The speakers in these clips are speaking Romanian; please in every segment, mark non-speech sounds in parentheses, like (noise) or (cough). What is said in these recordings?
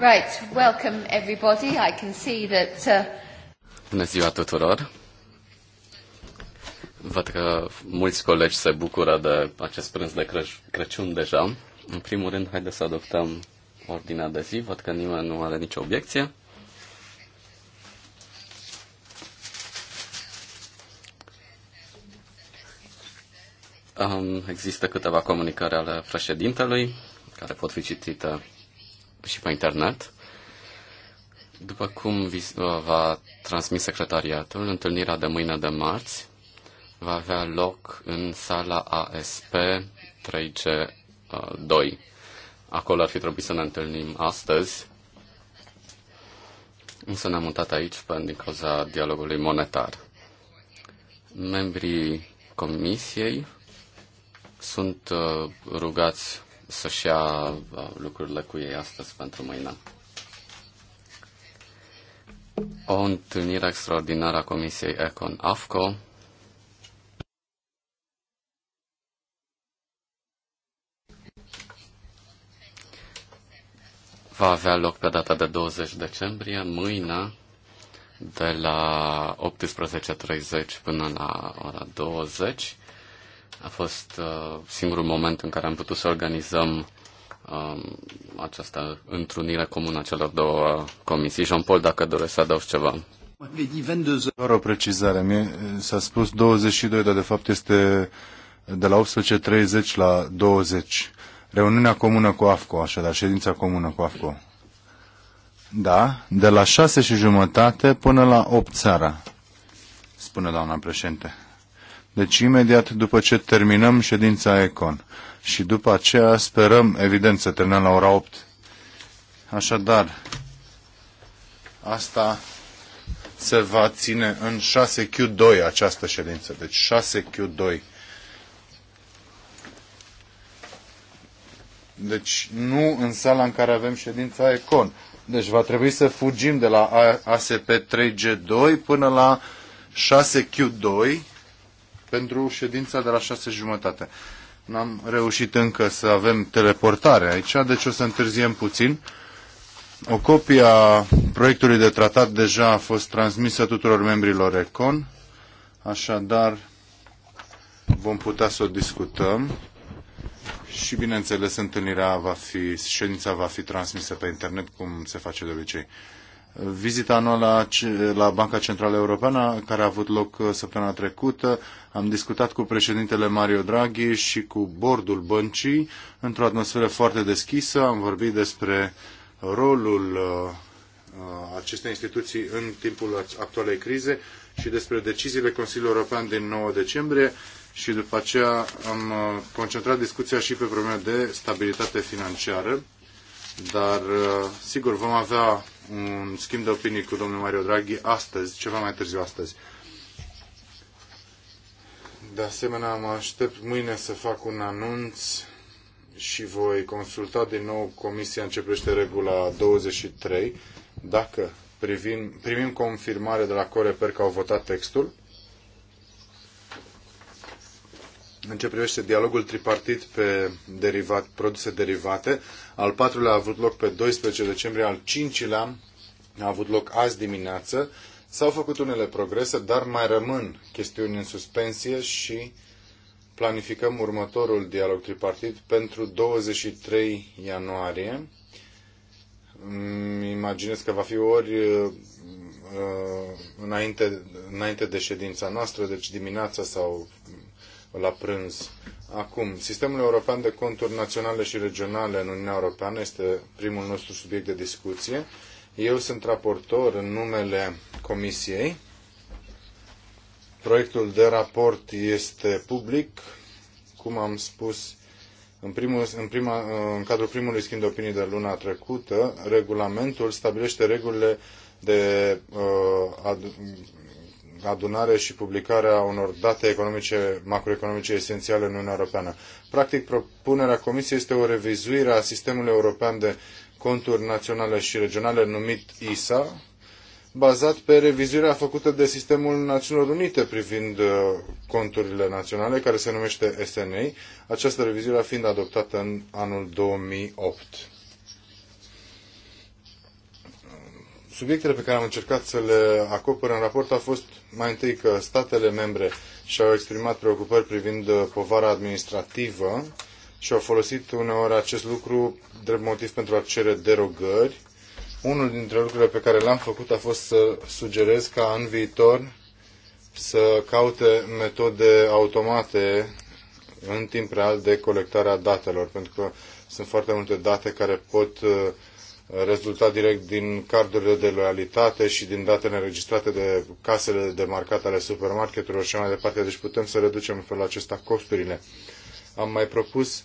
Right, welcome everybody. I can see that. Uh... Bună ziua tuturor. Văd că mulți colegi se bucură de acest prânz de Crăciun deja. În primul rând, haideți să adoptăm ordinea de zi. Văd că nimeni nu are nicio obiecție. Um, există câteva comunicări ale președintelui care pot fi citite și pe internet. După cum va transmis secretariatul, întâlnirea de mâine de marți va avea loc în sala ASP 3G2. Uh, Acolo ar fi trebuit să ne întâlnim astăzi, însă ne-am mutat aici din cauza dialogului monetar. Membrii comisiei sunt uh, rugați să-și ia uh, lucrurile cu ei astăzi pentru mâine. O întâlnire extraordinară a Comisiei Econ AFCO va avea loc pe data de 20 decembrie, mâine, de la 18.30 până la ora 20 a fost uh, singurul moment în care am putut să organizăm uh, această întrunire comună a celor două comisii. Jean-Paul, dacă doresc să adaugi ceva. Doar o precizare. Mie s-a spus 22, dar de fapt este de la 18.30 la 20. Reuniunea comună cu AFCO, așadar, ședința comună cu AFCO. Da, de la 6 și jumătate până la 8 seara, spune doamna președinte deci imediat după ce terminăm ședința Econ. Și după aceea sperăm, evident, să terminăm la ora 8. Așadar, asta se va ține în 6Q2 această ședință. Deci 6Q2. Deci nu în sala în care avem ședința Econ. Deci va trebui să fugim de la ASP 3G2 până la 6Q2 pentru ședința de la șase jumătate. N-am reușit încă să avem teleportare aici, deci o să întârziem puțin. O copie a proiectului de tratat deja a fost transmisă tuturor membrilor ECON, așadar vom putea să o discutăm și, bineînțeles, întâlnirea va fi, ședința va fi transmisă pe internet, cum se face de obicei vizita anuală la Banca Centrală Europeană, care a avut loc uh, săptămâna trecută. Am discutat cu președintele Mario Draghi și cu bordul băncii într-o atmosferă foarte deschisă. Am vorbit despre rolul uh, uh, acestei instituții în timpul actualei crize și despre deciziile Consiliului European din 9 decembrie și după aceea am concentrat discuția și pe problema de stabilitate financiară, dar sigur vom avea un schimb de opinii cu domnul Mario Draghi astăzi, ceva mai târziu astăzi. De asemenea, mă aștept mâine să fac un anunț și voi consulta din nou Comisia începește regula 23. Dacă privim, primim confirmare de la Coreper că au votat textul, în ce privește dialogul tripartit pe derivat, produse derivate. Al patrulea a avut loc pe 12 decembrie, al cincilea a avut loc azi dimineață. S-au făcut unele progrese, dar mai rămân chestiuni în suspensie și planificăm următorul dialog tripartit pentru 23 ianuarie. Îmi imaginez că va fi ori uh, uh, înainte, înainte de ședința noastră, deci dimineața sau la prânz. Acum, sistemul european de conturi naționale și regionale în Uniunea Europeană este primul nostru subiect de discuție. Eu sunt raportor în numele Comisiei. Proiectul de raport este public, cum am spus, în, primul, în, prima, în cadrul primului schimb de opinii de luna trecută, regulamentul stabilește regulile de uh, ad, adunare și publicarea unor date economice, macroeconomice esențiale în Uniunea Europeană. Practic, propunerea Comisiei este o revizuire a sistemului european de conturi naționale și regionale numit ISA, bazat pe revizuirea făcută de sistemul Națiunilor Unite privind uh, conturile naționale, care se numește SNA, această revizuire fiind adoptată în anul 2008. subiectele pe care am încercat să le acopăr în raport a fost mai întâi că statele membre și-au exprimat preocupări privind uh, povara administrativă și au folosit uneori acest lucru drept motiv pentru a cere derogări. Unul dintre lucrurile pe care le-am făcut a fost să sugerez ca în viitor să caute metode automate în timp real de colectarea datelor, pentru că sunt foarte multe date care pot uh, rezultat direct din cardurile de loialitate și din datele înregistrate de casele de marcat ale supermarketurilor și mai departe. Deci putem să reducem în felul acesta costurile. Am mai propus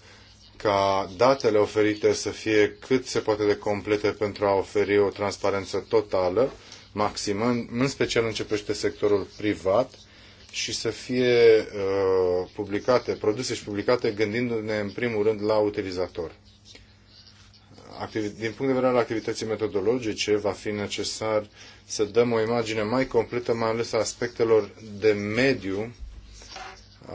ca datele oferite să fie cât se poate de complete pentru a oferi o transparență totală, maximă, în special începește sectorul privat și să fie uh, publicate, produse și publicate gândindu-ne în primul rând la utilizator din punct de vedere al activității metodologice, va fi necesar să dăm o imagine mai completă, mai ales a aspectelor de mediu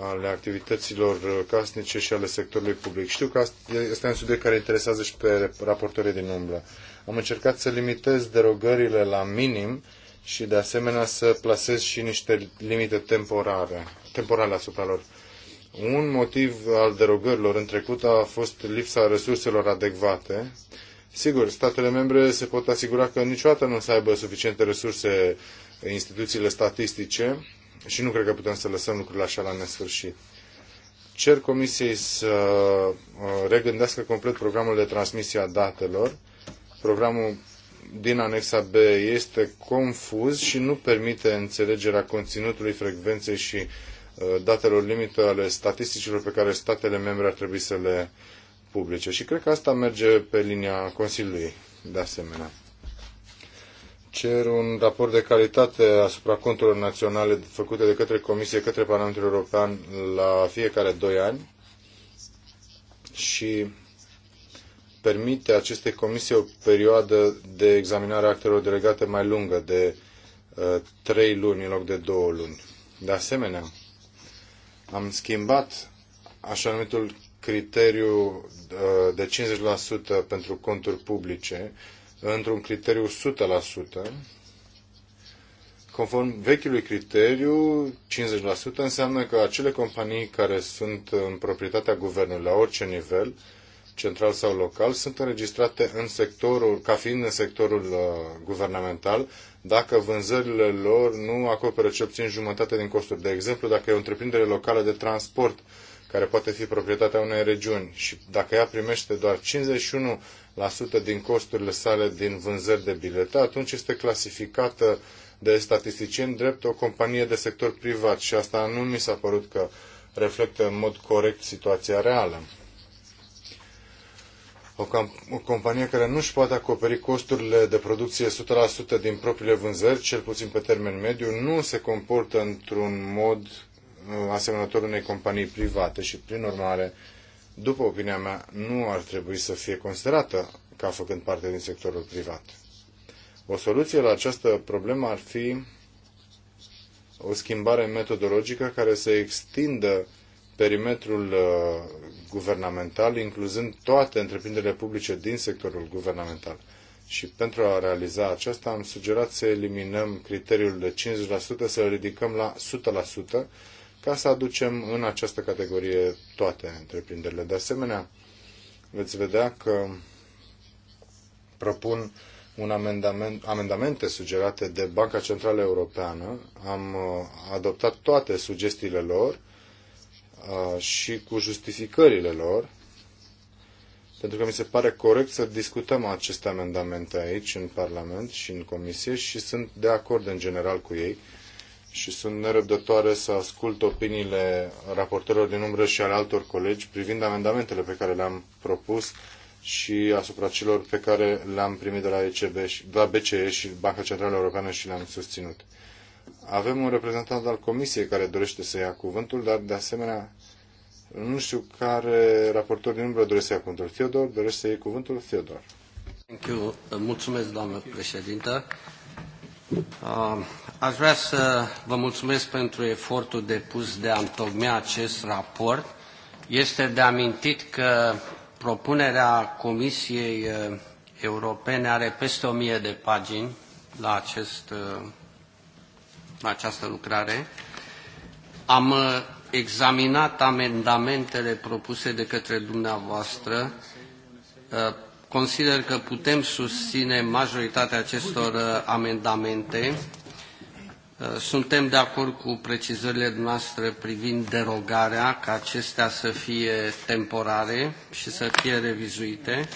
ale activităților casnice și ale sectorului public. Știu că este un subiect care interesează și pe raportorii din umbră. Am încercat să limitez derogările la minim și de asemenea să plasez și niște limite temporare, temporale asupra lor. Un motiv al derogărilor în trecut a fost lipsa resurselor adecvate. Sigur, statele membre se pot asigura că niciodată nu o să aibă suficiente resurse instituțiile statistice și nu cred că putem să lăsăm lucrurile așa la nesfârșit. Cer Comisiei să uh, regândească complet programul de transmisie a datelor. Programul din anexa B este confuz și nu permite înțelegerea conținutului, frecvenței și Uh, datelor limită ale statisticilor pe care statele membre ar trebui să le publice. Și cred că asta merge pe linia Consiliului, de asemenea. Cer un raport de calitate asupra conturilor naționale făcute de către Comisie, către Parlamentul European la fiecare doi ani și permite acestei comisii o perioadă de examinare a actelor delegate mai lungă, de uh, trei luni în loc de două luni. De asemenea, am schimbat așa numitul criteriu uh, de 50% pentru conturi publice într-un criteriu 100%. Conform vechiului criteriu, 50% înseamnă că acele companii care sunt în proprietatea guvernului la orice nivel, central sau local, sunt înregistrate în sectorul, ca fiind în sectorul uh, guvernamental, dacă vânzările lor nu acoperă ce obțin jumătate din costuri. De exemplu, dacă e o întreprindere locală de transport care poate fi proprietatea unei regiuni și dacă ea primește doar 51% din costurile sale din vânzări de bilete, atunci este clasificată de statisticieni drept o companie de sector privat și asta nu mi s-a părut că reflectă în mod corect situația reală o, o companie care nu își poate acoperi costurile de producție 100% din propriile vânzări, cel puțin pe termen mediu, nu se comportă într-un mod uh, asemănător unei companii private și, prin urmare, după opinia mea, nu ar trebui să fie considerată ca făcând parte din sectorul privat. O soluție la această problemă ar fi o schimbare metodologică care să extindă perimetrul uh, guvernamental, incluzând toate întreprinderile publice din sectorul guvernamental. Și pentru a realiza aceasta am sugerat să eliminăm criteriul de 50%, să-l ridicăm la 100%, ca să aducem în această categorie toate întreprinderile. De asemenea, veți vedea că propun un amendament, amendamente sugerate de Banca Centrală Europeană. Am uh, adoptat toate sugestiile lor și cu justificările lor, pentru că mi se pare corect să discutăm aceste amendamente aici, în Parlament și în Comisie, și sunt de acord în general cu ei și sunt nerăbdătoare să ascult opiniile raportorilor din umbră și ale altor colegi privind amendamentele pe care le-am propus și asupra celor pe care le-am primit de la ECB, de la BCE și Banca Centrală Europeană și le-am susținut. Avem un reprezentant al Comisiei care dorește să ia cuvântul, dar de asemenea nu știu care raportor din umbră dorește să ia cuvântul. Fiodor, dorește să iei cuvântul? Fiodor. Thank you. Mulțumesc, doamnă președintă. Uh, aș vrea să vă mulțumesc pentru efortul depus de a întocmea acest raport. Este de amintit că propunerea Comisiei uh, Europene are peste o mie de pagini la acest uh, la această lucrare. Am uh, examinat amendamentele propuse de către dumneavoastră. Uh, consider că putem susține majoritatea acestor uh, amendamente. Suntem de acord cu precizările noastre privind derogarea, ca acestea să fie temporare și să fie revizuite.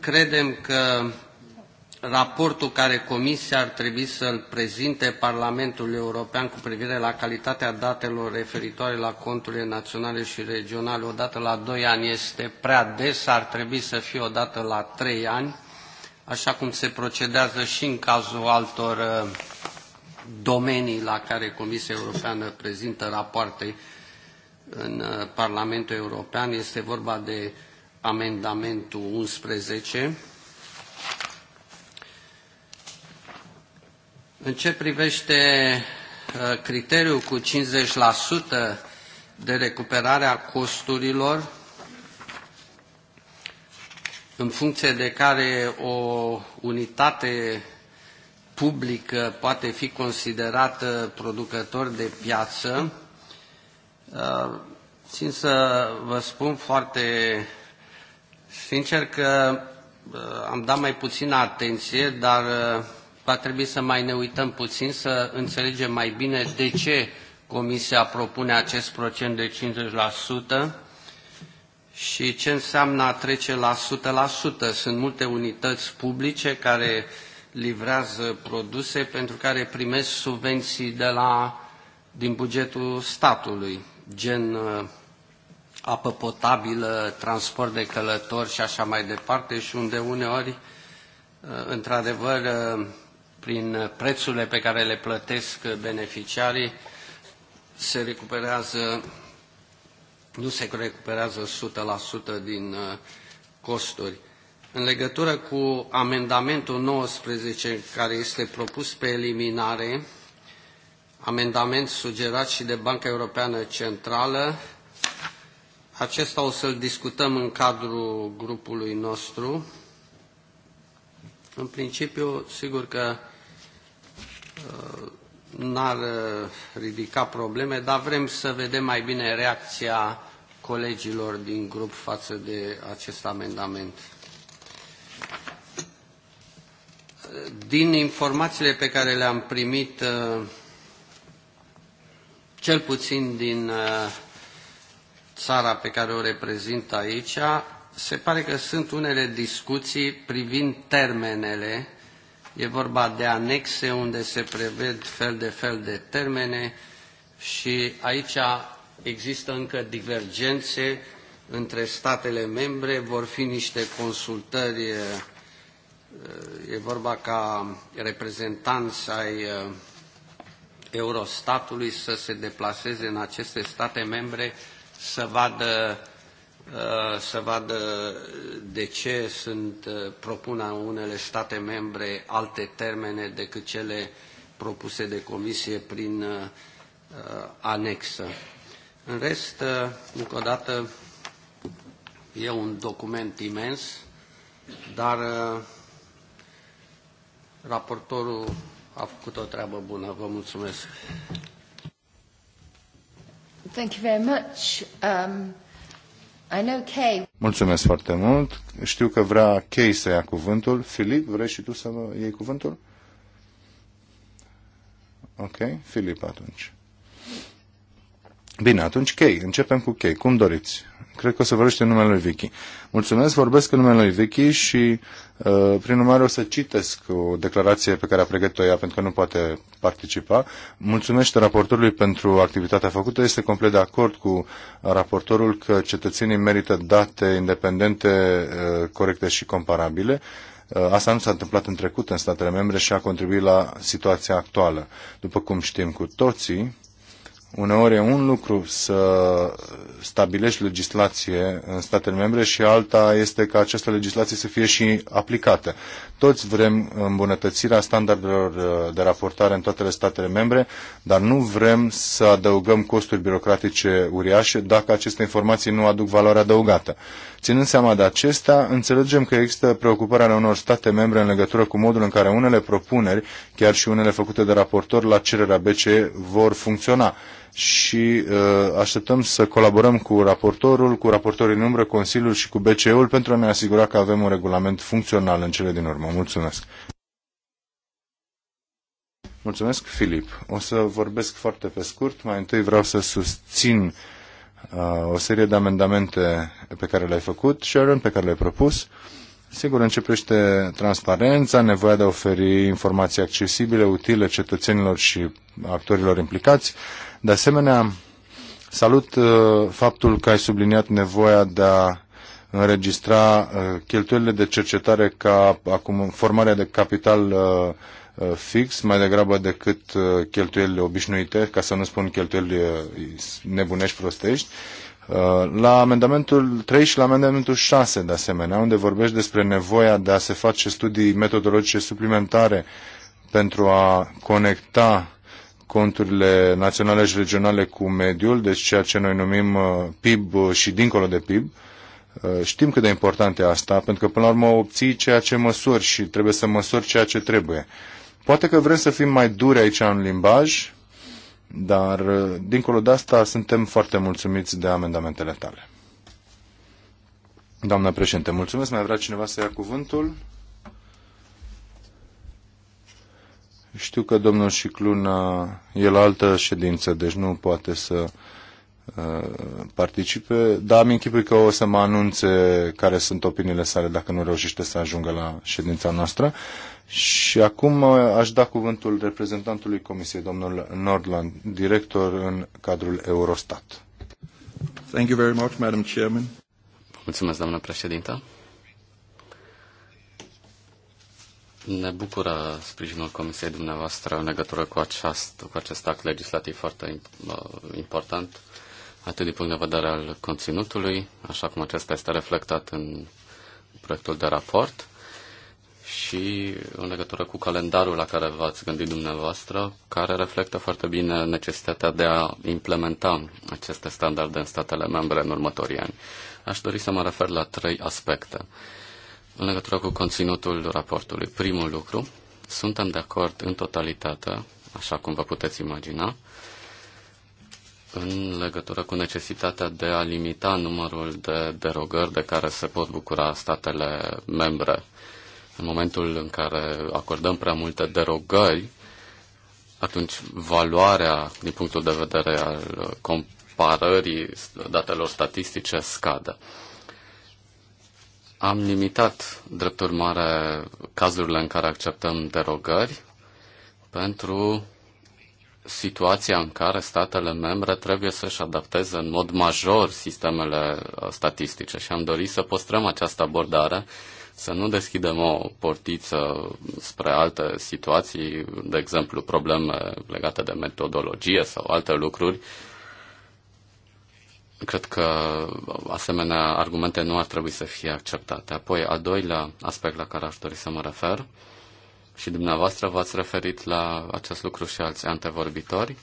Credem că raportul care Comisia ar trebui să-l prezinte Parlamentului European cu privire la calitatea datelor referitoare la conturile naționale și regionale odată la 2 ani este prea des, ar trebui să fie odată la 3 ani, așa cum se procedează și în cazul altor uh, domenii la care Comisia Europeană prezintă rapoarte în uh, Parlamentul European. Este vorba de amendamentul 11 În ce privește uh, criteriul cu 50% de recuperare a costurilor, în funcție de care o unitate publică poate fi considerată producător de piață, uh, țin să vă spun foarte sincer că uh, am dat mai puțină atenție, dar va trebui să mai ne uităm puțin, să înțelegem mai bine de ce Comisia propune acest procent de 50% și ce înseamnă a trece la 100%. Sunt multe unități publice care livrează produse pentru care primesc subvenții de la, din bugetul statului, gen uh, apă potabilă, transport de călători și așa mai departe și unde uneori, uh, într-adevăr, uh, prin prețurile pe care le plătesc beneficiarii, se recuperează, nu se recuperează 100% din uh, costuri. În legătură cu amendamentul 19 care este propus pe eliminare, amendament sugerat și de Banca Europeană Centrală, acesta o să-l discutăm în cadrul grupului nostru. În principiu, sigur că Uh, n-ar uh, ridica probleme, dar vrem să vedem mai bine reacția colegilor din grup față de acest amendament. Uh, din informațiile pe care le-am primit, cel puțin din țara pe care o reprezint aici, se pare că sunt unele discuții privind termenele E vorba de anexe unde se preved fel de fel de termene și aici există încă divergențe între statele membre, vor fi niște consultări, e vorba ca reprezentanți ai Eurostatului să se deplaseze în aceste state membre să vadă Uh, să vadă uh, de ce sunt, uh, propună unele state membre alte termene decât cele propuse de comisie prin anexă. În rest, încă o dată, e un document imens, dar raportorul a făcut o treabă bună. Vă mulțumesc. Thank you very much. Um... Mulțumesc foarte mult. Știu că vrea Kay să ia cuvântul. Filip, vrei și tu să iei cuvântul? Ok, Filip atunci. Bine, atunci Kay. Începem cu Kay. Cum doriți? Cred că o să vorbește în numele lui Vicky. Mulțumesc, vorbesc în numele lui Vicky și uh, prin urmare o să citesc o declarație pe care a pregătit-o ea pentru că nu poate participa. Mulțumesc raportorului pentru activitatea făcută. Este complet de acord cu raportorul că cetățenii merită date independente, uh, corecte și comparabile. Uh, asta nu s-a întâmplat în trecut în statele membre și a contribuit la situația actuală. După cum știm cu toții, Uneori e un lucru să stabilești legislație în statele membre și alta este ca această legislație să fie și aplicată. Toți vrem îmbunătățirea standardelor uh, de raportare în toate statele membre, dar nu vrem să adăugăm costuri birocratice uriașe dacă aceste informații nu aduc valoare adăugată. Ținând seama de acestea, înțelegem că există preocuparea ale unor state membre în legătură cu modul în care unele propuneri, chiar și unele făcute de raportor la cererea BCE, vor funcționa și uh, așteptăm să colaborăm cu raportorul, cu raportorii în umbră, Consiliul și cu BCE-ul pentru a ne asigura că avem un regulament funcțional în cele din urmă. Mulțumesc! Mulțumesc, Filip. O să vorbesc foarte pe scurt. Mai întâi vreau să susțin uh, o serie de amendamente pe care le-ai făcut, Sharon, pe care le-ai propus. Sigur, începește transparența, nevoia de a oferi informații accesibile, utile cetățenilor și actorilor implicați. De asemenea, salut uh, faptul că ai subliniat nevoia de a înregistra uh, cheltuielile de cercetare ca acum formarea de capital uh, fix mai degrabă decât cheltuielile obișnuite, ca să nu spun cheltuielile nebunești prostești. La amendamentul 3 și la amendamentul 6, de asemenea, unde vorbești despre nevoia de a se face studii metodologice suplimentare pentru a conecta conturile naționale și regionale cu mediul, deci ceea ce noi numim uh, PIB și dincolo de PIB. Uh, știm cât de important e asta, pentru că până la urmă obții ceea ce măsori și trebuie să măsori ceea ce trebuie. Poate că vrem să fim mai duri aici în limbaj, dar uh, dincolo de asta suntem foarte mulțumiți de amendamentele tale. Doamna președinte, mulțumesc. Mai vrea cineva să ia cuvântul? Știu că domnul Șiclun uh, e la altă ședință, deci nu poate să uh, participe, dar am închipui că o să mă anunțe care sunt opiniile sale dacă nu reușește să ajungă la ședința noastră. Și acum uh, aș da cuvântul reprezentantului Comisiei, domnul Nordland, director în cadrul Eurostat. Thank you very much, Madam Chairman. Mulțumesc, doamnă președintă. Ne bucură sprijinul Comisiei dumneavoastră în legătură cu, aceast, cu acest act legislativ foarte uh, important, atât din punct de vedere al conținutului, așa cum acesta este reflectat în proiectul de raport, și în legătură cu calendarul la care v-ați gândit dumneavoastră, care reflectă foarte bine necesitatea de a implementa aceste standarde în statele membre în următorii ani. Aș dori să mă refer la trei aspecte. Uh, în legătură cu conținutul raportului, primul lucru, suntem de acord în totalitate, așa cum vă puteți imagina, în legătură cu necesitatea de a limita numărul de derogări de care se pot bucura statele membre. În momentul în care acordăm prea multe derogări, atunci valoarea din punctul de vedere al comparării datelor statistice scade. Am limitat, drept urmare, cazurile în care acceptăm derogări pentru situația în care statele membre trebuie să-și adapteze în mod major sistemele uh, statistice și am dorit să păstrăm această abordare, să nu deschidem o portiță spre alte situații, de exemplu probleme legate de metodologie sau alte lucruri, Cred că asemenea argumente nu ar trebui să fie acceptate. Apoi, a doilea aspect la care aș dori să mă refer, și dumneavoastră v-ați referit la acest lucru și alți antevorbitori,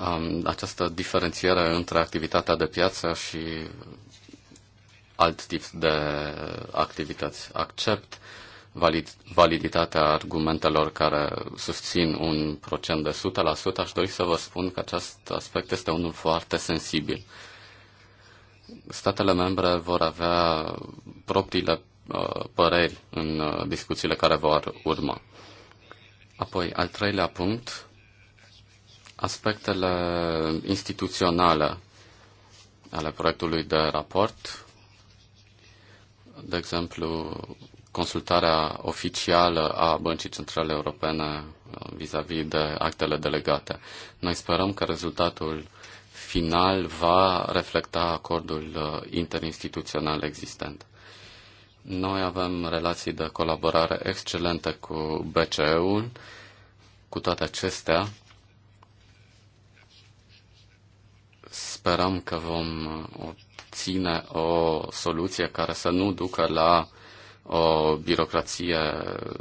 um, această diferențiere între activitatea de piață și alt tip de activități. Accept valid, validitatea argumentelor care susțin un procent de 100%, aș dori să vă spun că acest aspect este unul foarte sensibil. Statele membre vor avea propriile uh, păreri în uh, discuțiile care vor urma. Apoi, al treilea punct, aspectele instituționale ale proiectului de raport, de exemplu, consultarea oficială a Băncii Centrale Europene uh, vis-a-vis -vis de actele delegate. Noi sperăm că rezultatul final va reflecta acordul uh, interinstituțional existent. Noi avem relații de colaborare excelente cu BCE-ul. Cu toate acestea, sperăm că vom uh, obține o soluție care să nu ducă la o birocrație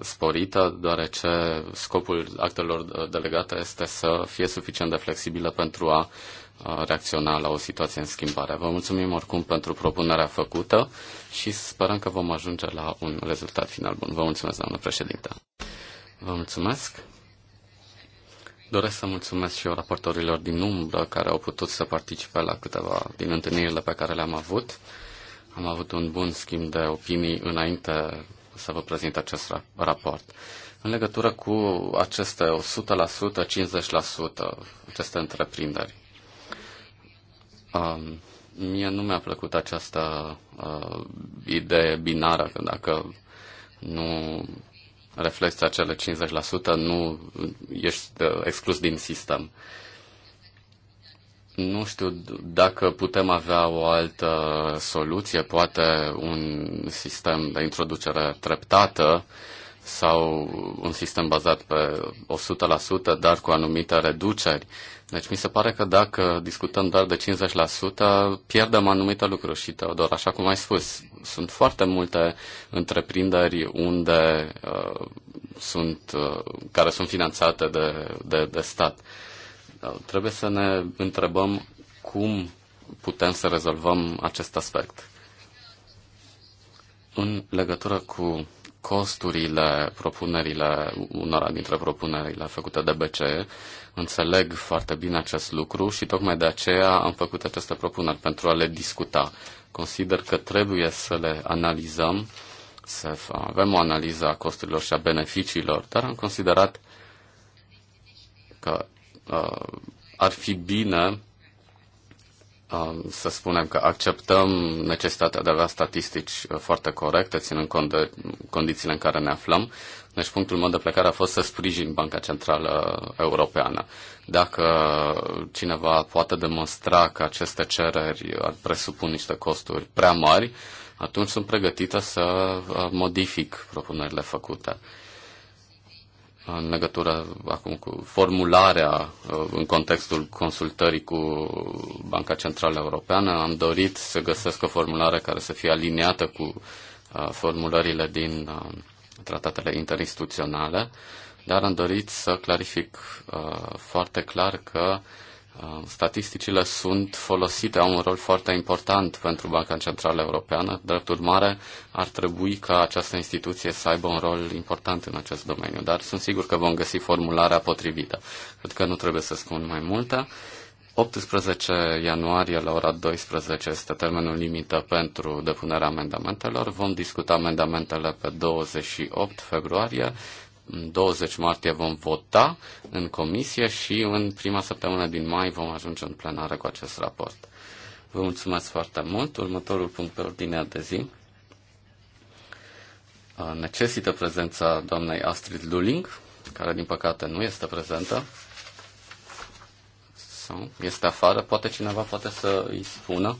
sporită, deoarece scopul actelor delegate este să fie suficient de flexibilă pentru a reacționa la o situație în schimbare. Vă mulțumim oricum pentru propunerea făcută și sperăm că vom ajunge la un rezultat final bun. Vă mulțumesc, doamnă președinte. Vă mulțumesc. Doresc să mulțumesc și eu raportorilor din umbră care au putut să participe la câteva din întâlnirile pe care le-am avut. Am avut un bun schimb de opinii înainte să vă prezint acest raport. În legătură cu aceste 100%, 50%, aceste întreprinderi, um, mie nu mi-a plăcut această uh, idee binară, că dacă nu reflexi acele 50%, nu ești uh, exclus din sistem. Uh, nu știu dacă putem avea o altă soluție, poate un sistem de introducere treptată sau un sistem bazat pe 100%, dar cu anumite reduceri. Deci mi se pare că dacă discutăm doar de 50%, pierdem anumite lucruri și, Teodor, așa cum ai spus, sunt foarte multe întreprinderi unde uh, sunt, uh, care sunt finanțate de, de, de stat. Uh, Trebuie să ne întrebăm cum putem să rezolvăm acest aspect. În legătură cu costurile, propunerile, unora dintre propunerile făcute de BCE, înțeleg foarte bine acest lucru și tocmai de aceea am făcut aceste propuneri pentru a le discuta. Consider că trebuie să le analizăm, să avem o analiză a costurilor și a beneficiilor, dar am considerat că Uh, ar fi bine um, să spunem că acceptăm necesitatea de a avea statistici uh, foarte corecte, ținând cont de condițiile în care ne aflăm. Deci punctul meu de plecare a fost să sprijin Banca Centrală Europeană. Dacă cineva poate demonstra că aceste cereri ar presupun niște costuri prea mari, atunci sunt pregătită să uh, modific propunerile făcute în legătură acum cu formularea uh, în contextul consultării cu Banca Centrală Europeană. Am dorit să găsesc o formulare care să fie aliniată cu uh, formulările din uh, tratatele interinstituționale, dar am dorit să clarific foarte clar că Uh, statisticile sunt folosite, au un rol foarte important pentru Banca Centrală Europeană. Drept urmare, ar trebui ca această instituție să aibă un rol important în acest domeniu, dar sunt sigur că vom găsi formularea potrivită. Cred că nu trebuie să spun mai multe. 18 ianuarie la ora 12 este termenul limită pentru depunerea amendamentelor. Vom discuta amendamentele pe 28 februarie 20 martie vom vota în comisie și în prima săptămână din mai vom ajunge în plenară cu acest raport. Vă mulțumesc foarte mult. Următorul punct pe ordinea de zi necesită prezența doamnei Astrid Luling, care din păcate nu este prezentă sau este afară. Poate cineva poate să îi spună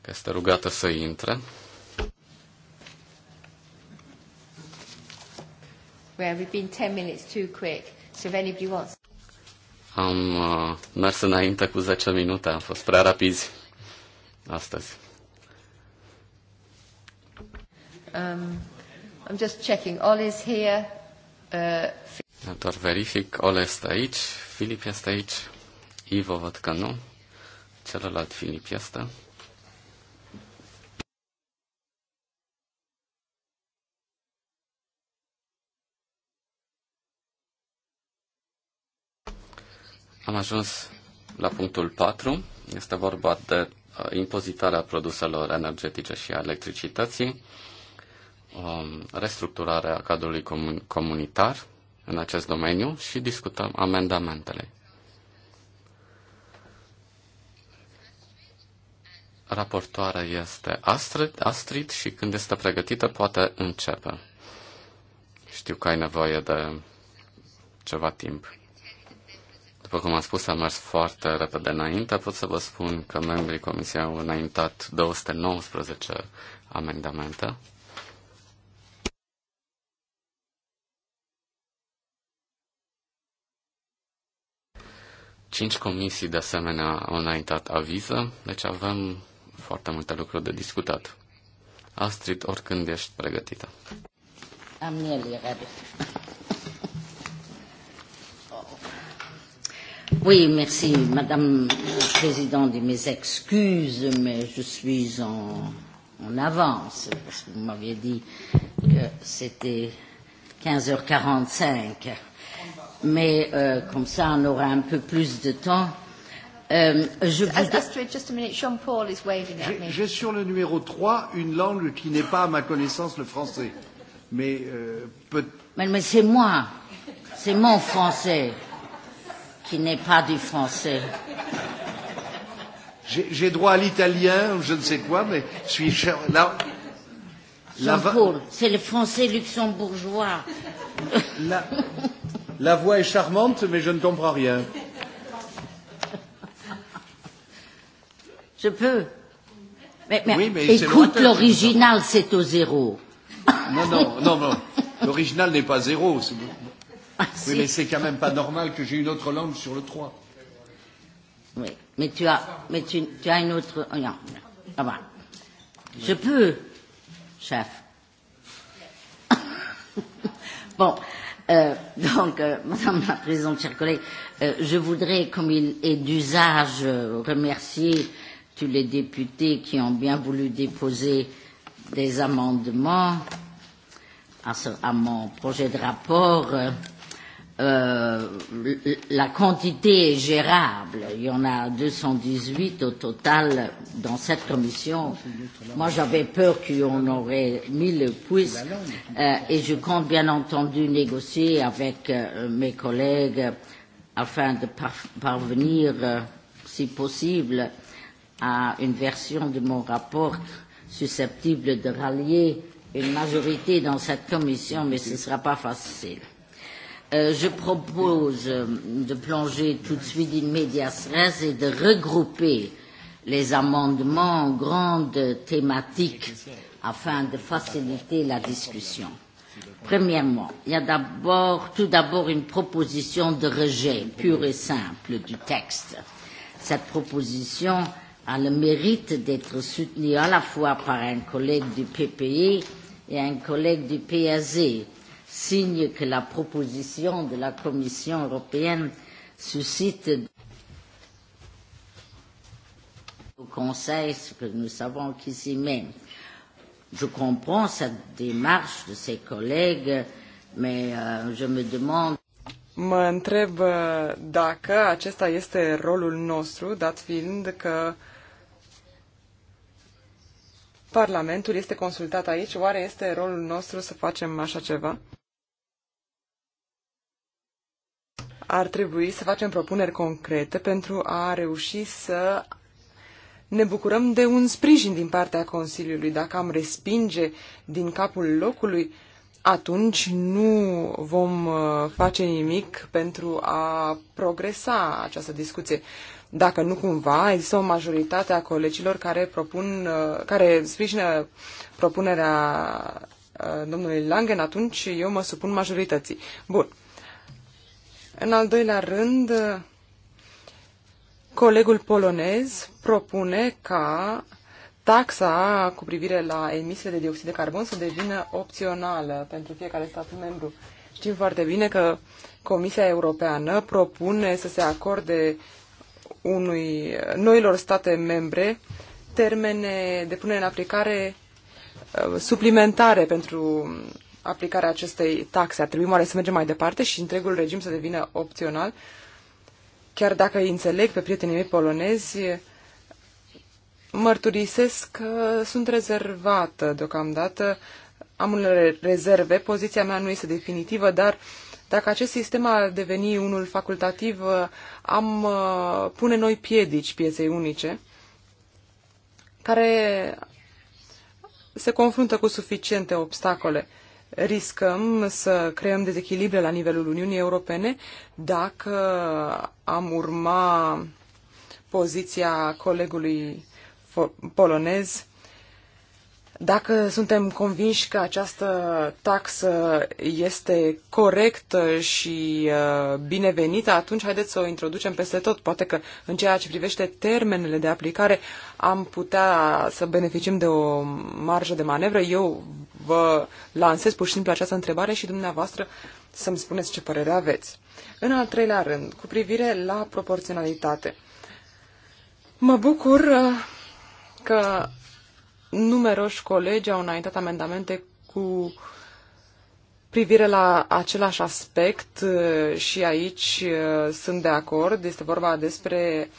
că este rugată să intre. where we've been 10 minutes too quick. So if anybody wants... Am uh, mers înainte cu 10 minute, am fost prea rapizi astăzi. Um, I'm just checking. All is here. Uh, Doar verific. Ole este aici. Filip este aici. Ivo văd că nu. Celălalt Filip este. Am ajuns la punctul 4. Este vorba de uh, impozitarea produselor energetice și a electricității, um, restructurarea cadrului comun comunitar în acest domeniu și discutăm amendamentele. Raportoarea este Astrid, Astrid și când este pregătită poate începe. Știu că ai nevoie de ceva timp. După cum am spus, a mers foarte repede înainte. Pot să vă spun că membrii Comisiei au înaintat 219 amendamente. Cinci comisii de asemenea au înaintat aviză, deci avem foarte multe lucruri de discutat. Astrid, oricând ești pregătită. Am el, Oui, merci, Madame la Présidente, et mes excuses, mais je suis en, en avance, parce que vous m'aviez dit que c'était 15h45. Mais euh, comme ça, on aura un peu plus de temps. Euh, je vous... J'ai sur le numéro 3 une langue qui n'est pas, à ma connaissance, le français. Mais, euh, peut... mais, mais c'est moi, c'est mon français qui n'est pas du français. J'ai droit à l'italien ou je ne sais quoi, mais je suis cher. là. là jean c'est le français luxembourgeois. La... La voix est charmante, mais je ne comprends rien. Je peux. Mais, mais, oui, mais écoute, l'original, c'est au zéro. Non, non, non, non. L'original n'est pas zéro. Ah, oui, mais c'est quand même pas normal que j'ai une autre langue sur le 3. Oui, mais tu as, mais tu, tu as une autre. Oh, non, non. Ah, ben. Je peux, chef. (laughs) bon, euh, donc, euh, Madame la Présidente, chers collègues, euh, je voudrais, comme il est d'usage, euh, remercier tous les députés qui ont bien voulu déposer des amendements à, ce, à mon projet de rapport. Euh, Euh, la quantité est gérable. Il y en a 218 au total dans cette commission. Moi, j'avais peur qu'on aurait mis le puits euh, et je compte bien entendu négocier avec euh, mes collègues afin de par parvenir, euh, si possible, à une version de mon rapport susceptible de rallier une majorité dans cette commission, mais ce ne sera pas facile. Euh, je propose euh, de plonger tout de suite in medias res et de regrouper les amendements en grandes thématiques afin de faciliter la discussion. Premièrement, il y a d'abord, tout d'abord une proposition de rejet pur et simple du texte. Cette proposition a le mérite d'être soutenue à la fois par un collègue du PPE et un collègue du PSE signe que la proposition de la Commission européenne suscite au Conseil ce que nous savons qu'ici même. Je comprends cette démarche de ses collègues, mais euh, je me demande. Mă întreb uh, dacă acesta este rolul nostru, dat fiind că Parlamentul este consultat aici, oare este rolul nostru să facem așa ceva? ar trebui să facem propuneri concrete pentru a reuși să ne bucurăm de un sprijin din partea Consiliului. Dacă am respinge din capul locului, atunci nu vom uh, face nimic pentru a progresa această discuție. Dacă nu cumva, există o majoritate a colegilor care, propun, uh, care sprijină propunerea uh, domnului Langen, atunci eu mă supun majorității. Bun. În al doilea rând, colegul polonez propune ca taxa cu privire la emisiile de dioxid de carbon să devină opțională pentru fiecare stat membru. Știm foarte bine că Comisia Europeană propune să se acorde unui noilor state membre termene de punere în aplicare uh, suplimentare pentru aplicarea acestei taxe. Ar trebui oare să mergem mai departe și întregul regim să devină opțional? Chiar dacă îi înțeleg pe prietenii mei polonezi, mărturisesc că sunt rezervată deocamdată. Am unele rezerve, poziția mea nu este definitivă, dar dacă acest sistem ar deveni unul facultativ, am uh, pune noi piedici pieței unice, care se confruntă cu suficiente obstacole riscăm să creăm dezechilibre la nivelul Uniunii Europene dacă am urma poziția colegului polonez dacă suntem convinși că această taxă este corectă și uh, binevenită, atunci haideți să o introducem peste tot. Poate că în ceea ce privește termenele de aplicare am putea să beneficiem de o marjă de manevră. Eu vă lansez pur și simplu această întrebare și dumneavoastră să-mi spuneți ce părere aveți. În al treilea rând, cu privire la proporționalitate. Mă bucur uh, că numeroși colegi au înaintat amendamente cu privire la același aspect uh, și aici uh, sunt de acord. Este vorba despre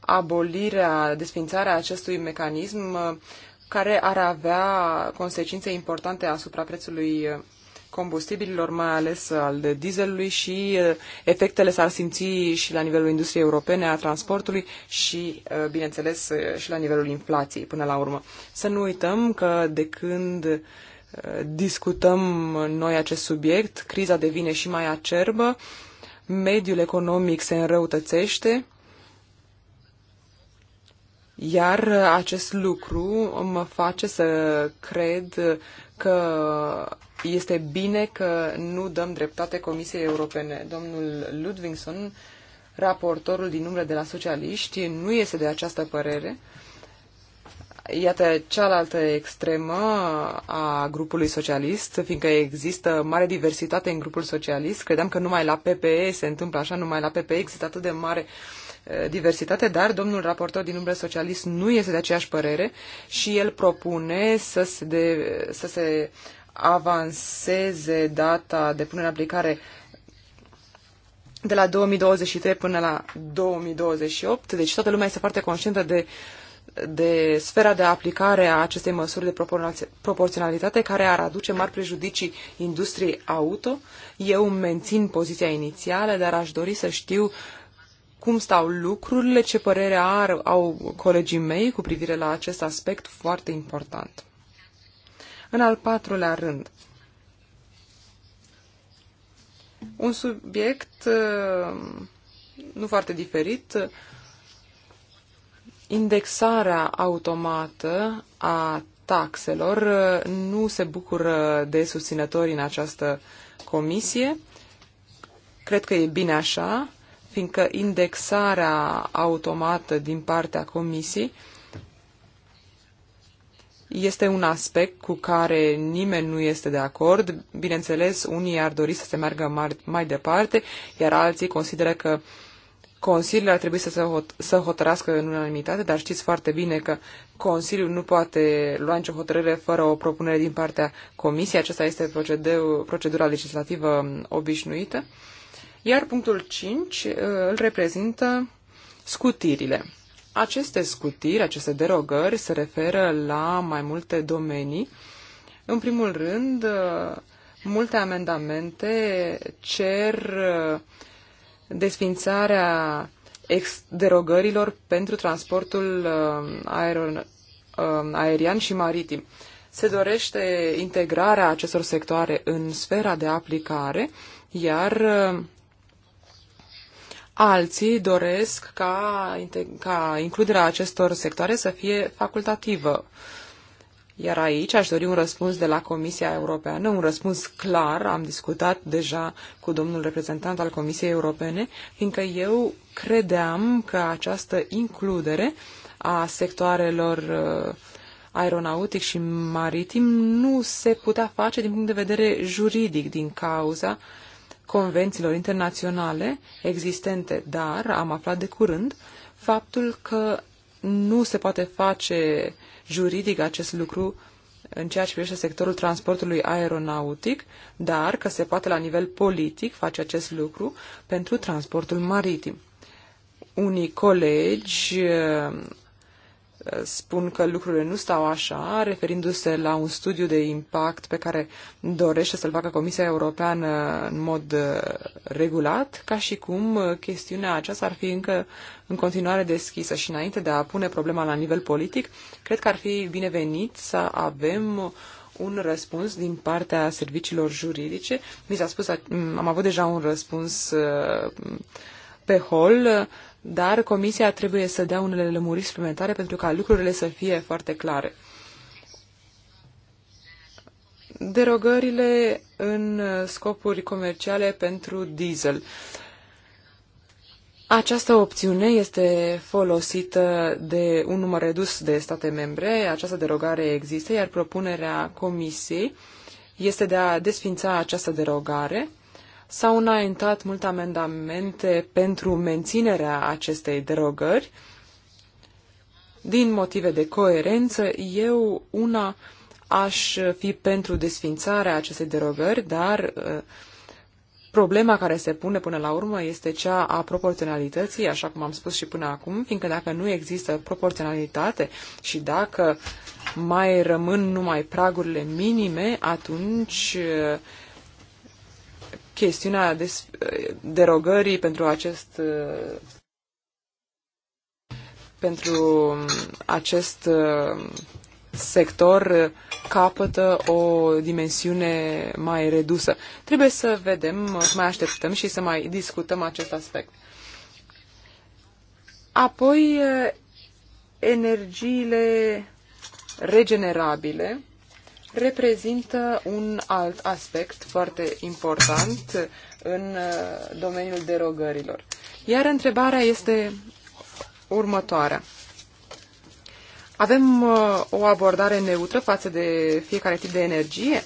abolirea, desfințarea acestui mecanism care ar avea consecințe importante asupra prețului combustibililor, mai ales al de dieselului și uh, efectele s-ar simți și la nivelul industriei europene, a transportului și, uh, bineînțeles, uh, și la nivelul inflației până la urmă. Să nu uităm că de când discutăm noi acest subiect, criza devine și mai acerbă, mediul economic se înrăutățește, iar uh, acest lucru mă face să cred că este bine că nu dăm dreptate Comisiei Europene. Domnul Ludvingson, raportorul din umbră de la socialiști, nu este de această părere. Iată cealaltă extremă a grupului socialist, fiindcă există mare diversitate în grupul socialist. Credeam că numai la PPE se întâmplă așa, numai la PPE există atât de mare uh, diversitate, dar domnul raportor din umbră socialist nu este de aceeași părere și el propune să se, de, să se avanseze data de punere în aplicare de la 2023 până la 2028, deci toată lumea este foarte conștientă de de sfera de aplicare a acestei măsuri de proporționalitate care ar aduce mari prejudicii industriei auto. Eu mențin poziția inițială, dar aș dori să știu cum stau lucrurile, ce părere ar, au colegii mei cu privire la acest aspect foarte important. În al patrulea rând, un subiect uh, nu foarte diferit, indexarea automată a taxelor uh, nu se bucură de susținători în această comisie. Cred că e bine așa, fiindcă indexarea automată din partea comisiei este un aspect cu care nimeni nu este de acord. Bineînțeles, unii ar dori să se meargă mai, departe, iar alții consideră că Consiliul ar trebui să, se hot- să hotărască în unanimitate, dar știți foarte bine că Consiliul nu poate lua nicio hotărâre fără o propunere din partea Comisiei. Aceasta este procedeu, procedura legislativă obișnuită. Iar punctul 5 uh, îl reprezintă scutirile. Aceste scutiri, aceste derogări se referă la mai multe domenii. În primul rând, uh, multe amendamente cer uh, desfințarea derogărilor pentru transportul aerian și maritim. Se dorește integrarea acestor sectoare în sfera de aplicare, iar Alții doresc ca, ca includerea acestor sectoare să fie facultativă. Iar aici aș dori un răspuns de la Comisia Europeană, un răspuns clar, am discutat deja cu domnul reprezentant al Comisiei Europene, fiindcă eu credeam că această includere a sectoarelor uh, aeronautic și maritim nu se putea face din punct de vedere juridic din cauza uh, convențiilor internaționale existente, dar am aflat de curând faptul că nu se poate face juridic acest lucru în ceea ce privește sectorul transportului aeronautic, dar că se poate la nivel politic face acest lucru pentru transportul maritim. Unii colegi spun că lucrurile nu stau așa, referindu-se la un studiu de impact pe care dorește să-l facă Comisia Europeană în mod uh, regulat, ca și cum uh, chestiunea aceasta ar fi încă în continuare deschisă și înainte de a pune problema la nivel politic, cred că ar fi binevenit să avem un răspuns din partea serviciilor juridice. Mi s-a spus, am avut deja un răspuns uh, pe hol dar Comisia trebuie să dea unele lămuriri suplimentare pentru ca lucrurile să fie foarte clare. Derogările în scopuri comerciale pentru diesel. Această opțiune este folosită de un număr redus de state membre, această derogare există, iar propunerea Comisiei este de a desfința această derogare S-au înaintat multe amendamente pentru menținerea acestei derogări. Din motive de coerență, eu una aș fi pentru desfințarea acestei derogări, dar uh, problema care se pune până la urmă este cea a proporționalității, așa cum am spus și până acum, fiindcă dacă nu există proporționalitate și dacă mai rămân numai pragurile minime, atunci uh, chestiunea des, derogării pentru acest pentru acest sector capătă o dimensiune mai redusă. Trebuie să vedem, să mai așteptăm și să mai discutăm acest aspect. Apoi, energiile regenerabile reprezintă un alt aspect foarte important în uh, domeniul derogărilor. Iar întrebarea este următoarea. Avem uh, o abordare neutră față de fiecare tip de energie?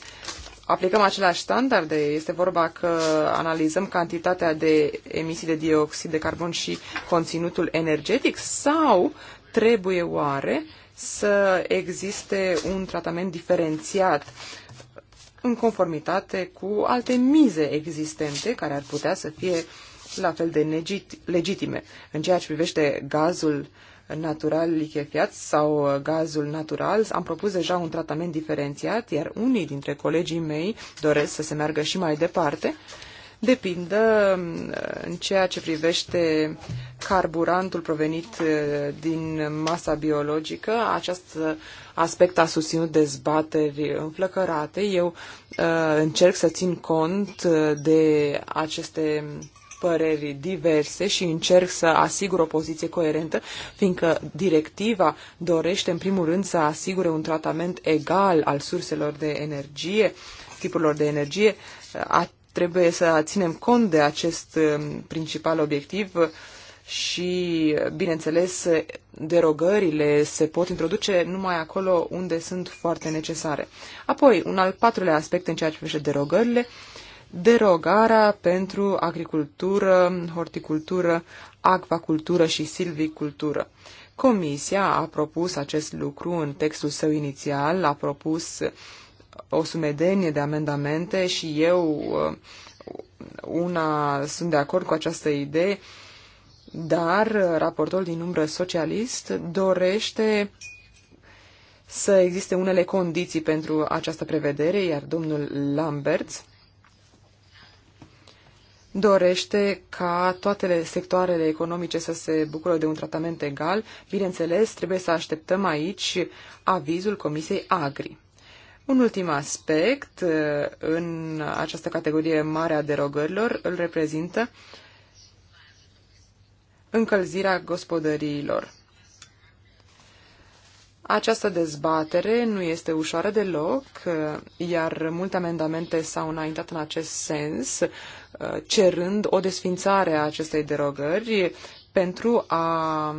aplicăm aceleași standarde. Este vorba că analizăm cantitatea de emisii de dioxid de carbon și conținutul energetic sau trebuie oare să existe un tratament diferențiat în conformitate cu alte mize existente care ar putea să fie la fel de legitime. În ceea ce privește gazul natural lichefiat sau uh, gazul natural, am propus deja un tratament diferențiat, iar unii dintre colegii mei doresc să se meargă și mai departe depindă mm, în ceea ce privește carburantul provenit eh, din masa biologică. Acest aspect a susținut dezbateri înflăcărate. Eu eh, încerc să țin cont eh, de aceste păreri diverse și încerc să asigur o poziție coerentă, fiindcă directiva dorește în primul rând să asigure un tratament egal al surselor de energie, tipurilor de energie, Trebuie să ținem cont de acest um, principal obiectiv și, bineînțeles, derogările se pot introduce numai acolo unde sunt foarte necesare. Apoi, un al patrulea aspect în ceea ce privește derogările, derogarea pentru agricultură, horticultură, acvacultură și silvicultură. Comisia a propus acest lucru în textul său inițial, a propus o sumedenie de amendamente și eu uh, una sunt de acord cu această idee, dar raportorul din umbră socialist dorește să existe unele condiții pentru această prevedere, iar domnul Lamberts dorește ca toate sectoarele economice să se bucură de un tratament egal. Bineînțeles, trebuie să așteptăm aici avizul Comisiei Agri. Un ultim aspect uh, în această categorie mare a derogărilor îl reprezintă încălzirea gospodăriilor. Această dezbatere nu este ușoară deloc, uh, iar multe amendamente s-au înaintat în acest sens, uh, cerând o desfințare a acestei derogări pentru a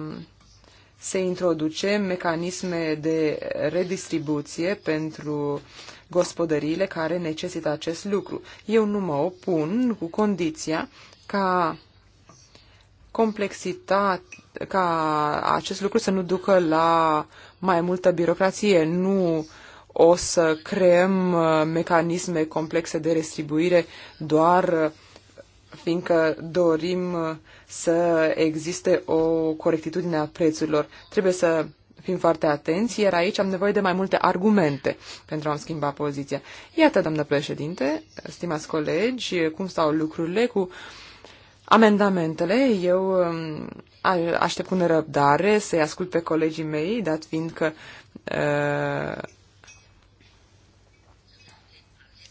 se introduce mecanisme de redistribuție pentru gospodăriile care necesită acest lucru. Eu nu mă opun cu condiția ca complexitatea, ca acest lucru să nu ducă la mai multă birocrație. Nu o să creăm uh, mecanisme complexe de redistribuire doar uh, fiindcă dorim uh, să existe o corectitudine a prețurilor. Trebuie să fim foarte atenți, iar aici am nevoie de mai multe argumente pentru a-mi schimba poziția. Iată, doamnă președinte, stimați colegi, cum stau lucrurile cu amendamentele. Eu um, aștept cu nerăbdare să-i ascult pe colegii mei, dat fiind că uh,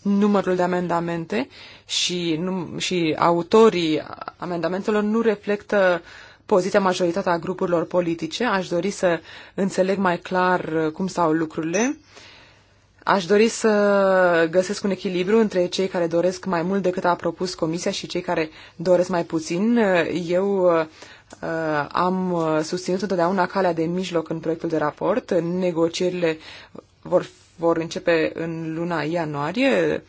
numărul de amendamente și, nu, și autorii amendamentelor nu reflectă poziția majoritatea grupurilor politice. Aș dori să înțeleg mai clar uh, cum stau lucrurile. Aș dori să găsesc un echilibru între cei care doresc mai mult decât a propus Comisia și cei care doresc mai puțin. Uh, eu uh, uh am susținut întotdeauna calea de mijloc în proiectul de raport. Negocierile vor, vor începe în luna ianuarie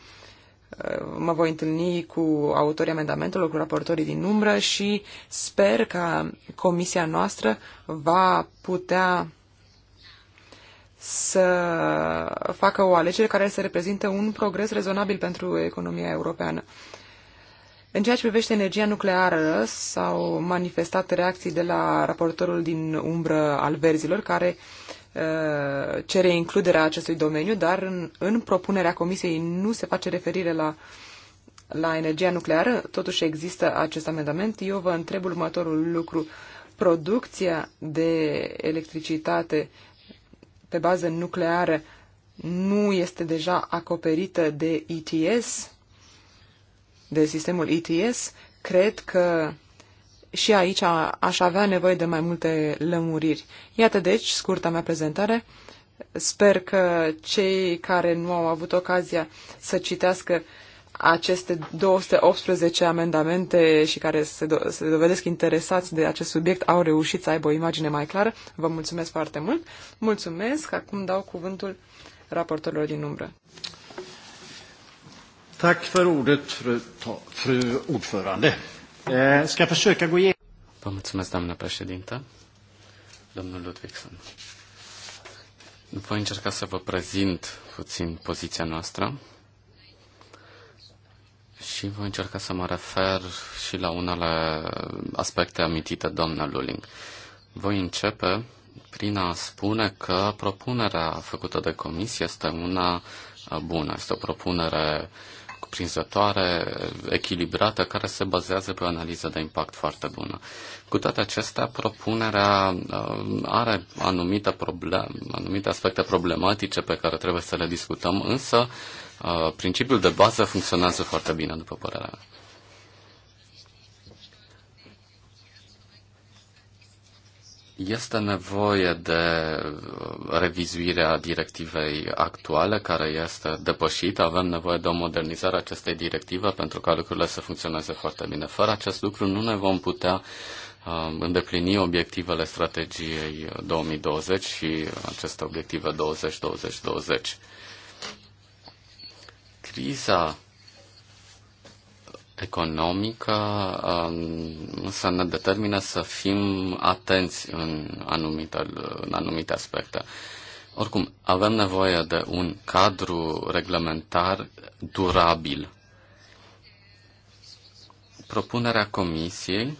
mă voi întâlni cu autorii amendamentelor, cu raportorii din umbră și sper că comisia noastră va putea să facă o alegere care să reprezinte un progres rezonabil pentru economia europeană. În ceea ce privește energia nucleară, s-au manifestat reacții de la raportorul din umbră al verzilor, care Uh, cere includerea acestui domeniu, dar în, în propunerea Comisiei nu se face referire la, la energia nucleară, totuși există acest amendament. Eu vă întreb următorul lucru. Producția de electricitate pe bază nucleară nu este deja acoperită de ETS, de sistemul ETS? Cred că și aici aș avea nevoie de mai multe lămuriri. Iată deci scurta mea prezentare. Sper că cei care nu au avut ocazia să citească aceste 218 amendamente și care se, do- se dovedesc interesați de acest subiect au reușit să aibă o imagine mai clară. Vă mulțumesc foarte mult. Mulțumesc. Acum dau cuvântul raportorilor din umbră. Tack för ordet, fru, fru ordförande. Eh, ska försöka gå igenom... Vă mulțumesc, doamnă președintă. Domnul Ludvigson. Voi încerca să vă prezint puțin poziția noastră și voi încerca să mă refer și la unele aspecte amintite doamna Luling. Voi începe prin a spune că propunerea făcută de comisie este una bună, este o propunere uh, cuprinzătoare, echilibrată, care se bazează pe o analiză de impact foarte bună. Cu toate acestea, propunerea uh, are anumite, probleme, anumite aspecte problematice pe care trebuie să le discutăm, însă uh, principiul de bază funcționează foarte bine, după părerea mea. Este nevoie de uh, revizuirea directivei actuale, care este depășită. Avem nevoie de o modernizare a acestei directive pentru ca lucrurile să funcționeze foarte bine. Fără acest lucru nu ne vom putea uh, îndeplini obiectivele strategiei 2020 și aceste obiective 20-20-20. Criza economică um, să ne determine să fim atenți în anumite, în anumite aspecte. Oricum, avem nevoie de un cadru reglementar durabil. Propunerea Comisiei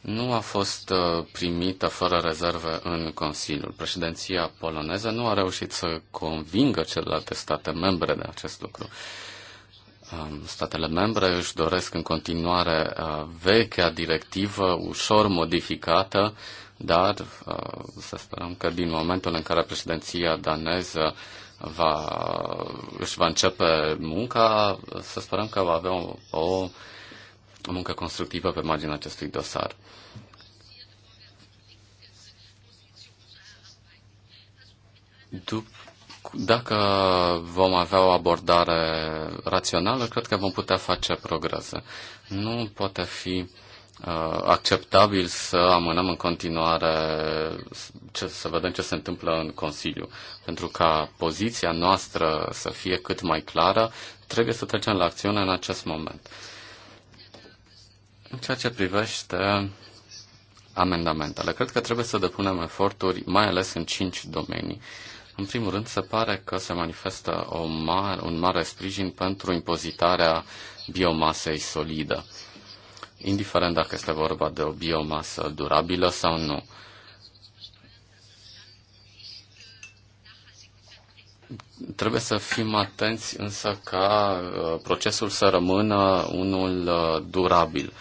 nu a fost uh, primită fără rezerve în Consiliul. Președinția poloneză nu a reușit să convingă celelalte state membre de acest lucru. Um, statele membre își doresc în continuare uh, vechea directivă, ușor modificată, dar uh, să sperăm că din momentul în care președinția daneză va, își va începe munca, să sperăm că va avea o, o muncă constructivă pe marginea acestui dosar. După dacă vom avea o abordare rațională, cred că vom putea face progrese. Nu poate fi uh, acceptabil să amânăm în continuare, ce, să vedem ce se întâmplă în Consiliu. Pentru ca poziția noastră să fie cât mai clară, trebuie să trecem la acțiune în acest moment. În ceea ce privește amendamentele, cred că trebuie să depunem eforturi, mai ales în cinci domenii. Uh, în primul rând, se pare că se manifestă o mare, un mare sprijin pentru impozitarea biomasei solidă, indiferent dacă este vorba de o biomasă durabilă sau nu. Trebuie să fim atenți însă ca uh, procesul să rămână unul uh, durabil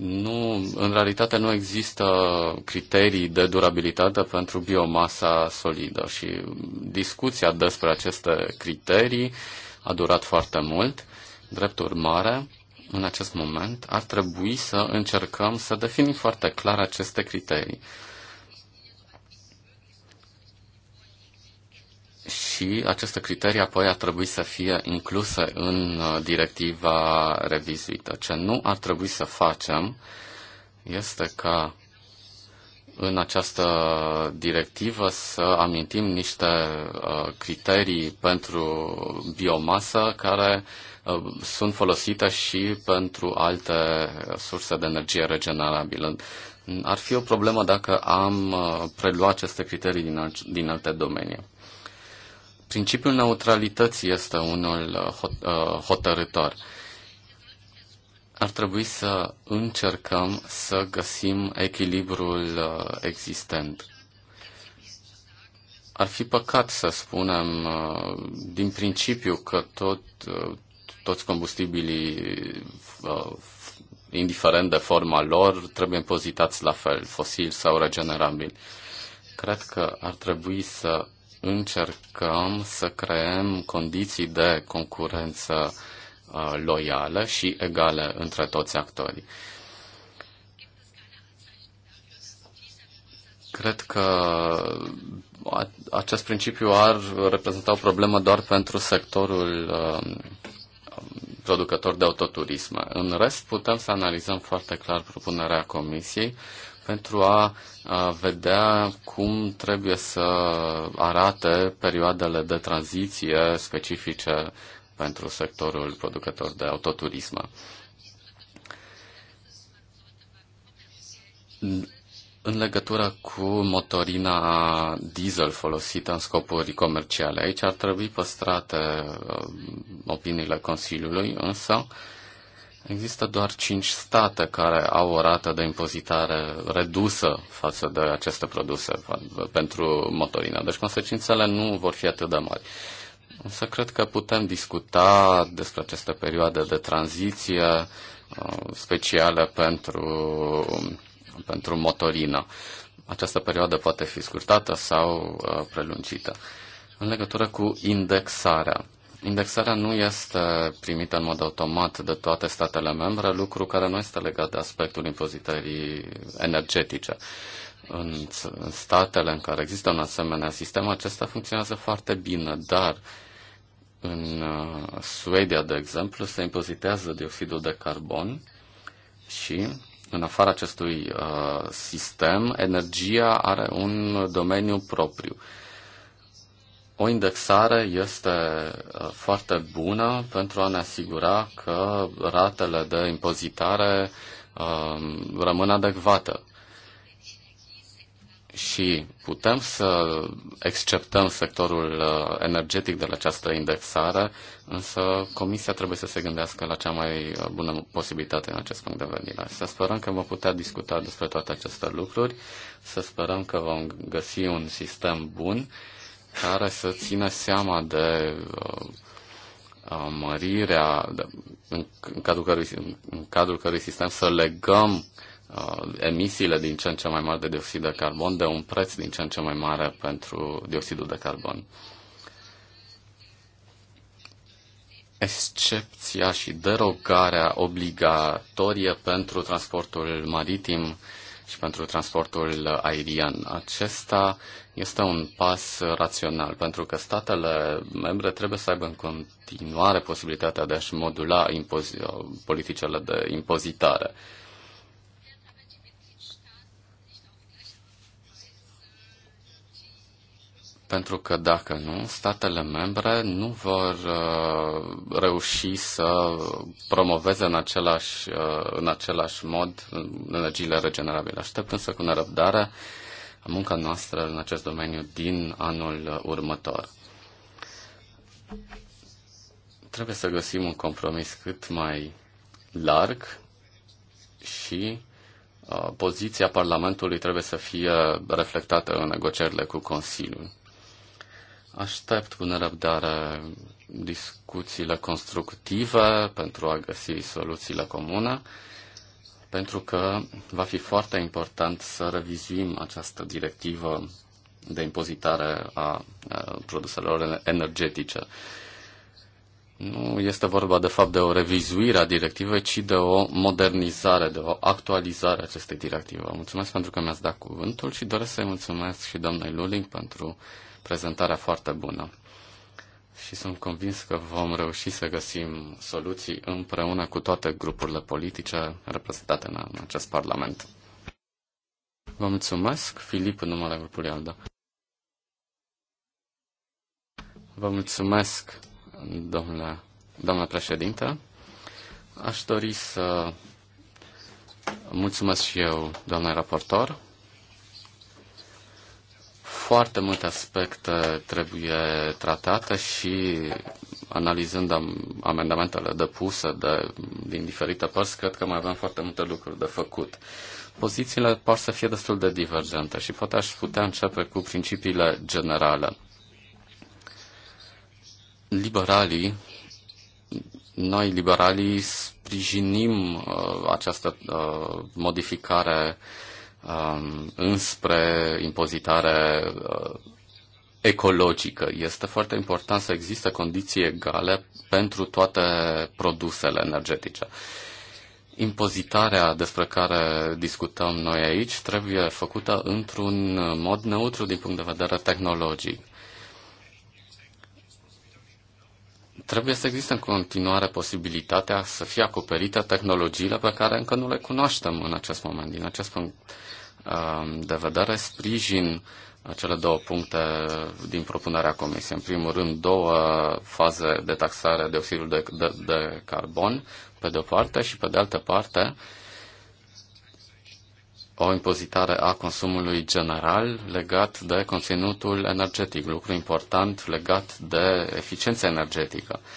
nu, în realitate nu există criterii de durabilitate pentru biomasa solidă și discuția despre aceste criterii a durat foarte mult. Drept urmare, în acest moment ar trebui să încercăm să definim foarte clar aceste criterii. și aceste criterii apoi ar trebui să fie incluse în uh, directiva revizuită. Ce nu ar trebui să facem este ca în această directivă să amintim niște uh, criterii pentru biomasă care uh, sunt folosite și pentru alte surse de energie regenerabilă. Ar fi o problemă dacă am preluat aceste criterii din, din alte domenii. Principiul neutralității este unul uh, uh, hotărător. Ar trebui să încercăm să găsim echilibrul uh, existent. Ar fi păcat să spunem din principiu că tot, toți combustibilii, indiferent de forma lor, trebuie impozitați la fel, fosil sau regenerabil. Cred că ar trebui să încercăm să creăm condiții de concurență uh, loială și egale între toți actorii. Cred că acest principiu ar reprezenta o problemă doar pentru sectorul uh, producător de autoturisme. În rest, putem să analizăm foarte clar propunerea Comisiei pentru a, a vedea cum trebuie să arate perioadele de tranziție specifice pentru sectorul producător de autoturism. În legătură cu motorina diesel folosită în scopuri comerciale, aici ar trebui păstrate uh, opiniile Consiliului, însă uh, Există doar cinci state care au o rată de impozitare redusă față de aceste produse pentru motorină, deci consecințele nu vor fi atât de mari. Însă cred că putem discuta despre această perioadă de tranziție uh, specială pentru, pentru motorină. Această perioadă poate fi scurtată sau uh, prelungită. În legătură cu indexarea, Indexarea nu este primită în mod automat de toate statele membre, lucru care nu este legat de aspectul impozitării energetice. În, statele în care există un asemenea sistem, acesta funcționează foarte bine, dar în uh, Suedia, de exemplu, se impozitează dioxidul de carbon și în afara acestui uh, sistem, energia are un domeniu propriu. Uh, o indexare este uh, foarte bună pentru a ne asigura că ratele de impozitare um, rămân adecvate. Și putem să exceptăm sectorul uh, energetic de la această indexare, însă Comisia trebuie să se gândească la cea mai uh, bună posibilitate în acest punct de vedere. Să sperăm că vom putea discuta despre toate aceste lucruri, să sperăm că vom găsi un sistem bun care să țină seama de uh, uh, mărirea, de, în, în, cadrul cărui, în cadrul cărui sistem să legăm uh, emisiile din ce în ce mai mari de dioxid de carbon de un preț din ce în ce mai mare pentru dioxidul de carbon. Excepția și derogarea obligatorie pentru transportul maritim și pentru transportul aerian. Acesta este un pas rațional, pentru că statele membre trebuie să aibă în continuare posibilitatea de a-și modula politicele de impozitare. Pentru că dacă nu, statele membre nu vor uh, reuși să promoveze în același, uh, în același mod energiile regenerabile. Aștept însă cu nerăbdare munca noastră în acest domeniu din anul următor. Trebuie să găsim un compromis cât mai larg și uh, poziția Parlamentului trebuie să fie reflectată în negocierile cu Consiliul. Aștept cu nerăbdare discuțiile constructive pentru a găsi soluțiile comune, pentru că va fi foarte important să revizuim această directivă de impozitare a produselor energetice. Nu este vorba de fapt de o revizuire a directivei, ci de o modernizare, de o actualizare a acestei directive. Mulțumesc pentru că mi-ați dat cuvântul și doresc să-i mulțumesc și doamnei Luling pentru prezentarea foarte bună și sunt convins că vom reuși să găsim soluții împreună cu toate grupurile politice reprezentate în acest Parlament. Vă mulțumesc, Filip, în numele grupului ALDA. Vă mulțumesc, domnule, doamna președinte. Aș dori să mulțumesc și eu, doamna raportor, foarte multe aspecte trebuie tratate și analizând am, amendamentele depuse de, din diferite părți, cred că mai avem foarte multe lucruri de făcut. Pozițiile par să fie destul de divergente și poate aș putea începe cu principiile generale. Liberalii, noi liberalii sprijinim uh, această uh, modificare uh, Um, înspre impozitare uh, ecologică. Este foarte important să existe condiții egale pentru toate produsele energetice. Impozitarea despre care discutăm noi aici trebuie făcută într-un mod neutru din punct de vedere tehnologic. Trebuie să existe în continuare posibilitatea să fie acoperite tehnologiile pe care încă nu le cunoaștem în acest moment. Din acest punct Um, de vedere, sprijin cele două puncte din propunerea Comisiei. În primul rând, două faze de taxare de oxidul de, de, de carbon, pe de o parte, și pe de altă parte, o impozitare a consumului general legat de conținutul energetic, lucru important legat de eficiența energetică. Uh,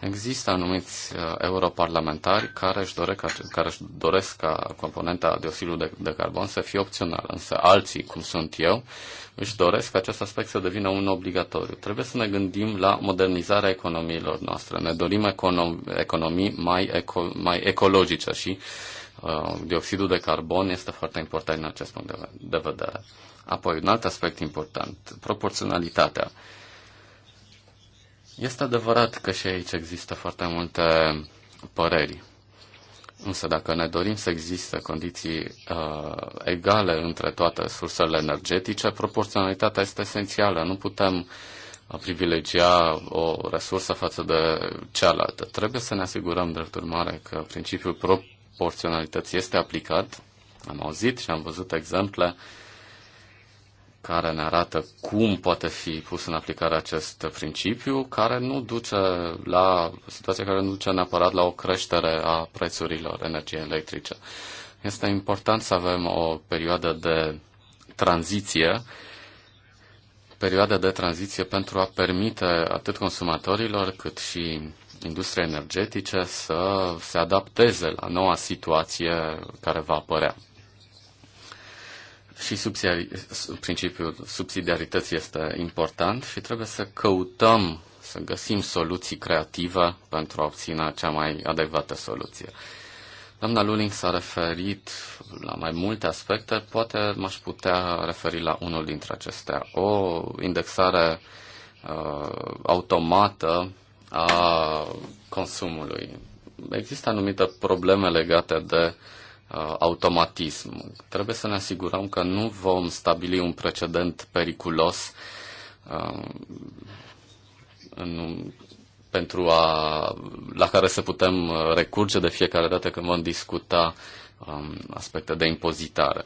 Există anumiți uh, europarlamentari care își, doresc, care își doresc ca componenta dioxidului de, de carbon să fie opțională, însă alții, cum sunt eu, își doresc ca acest aspect să devină un obligatoriu. Trebuie să ne gândim la modernizarea economiilor noastre. Ne dorim econom- economii mai, eco- mai ecologice și uh, dioxidul de carbon este foarte important în acest punct de, de vedere. Apoi, un alt aspect important, proporționalitatea. Uh, este adevărat că și aici există foarte multe păreri. Însă dacă ne dorim să existe condiții uh, egale între toate sursele energetice, proporționalitatea este esențială. Nu putem uh, privilegia o resursă față de cealaltă. Trebuie să ne asigurăm, drept urmare, că principiul proporționalității este aplicat. Am auzit și am văzut exemple uh, care ne arată cum poate fi pus în aplicare acest principiu, care nu duce la situația care nu duce neapărat la o creștere a prețurilor energiei electrice. Este important să avem o perioadă de tranziție, perioadă de tranziție pentru a permite atât consumatorilor cât și industriei energetice să se adapteze la noua situație care va apărea și principiul subsidiarității este important și trebuie să căutăm, să găsim soluții creative pentru a obține cea mai adecvată soluție. Doamna Luling s-a referit la mai multe aspecte, poate m-aș putea referi la unul dintre acestea. O indexare uh, automată a consumului. Există anumite probleme legate de uh, Uh, automatism. Trebuie să ne asigurăm că nu vom stabili un precedent periculos uh, în, pentru a, la care să putem uh, recurge de fiecare dată când vom discuta um, aspecte de impozitare.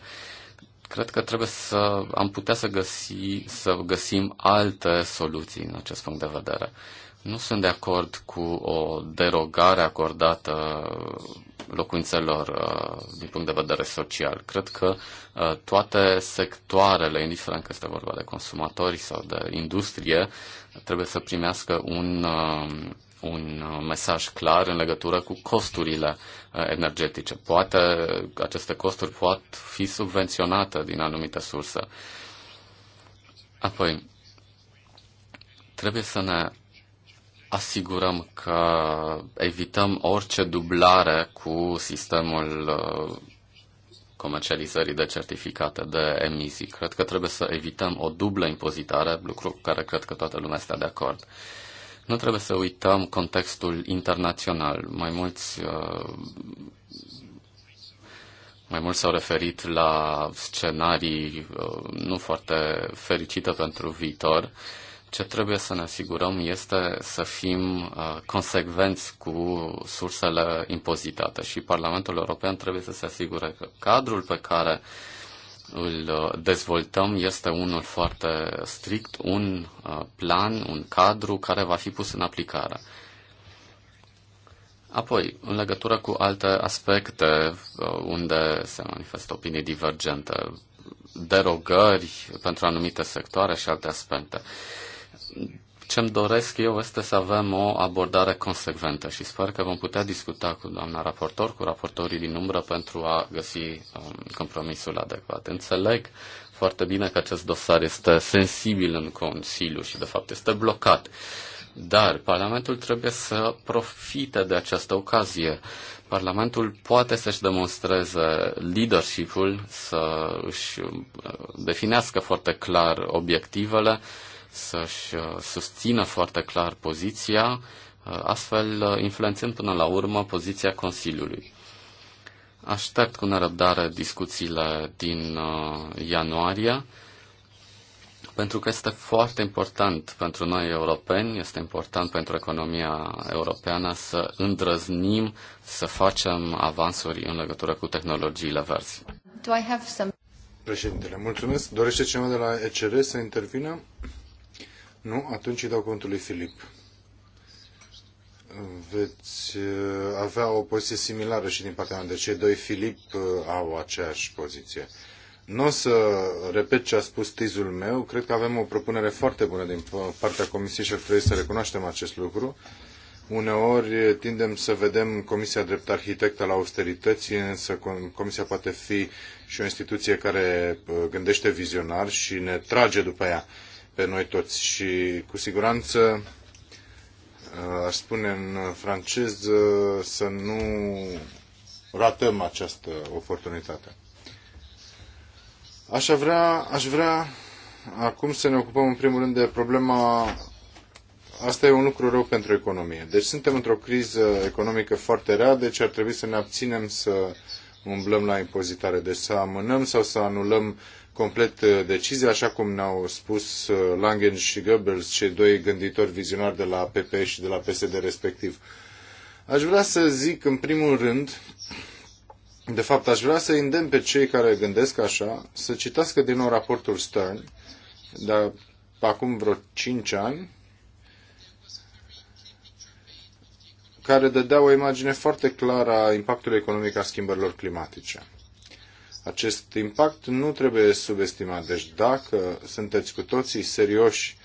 Cred că trebuie să am putea să, găsi, să găsim alte soluții în acest punct de vedere. Nu sunt de acord cu o derogare acordată locuințelor uh, din punct de vedere social. Cred că uh, toate sectoarele, indiferent că este vorba de consumatori sau de industrie, trebuie să primească un, uh, un mesaj clar în legătură cu costurile energetice. Poate aceste costuri pot fi subvenționate din anumite surse. Apoi, trebuie să ne asigurăm că evităm orice dublare cu sistemul uh, comercializării de certificate de emisii. Cred că trebuie să evităm o dublă impozitare, lucru cu care cred că toată lumea este de acord. Nu trebuie să uităm contextul internațional. Mai mulți uh, mai mult s-au referit la scenarii uh, nu foarte fericite pentru viitor. Ce trebuie să ne asigurăm este să fim uh, consecvenți cu sursele impozitate și Parlamentul European trebuie să se asigure că cadrul pe care îl uh, dezvoltăm este unul foarte strict, un uh, plan, un cadru care va fi pus în aplicare. Apoi, în legătură cu alte aspecte unde se manifestă opinii divergente, derogări pentru anumite sectoare și alte aspecte ce-mi doresc eu este să avem o abordare consecventă și sper că vom putea discuta cu doamna raportor, cu raportorii din umbră pentru a găsi um, compromisul adecvat. Înțeleg foarte bine că acest dosar este sensibil în Consiliu și de fapt este blocat. Dar Parlamentul trebuie să profite de această ocazie. Parlamentul poate să-și demonstreze leadership-ul, să și uh, definească foarte clar obiectivele să-și uh, susțină foarte clar poziția, uh, astfel uh, influențând până la urmă poziția Consiliului. Aștept cu nerăbdare discuțiile din ianuarie, pentru că este foarte important pentru noi europeni, este important pentru economia europeană să îndrăznim, să facem avansuri în legătură cu tehnologiile verzi. Do I have some... Președintele, mulțumesc. Dorește cineva de la ECR să intervină? Nu? Atunci îi dau contul lui Filip. Veți uh, avea o poziție similară și din partea mea. Deci cei doi Filip uh, au aceeași poziție. Nu o să repet ce a spus tizul meu. Cred că avem o propunere foarte bună din partea Comisiei și ar trebui să recunoaștem acest lucru. Uneori uh, tindem să vedem Comisia drept arhitect al austerității, însă Comisia poate fi și o instituție care gândește vizionar și ne trage după ea pe noi toți și cu siguranță uh, aș spune în francez să nu ratăm această oportunitate. Aș vrea, aș vrea acum să ne ocupăm în primul rând de problema asta e un lucru rău pentru economie. Deci suntem într-o criză economică foarte rea, deci ar trebui să ne abținem să umblăm la impozitare, deci să amânăm sau să anulăm complet uh, decizia, așa cum ne-au spus uh, Langen și Goebbels, cei doi gânditori vizionari de la PP și de la PSD respectiv. Aș vrea să zic în primul rând, de fapt aș vrea să îndemn pe cei care gândesc așa să citească din nou raportul Stern, dar acum vreo 5 ani, care dădea o imagine foarte clară a impactului economic a schimbărilor climatice. Acest impact nu trebuie subestimat. Deci dacă sunteți cu toții serioși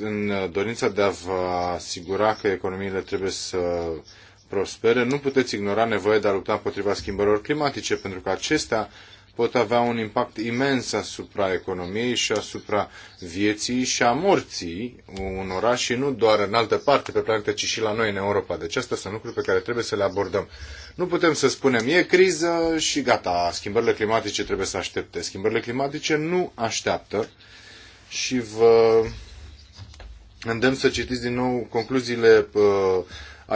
în dorința de a vă asigura că economiile trebuie să prospere, nu puteți ignora nevoia de a lupta împotriva schimbărilor climatice, pentru că acestea pot avea un impact imens asupra economiei și asupra vieții și a morții unora și nu doar în altă parte pe planetă, ci și la noi în Europa. Deci astea sunt lucruri pe care trebuie să le abordăm. Nu putem să spunem e criză și gata, schimbările climatice trebuie să aștepte. Schimbările climatice nu așteaptă și vă îndemn să citiți din nou concluziile uh,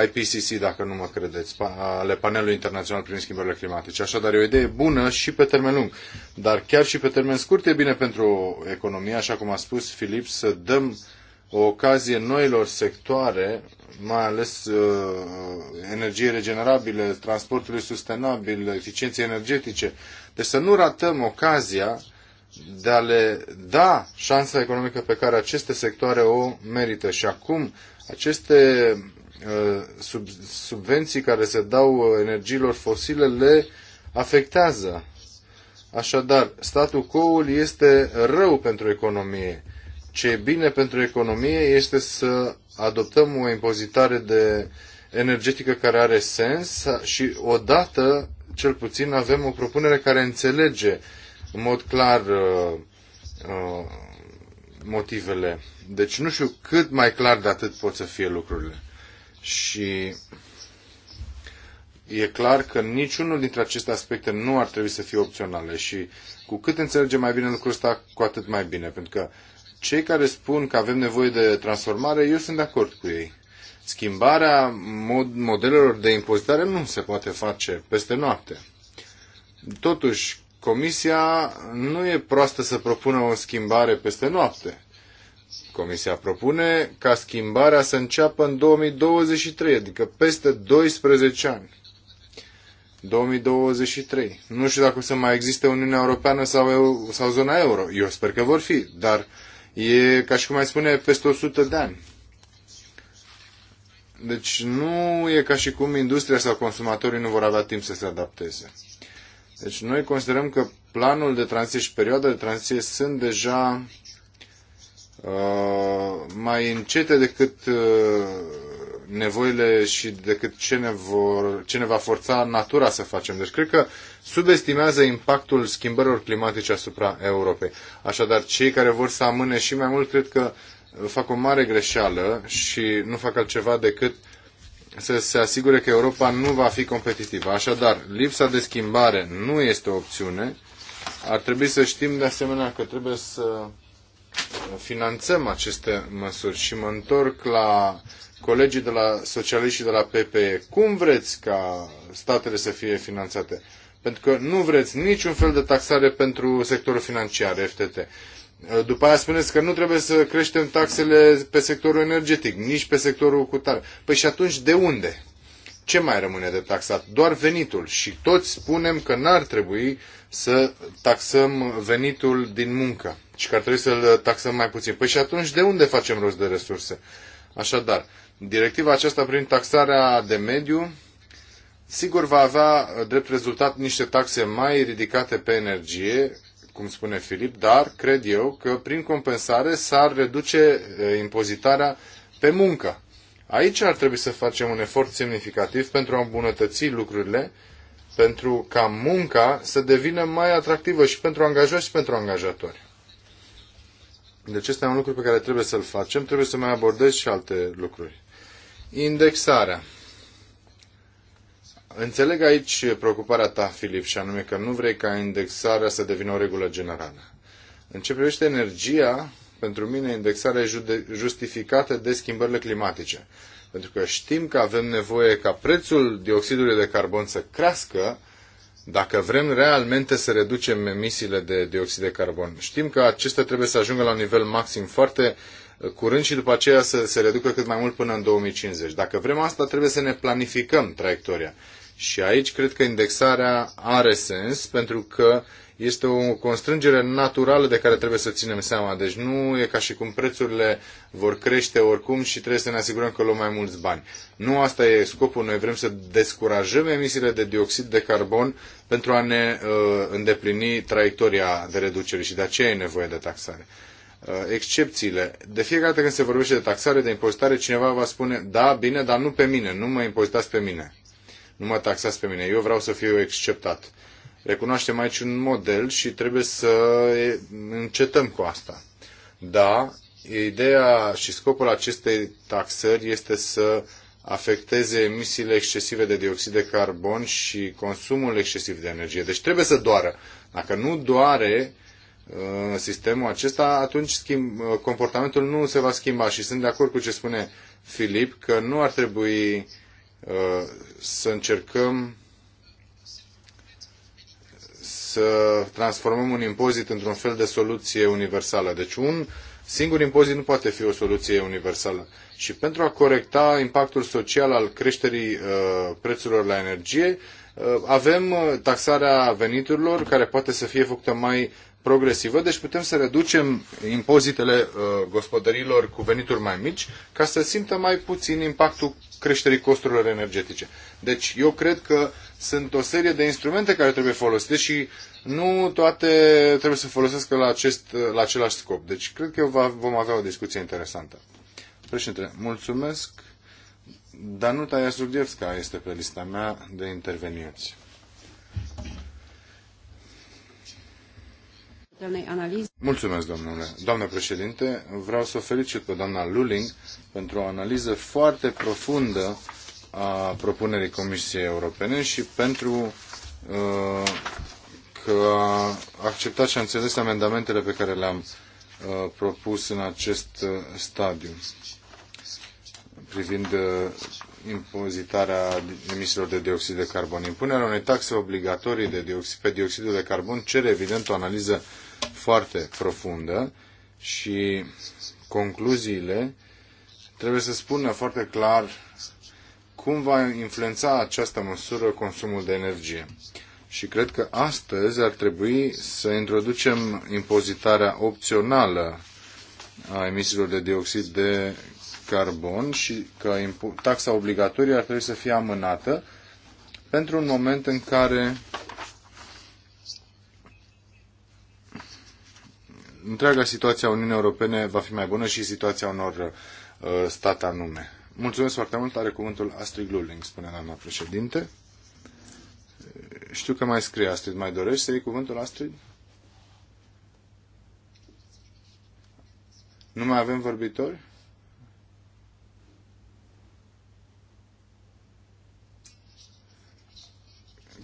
IPCC, dacă nu mă credeți, ale panelului internațional privind schimbările climatice. Așadar, e o idee bună și pe termen lung. Dar chiar și pe termen scurt e bine pentru economie, așa cum a spus Filip, să dăm o ocazie noilor sectoare, mai ales uh, energie regenerabile, transporturi sustenabil, eficiențe energetice. Deci să nu ratăm ocazia de a le da șansa economică pe care aceste sectoare o merită. Și acum aceste Uh, sub, subvenții care se dau uh, energiilor fosile le afectează. Așadar, statul coul este rău pentru economie. Ce e bine pentru economie este să adoptăm o impozitare de energetică care are sens și odată, cel puțin, avem o propunere care înțelege în mod clar uh, uh, motivele. Deci nu știu cât mai clar de atât pot să fie lucrurile. Și e clar că niciunul dintre aceste aspecte nu ar trebui să fie opționale și cu cât înțelegem mai bine lucrul ăsta, cu atât mai bine, pentru că cei care spun că avem nevoie de transformare, eu sunt de acord cu ei. Schimbarea mod- modelelor de impozitare nu se poate face peste noapte. Totuși, Comisia nu e proastă să propună o schimbare peste noapte. Comisia propune ca schimbarea să înceapă în 2023, adică peste 12 ani. 2023. Nu știu dacă o să mai existe Uniunea Europeană sau, eu, sau zona euro. Eu sper că vor fi, dar e, ca și cum ai spune, peste 100 de ani. Deci nu e ca și cum industria sau consumatorii nu vor avea timp să se adapteze. Deci noi considerăm că planul de tranziție și perioada de tranziție sunt deja Uh, mai încete decât uh, nevoile și decât ce ne, vor, ce ne va forța natura să facem. Deci cred că subestimează impactul schimbărilor climatice asupra Europei. Așadar, cei care vor să amâne și mai mult, cred că uh, fac o mare greșeală și nu fac altceva decât să se asigure că Europa nu va fi competitivă. Așadar, lipsa de schimbare nu este o opțiune. Ar trebui să știm de asemenea că trebuie să finanțăm aceste măsuri. Și mă întorc la colegii de la socialiști și de la PPE. Cum vreți ca statele să fie finanțate? Pentru că nu vreți niciun fel de taxare pentru sectorul financiar, FTT. După aia spuneți că nu trebuie să creștem taxele pe sectorul energetic, nici pe sectorul cutare. Păi și atunci de unde? ce mai rămâne de taxat? Doar venitul. Și toți spunem că n-ar trebui să taxăm venitul din muncă și că ar trebui să-l taxăm mai puțin. Păi și atunci de unde facem rost de resurse? Așadar, directiva aceasta prin taxarea de mediu sigur va avea drept rezultat niște taxe mai ridicate pe energie, cum spune Filip, dar cred eu că prin compensare s-ar reduce eh, impozitarea pe muncă. Aici ar trebui să facem un efort semnificativ pentru a îmbunătăți lucrurile, pentru ca munca să devină mai atractivă și pentru angajați și pentru angajatori. Deci este un lucru pe care trebuie să-l facem, trebuie să mai abordez și alte lucruri. Indexarea. Înțeleg aici preocuparea ta, Filip, și anume că nu vrei ca indexarea să devină o regulă generală. În ce privește energia, pentru mine, indexarea justificată de schimbările climatice. Pentru că știm că avem nevoie ca prețul dioxidului de carbon să crească dacă vrem realmente să reducem emisiile de dioxid de carbon. Știm că acestea trebuie să ajungă la un nivel maxim foarte uh, curând și după aceea să se reducă cât mai mult până în 2050. Dacă vrem asta, trebuie să ne planificăm traiectoria. Și aici cred că indexarea are sens pentru că este o constrângere naturală de care trebuie să ținem seama. Deci nu e ca și cum prețurile vor crește oricum și trebuie să ne asigurăm că luăm mai mulți bani. Nu asta e scopul. Noi vrem să descurajăm emisiile de dioxid de carbon pentru a ne uh, îndeplini traiectoria de reducere și de aceea e nevoie de taxare uh, excepțiile. De fiecare dată când se vorbește de taxare, de impozitare, cineva va spune, da, bine, dar nu pe mine, nu mă impozitați pe mine, nu mă taxați pe mine, eu vreau să fiu exceptat. Recunoaștem aici un model și trebuie să încetăm cu asta. Da, ideea și scopul acestei taxări este să afecteze emisiile excesive de dioxid de carbon și consumul excesiv de energie. Deci trebuie să doară. Dacă nu doare uh, sistemul acesta, atunci schimb, uh, comportamentul nu se va schimba și sunt de acord cu ce spune Filip că nu ar trebui uh, să încercăm să transformăm un impozit într-un fel de soluție universală. Deci un singur impozit nu poate fi o soluție universală. Și pentru a corecta impactul social al creșterii uh, prețurilor la energie, uh, avem uh, taxarea veniturilor care poate să fie făcută mai progresivă, deci putem să reducem impozitele uh, gospodărilor cu venituri mai mici ca să simtă mai puțin impactul creșterii costurilor energetice. Deci eu cred că sunt o serie de instrumente care trebuie folosite și nu toate trebuie să folosesc la, acest, la același scop. Deci cred că va, vom avea o discuție interesantă. Președinte, mulțumesc. Danuta Iasugevska este pe lista mea de intervenienți. Mulțumesc, domnule. Doamne președinte, vreau să o felicit pe doamna Luling pentru o analiză foarte profundă a propunerii Comisiei Europene și pentru uh, că a acceptat și a înțeles amendamentele pe care le-am uh, propus în acest uh, stadiu privind impozitarea emisiilor de dioxid de carbon. Impunerea unei taxe obligatorii de dioxid, pe dioxidul de carbon cere evident o analiză foarte profundă și concluziile trebuie să spună foarte clar cum va influența această măsură consumul de energie. Și cred că astăzi ar trebui să introducem impozitarea opțională a emisiilor de dioxid de carbon și că taxa obligatorie ar trebui să fie amânată pentru un moment în care întreaga situație a Uniunii Europene va fi mai bună și situația unor uh, state anume. Mulțumesc foarte mult, are cuvântul Astrid Luling, spune doamna președinte. Știu că mai scrie Astrid, mai dorești să iei cuvântul Astrid? Nu mai avem vorbitori?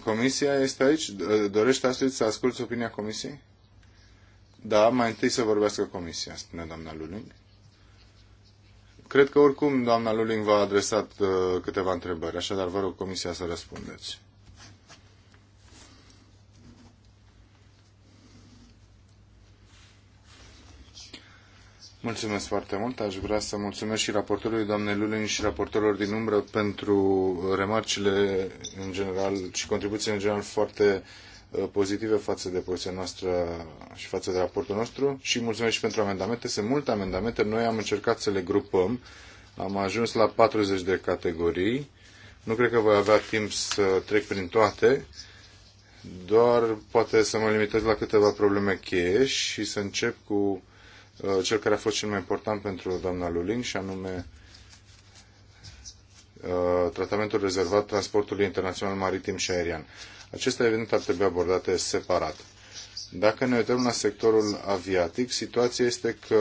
Comisia este aici? Dorește Astrid să asculți opinia Comisiei? Da, mai întâi să vorbească Comisia, spune doamna Luling. Cred că oricum doamna Luling v-a adresat uh, câteva întrebări, așadar vă rog Comisia să răspundeți. Mulțumesc foarte mult. Aș vrea să mulțumesc și raportorului doamnei Lulin și raportorilor din umbră pentru remarcile în general și contribuțiile în general foarte Uh, pozitive față de poziția noastră și față de raportul nostru și mulțumesc și pentru amendamente. Sunt multe amendamente, noi am încercat să le grupăm, am ajuns la 40 de categorii. Nu cred că voi avea timp să trec prin toate, doar poate să mă limitez la câteva probleme cheie și să încep cu uh, cel care a fost cel mai important pentru doamna Lulin și anume uh, tratamentul rezervat transportului internațional maritim și aerian. Acestea, evident, ar trebui abordate separat. Dacă ne uităm la sectorul aviatic, situația este că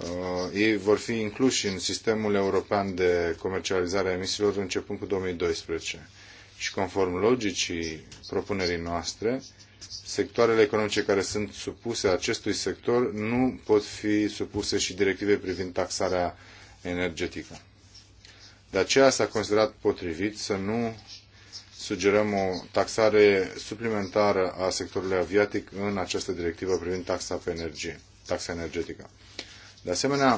uh, ei vor fi incluși în sistemul european de comercializare a emisiilor începând cu 2012. Și conform logicii propunerii noastre, sectoarele economice care sunt supuse acestui sector nu pot fi supuse și directive privind taxarea energetică. De aceea s-a considerat potrivit să nu Sugerăm o taxare suplimentară a sectorului aviatic în această directivă privind taxa pe energie, taxa energetică. De asemenea,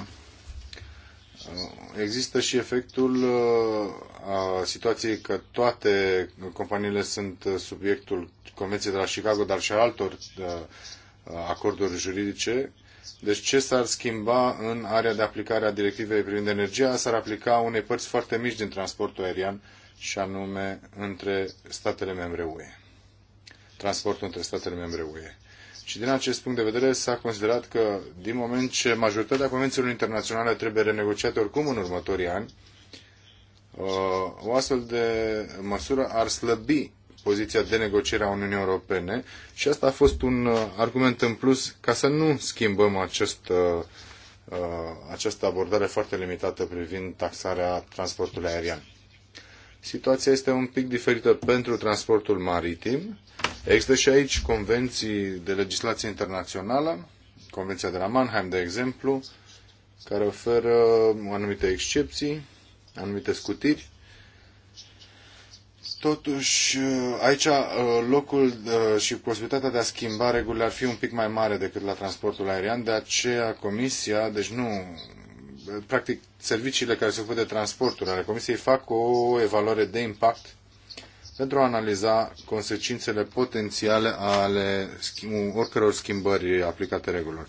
uh, Există și efectul uh, a situației că toate companiile sunt subiectul Convenției de la Chicago, dar și a altor uh, acorduri juridice. Deci ce s-ar schimba în area de aplicare a directivei privind energia? S-ar aplica unei părți foarte mici din transportul aerian și anume între statele membre UE. Transportul între statele membre UE. Și din acest punct de vedere s-a considerat că din moment ce majoritatea convențiilor internaționale trebuie renegociate oricum în următorii ani, uh, o astfel de măsură ar slăbi poziția de negociere a Uniunii Europene și asta a fost un uh, argument în plus ca să nu schimbăm acest, uh, această abordare foarte limitată privind taxarea transportului aerian situația este un pic diferită pentru transportul maritim. Există și aici convenții de legislație internațională, Convenția de la Mannheim, de exemplu, care oferă anumite excepții, anumite scutiri. Totuși, aici uh, locul uh, și posibilitatea de a schimba regulile ar fi un pic mai mare decât la transportul aerian, de aceea Comisia, deci nu, practic serviciile care se ocupă de transporturi ale Comisiei fac o evaluare de impact pentru a analiza consecințele potențiale ale oricăror schimbări aplicate regulilor.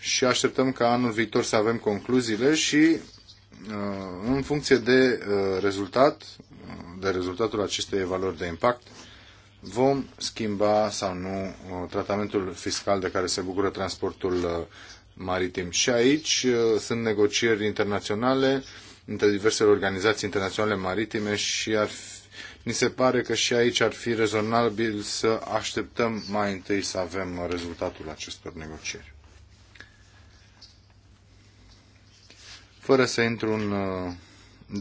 Și așteptăm ca anul viitor să avem concluziile și uh, în funcție de uh, rezultat, de rezultatul acestei evaluări de impact, vom schimba sau nu uh, tratamentul fiscal de care se bucură transportul maritim. Și aici uh, sunt negocieri internaționale între diversele organizații internaționale maritime și ar fi, ni se pare că și aici ar fi rezonabil să așteptăm mai întâi să avem rezultatul acestor negocieri. Fără să intru în uh,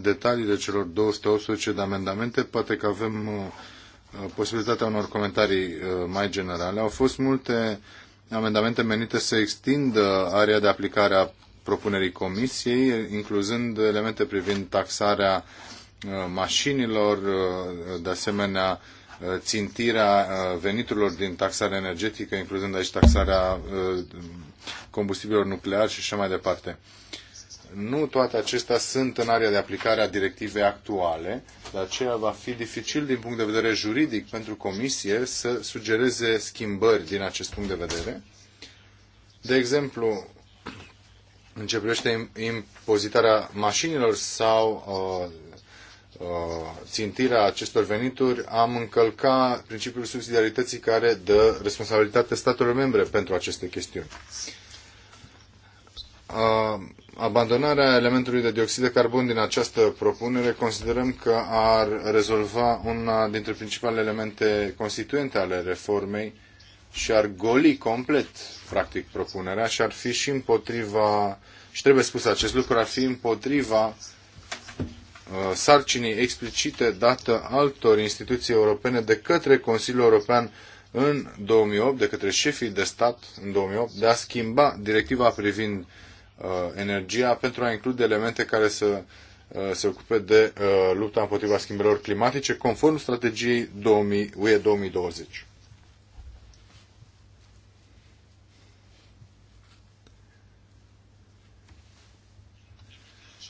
detaliile celor 218 de amendamente, poate că avem uh, posibilitatea unor comentarii mai generale. Au fost multe amendamente menite să extindă area de aplicare a propunerii comisiei, incluzând elemente privind taxarea uh, mașinilor, uh, de asemenea uh, țintirea veniturilor din taxarea energetică, incluzând aici taxarea combustibilor nucleari și așa mai departe. Nu toate acestea sunt în area de aplicare a directivei actuale, de aceea va fi dificil din punct de vedere juridic pentru Comisie să sugereze schimbări din acest punct de vedere. De exemplu, în ce impozitarea mașinilor sau uh, uh, țintirea acestor venituri, am încălca principiul subsidiarității care dă responsabilitate statelor membre pentru aceste chestiuni. Uh, abandonarea elementului de dioxid de carbon din această propunere considerăm că ar rezolva una dintre principalele elemente constituente ale reformei și ar goli complet, practic, propunerea și ar fi și împotriva, și trebuie spus acest lucru, ar fi împotriva uh, sarcinii explicite dată altor instituții europene de către Consiliul European în 2008, de către șefii de stat în 2008, de a schimba directiva privind Uh, energia pentru a include elemente care să uh, se ocupe de uh, lupta împotriva schimbărilor climatice conform strategiei 2000, UE 2020.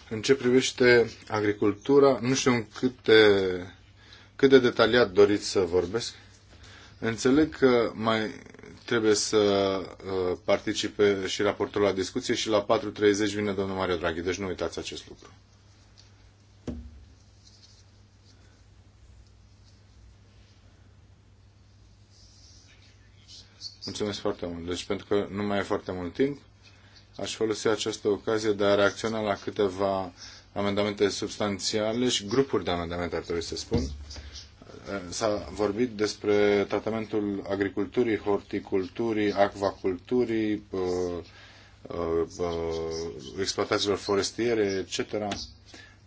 În ce privește agricultura, nu știu cât de, cât de detaliat doriți să vorbesc. Înțeleg că mai trebuie să uh, participe și raportul la discuție și la 4.30 vine domnul Mario Draghi, deci nu uitați acest lucru. Mulțumesc foarte mult. Deci pentru că nu mai e foarte mult timp, aș folosi această ocazie de a reacționa la câteva amendamente substanțiale și grupuri de amendamente, ar trebui să spun, s-a vorbit despre tratamentul agriculturii, horticulturii, acvaculturii, uh, uh, uh, exploatațiilor forestiere, etc.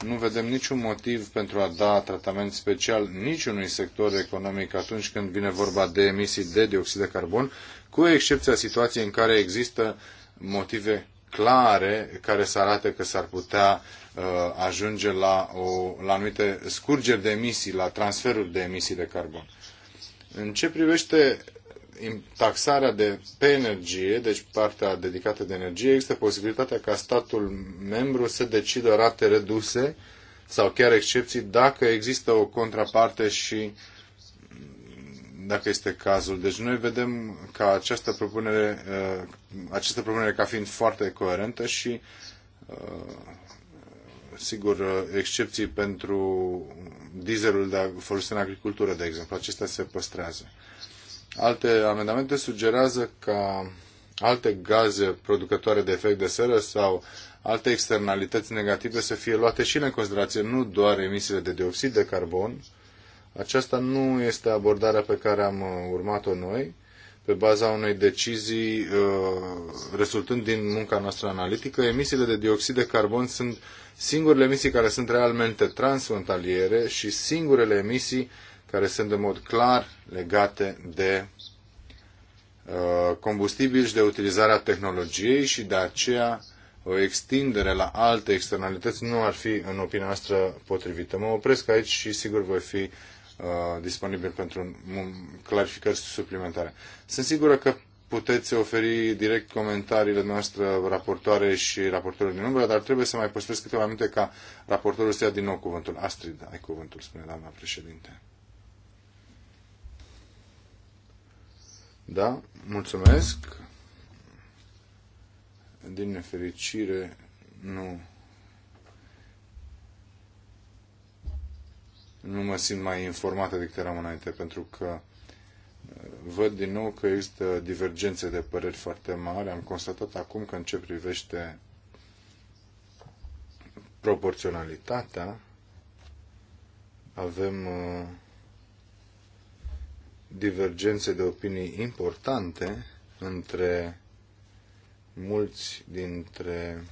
Nu vedem niciun motiv pentru a da tratament special niciunui sector economic atunci când vine vorba de emisii de dioxid de carbon, cu excepția situației în care există motive clare care să arate că s-ar putea uh, ajunge la, o, la anumite scurgeri de emisii, la transferuri de emisii de carbon. În ce privește taxarea de pe energie, deci partea dedicată de energie, există posibilitatea ca statul membru să decidă rate reduse sau chiar excepții dacă există o contraparte și uh, dacă este cazul. Deci noi vedem ca această propunere, uh, această propunere ca fiind foarte coerentă și uh, sigur, excepții pentru dieselul de folosit în agricultură, de exemplu. Acestea se păstrează. Alte amendamente sugerează ca alte gaze producătoare de efect de seră sau alte externalități negative să fie luate și în considerație, nu doar emisiile de dioxid de carbon, aceasta nu este abordarea pe care am uh, urmat-o noi, pe baza unei decizii uh, rezultând din munca noastră analitică. Emisiile de dioxid de carbon sunt singurele emisii care sunt realmente transfrontaliere și singurele emisii care sunt de mod clar legate de uh, combustibil și de utilizarea tehnologiei și de aceea o extindere la alte externalități nu ar fi, în opinia noastră, potrivită. Mă opresc aici și sigur voi fi Uh, disponibil pentru clarificări suplimentare. Sunt sigură că puteți oferi direct comentariile noastre raportoare și raportorul din umbră, dar trebuie să mai păstrez câteva minute ca raportorul să ia din nou cuvântul. Astrid, ai cuvântul, spune doamna președinte. Da, mulțumesc. Din nefericire, nu nu mă simt mai informată decât eram înainte, pentru că uh, văd din nou că există divergențe de păreri foarte mari. Am constatat acum că în ce privește proporționalitatea, avem uh, divergențe de opinii importante între mulți dintre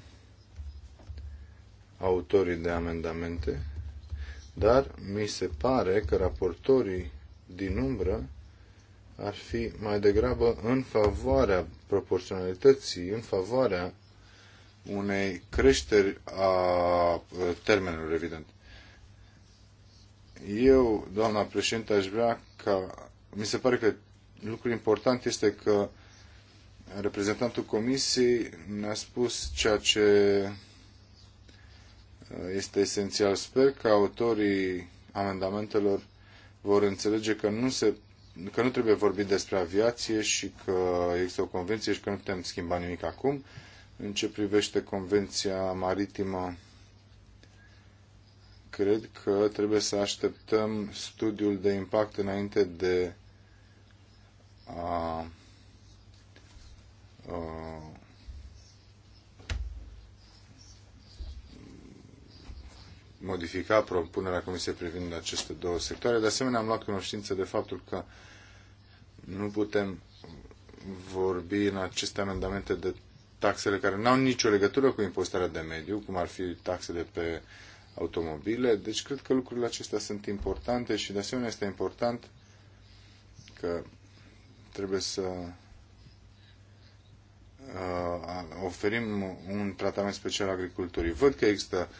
autorii de amendamente dar mi se pare că raportorii din umbră ar fi mai degrabă în favoarea proporționalității, în favoarea unei creșteri a termenelor, evident. Eu, doamna președinte, aș vrea ca... Mi se pare că lucrul important este că reprezentantul comisiei ne-a spus ceea ce este esențial. Sper că autorii amendamentelor vor înțelege că nu, se, că nu trebuie vorbit despre aviație și că există o convenție și că nu putem schimba nimic acum. În ce privește convenția maritimă, cred că trebuie să așteptăm studiul de impact înainte de a, a modifica propunerea Comisiei privind aceste două sectoare. De asemenea, am luat cunoștință de faptul că nu putem vorbi în aceste amendamente de taxele care nu au nicio legătură cu impozitarea de mediu, cum ar fi taxele pe automobile. Deci cred că lucrurile acestea sunt importante și de asemenea este important că trebuie să uh, oferim un tratament special agriculturii. Văd că există uh,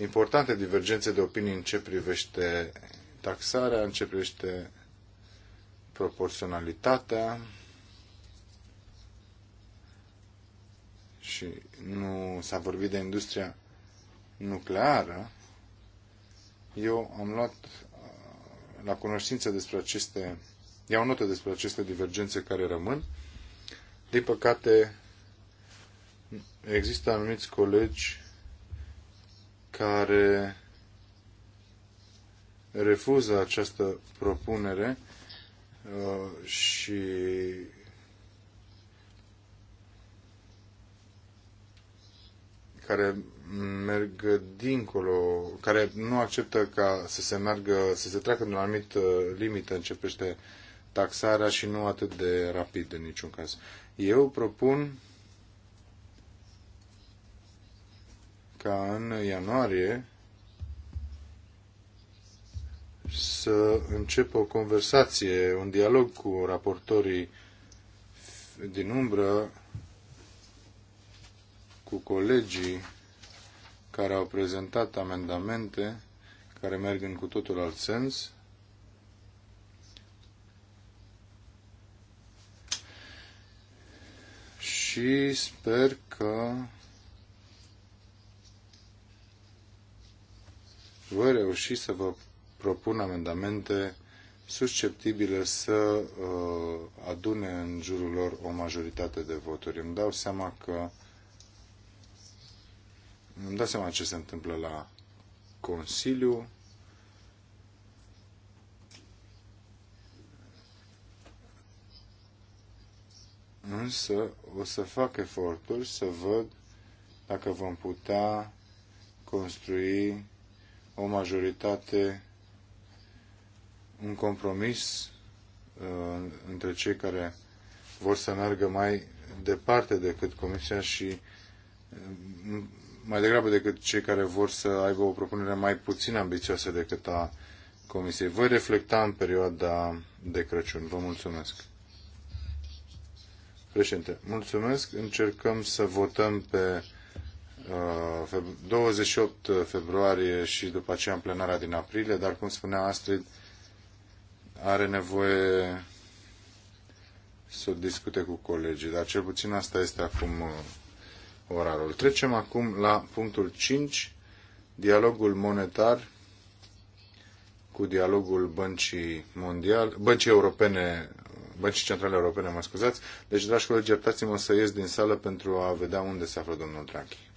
importante divergențe de opinii în ce privește taxarea, în ce privește proporționalitatea și nu s-a vorbit de industria nucleară. Eu am luat uh, la cunoștință despre aceste, iau notă despre aceste divergențe care rămân. Din păcate, există anumiți colegi care refuză această propunere uh, și care merg dincolo, care nu acceptă ca să se meargă, să se treacă de un anumit uh, limită, începește taxarea și nu atât de rapid în niciun caz. Eu propun ca în ianuarie să încep o conversație, un dialog cu raportorii din umbră, cu colegii care au prezentat amendamente care merg în cu totul alt sens. Și sper că voi reuși să vă propun amendamente susceptibile să uh, adune în jurul lor o majoritate de voturi. Îmi dau seama că îmi dau seama ce se întâmplă la Consiliu. Însă o să fac eforturi să văd dacă vom putea construi o majoritate, un compromis uh, între cei care vor să meargă mai departe decât Comisia și uh, mai degrabă decât cei care vor să aibă o propunere mai puțin ambițioasă decât a Comisiei. Voi reflecta în perioada de Crăciun. Vă mulțumesc. Președinte, mulțumesc. Încercăm să votăm pe 28 uh, februarie și după aceea în plenarea din aprilie, dar cum spunea Astrid, are nevoie să discute cu colegii, dar cel puțin asta este acum uh, orarul. Trecem acum la punctul 5, dialogul monetar cu dialogul băncii mondial, băncii europene, băncii centrale europene, mă scuzați. Deci, dragi colegi, iertați-mă să ies din sală pentru a vedea unde se află domnul Draghi.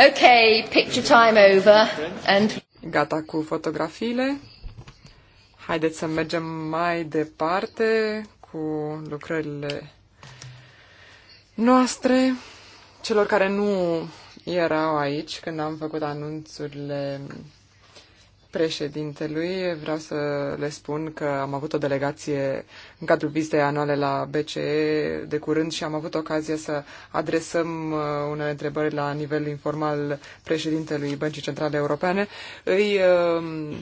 Okay, picture time over. And... Gata cu fotografiile. Haideți să mergem mai departe cu lucrările noastre. Celor care nu erau aici când am făcut anunțurile președintelui, vreau să le spun că am avut o delegație în cadrul vizitei anuale la BCE de curând și am avut ocazia să adresăm uh, unele întrebări la nivel informal președintelui Băncii Centrale Europene. Îi uh,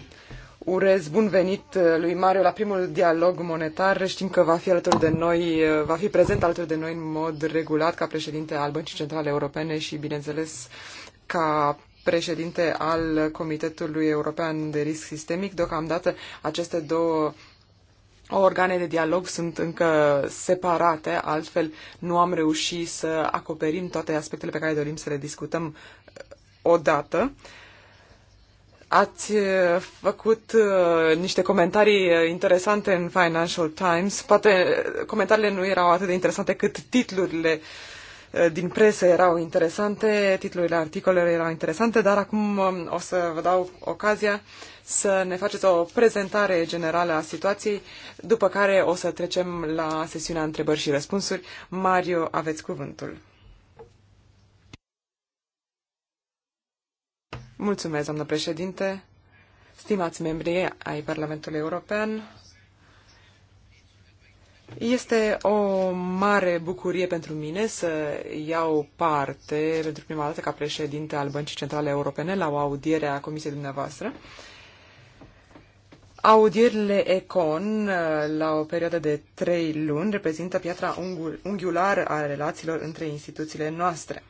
urez bun venit uh, lui Mario la primul dialog monetar. Știm că va fi alături de noi, uh, va fi prezent alături de noi în mod regulat ca președinte al Băncii Centrale Europene și, bineînțeles, ca președinte al Comitetului European de Risc Sistemic. Deocamdată aceste două organe de dialog sunt încă separate, altfel nu am reușit să acoperim toate aspectele pe care dorim să le discutăm uh, odată. Ați uh, făcut uh, niște comentarii interesante în Financial Times. Poate comentariile nu erau atât de interesante cât titlurile uh, Eh, din presă erau interesante, titlurile articolelor erau interesante, dar acum um, o să vă dau ocazia să ne faceți o prezentare generală a situației, după care o să trecem la sesiunea întrebări și răspunsuri. Mario, aveți cuvântul. Mulțumesc, doamnă președinte, stimați membrii ai Parlamentului European, este o mare bucurie pentru mine să iau parte pentru prima dată ca președinte al Băncii Centrale Europene la o audiere a comisiei dumneavoastră. Audierile Econ uh, la o perioadă de trei luni reprezintă piatra unghiulară a relațiilor între instituțiile noastre.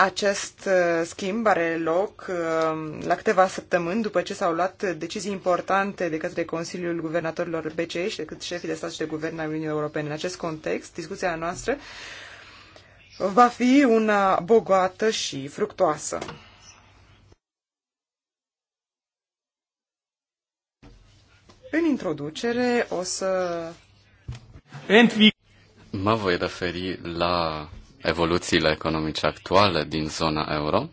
Acest uh, schimb are loc uh, la câteva săptămâni după ce s-au luat decizii importante de către Consiliul Guvernatorilor BCE și de către șefii de stat și de guvern ai Uniunii Europene. În acest context, discuția noastră va fi una bogată și fructoasă. În introducere o să... Mă voi referi la evoluțiile economice actuale din zona euro.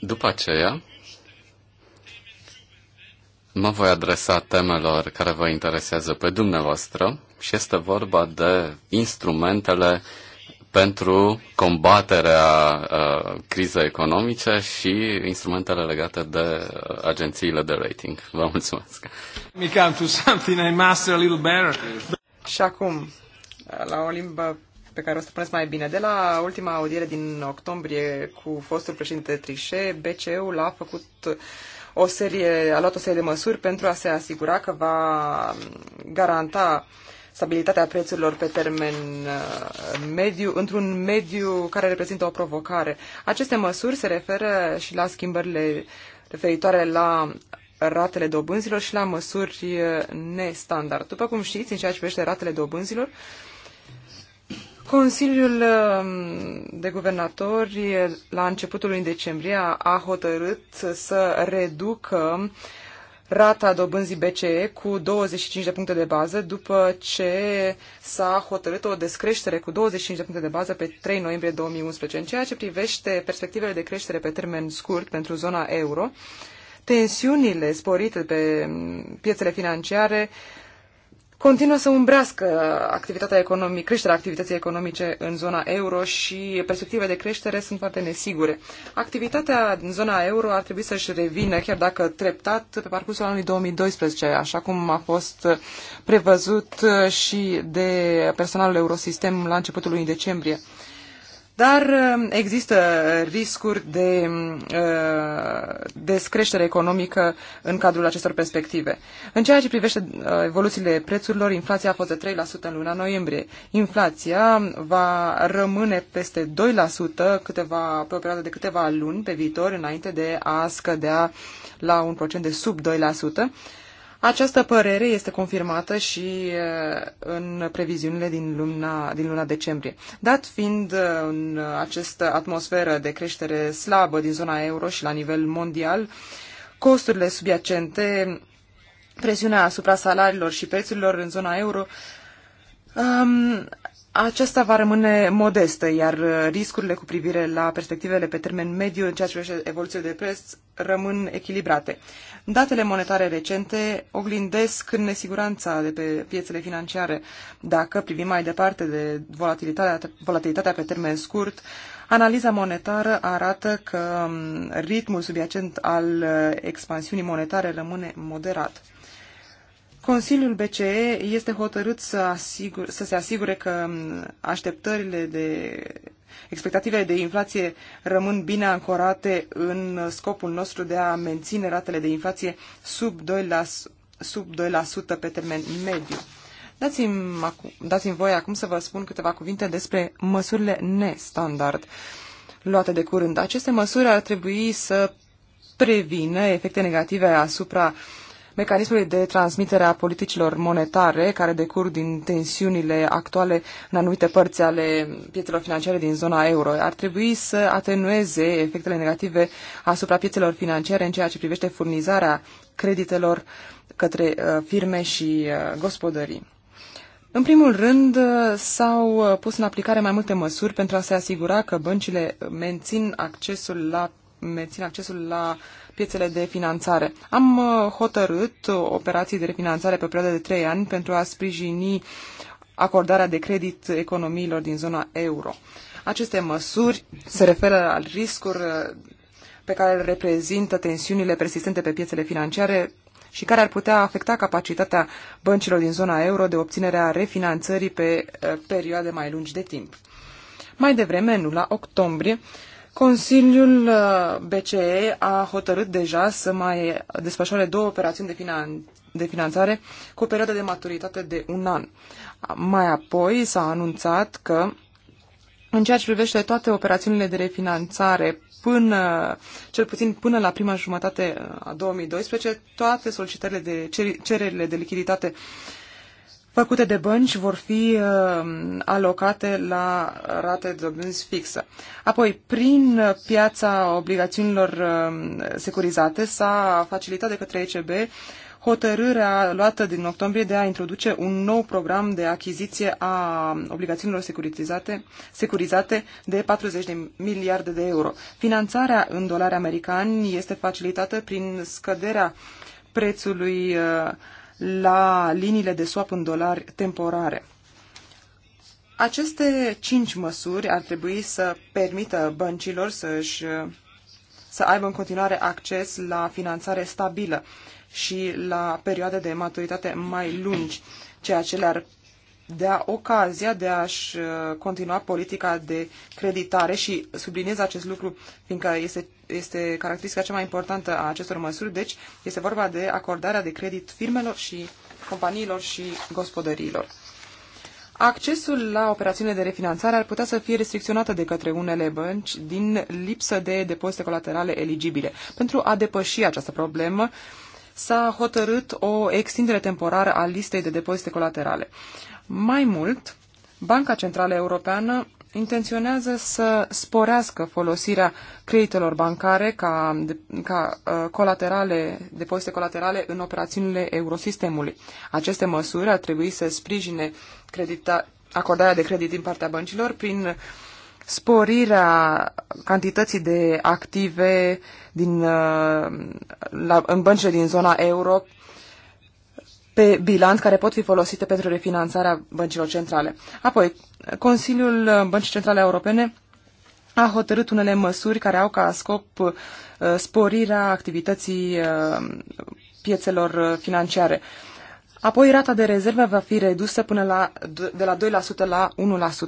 După aceea, mă voi adresa temelor care vă interesează pe dumneavoastră și este vorba de instrumentele pentru combaterea uh, crizei economice și instrumentele legate de uh, agențiile de rating. Vă mulțumesc. Și acum, la o limbă pe care o stăpânesc mai bine. De la ultima audiere din octombrie cu fostul președinte Trișe, BCE-ul a făcut o serie, a luat o serie de măsuri pentru a se asigura că va garanta uh, stabilitatea prețurilor pe termen uh, mediu, într-un mediu care reprezintă o provocare. Aceste măsuri se referă și la schimbările referitoare la ratele dobânzilor și la măsuri uh, nestandard. După cum știți, în ceea ce privește ratele dobânzilor, Consiliul um, de Guvernatori la începutul lui decembrie a hotărât să reducă rata dobânzii BCE cu 25 de puncte de bază după ce s-a hotărât o descreștere cu 25 de puncte de bază pe 3 noiembrie 2011. În ceea ce privește perspectivele de creștere pe termen scurt pentru zona euro, tensiunile sporite pe mm, piețele financiare uh, continuă să umbrească activitatea economică, creșterea activității economice în zona euro și perspectivele de creștere sunt foarte nesigure. Activitatea în zona euro ar trebui să-și revină, chiar dacă treptat, pe parcursul anului 2012, așa cum a fost prevăzut și de personalul Eurosistem la începutul lunii decembrie. Dar uh, există riscuri de uh, descreștere economică în cadrul acestor perspective. În ceea ce privește uh, evoluțiile prețurilor, inflația a fost de 3% în luna noiembrie. Inflația va rămâne peste 2% câteva, pe o perioadă de câteva luni pe viitor, înainte de a scădea la un procent de sub 2%. Această părere este confirmată și uh, în previziunile din luna, din luna decembrie. Dat fiind uh, în această atmosferă de creștere slabă din zona euro și la nivel mondial, costurile subiacente, presiunea asupra salariilor și prețurilor în zona euro um, aceasta va rămâne modestă, iar uh, riscurile cu privire la perspectivele pe termen mediu în ceea ce privește evoluția de preț rămân echilibrate. Datele monetare recente oglindesc nesiguranța de pe piețele financiare. Dacă privim mai departe de volatilitatea, volatilitatea pe termen scurt, analiza monetară arată că um, ritmul subiacent al uh, expansiunii monetare rămâne moderat. Consiliul BCE este hotărât să, asigur, să se asigure că așteptările de expectativele de inflație rămân bine ancorate în scopul nostru de a menține ratele de inflație sub 2%, la, sub 2% pe termen mediu. Dați-mi, acu- dați-mi voie acum să vă spun câteva cuvinte despre măsurile nestandard luate de curând. Aceste măsuri ar trebui să prevină efecte negative asupra uh, mecanismului de transmitere a politicilor monetare care decur din tensiunile actuale în anumite părți ale piețelor financiare din zona euro. Ar trebui să atenueze efectele negative asupra piețelor financiare în ceea ce privește furnizarea creditelor către uh, firme și uh, gospodării. În primul rând, uh, s-au pus în aplicare mai multe măsuri pentru a se asigura că băncile mențin accesul la, mențin accesul la uh, piețele de finanțare. Am uh, hotărât uh, operații de refinanțare pe perioadă de 3 ani pentru a sprijini acordarea de credit economiilor din zona euro. Aceste măsuri se referă la riscuri uh, pe care le reprezintă tensiunile persistente pe piețele financiare și care ar putea afecta capacitatea băncilor din zona euro de obținere a refinanțării pe perioade mai lungi de timp. Mai devreme, în luna octombrie, Consiliul uh, BCE a hotărât deja să mai desfășoare două operațiuni de, finan- de finanțare cu o perioadă de maturitate de un an. Mai apoi s-a anunțat că în ceea ce privește toate operațiunile de refinanțare până, cel puțin până la prima jumătate a 2012, toate solicitările de cererile de lichiditate uh, făcute de bănci vor fi uh, alocate la rate de dobânzi fixă. Apoi, prin piața obligațiunilor uh, securizate s-a facilitat de către ECB hotărârea luată din octombrie de a introduce un nou program de achiziție a obligațiunilor securitizate, securizate de 40 de miliarde de euro. Finanțarea în dolari americani este facilitată prin scăderea prețului uh, la liniile de swap în dolari temporare. Aceste cinci măsuri ar trebui să permită băncilor să-și să aibă în continuare acces la finanțare stabilă și la perioade de maturitate mai lungi, ceea ce le-ar dea ocazia de a-și uh, continua politica de creditare și subliniez acest lucru, fiindcă este, este caracteristica cea mai importantă a acestor măsuri, deci este vorba de acordarea de credit firmelor și companiilor și gospodăriilor. Accesul la operațiunile de refinanțare ar putea să fie restricționată de către unele bănci din lipsă de depozite colaterale eligibile. Pentru a depăși această problemă, s-a hotărât o extindere temporară a listei de depozite colaterale. Mai mult, Banca Centrală Europeană intenționează să sporească folosirea creditelor bancare ca, ca uh, colaterale, depozite colaterale în operațiunile eurosistemului. Aceste măsuri ar trebui să sprijine credita, acordarea de credit din partea băncilor prin sporirea cantității de active din, uh, la, în băncile din zona euro, pe bilanț care pot fi folosite pentru refinanțarea băncilor centrale. Apoi, Consiliul Băncii Centrale Europene a hotărât unele măsuri care au ca scop uh, sporirea activității uh, piețelor uh, financiare. Apoi rata de rezervă va fi redusă până la, de la 2% la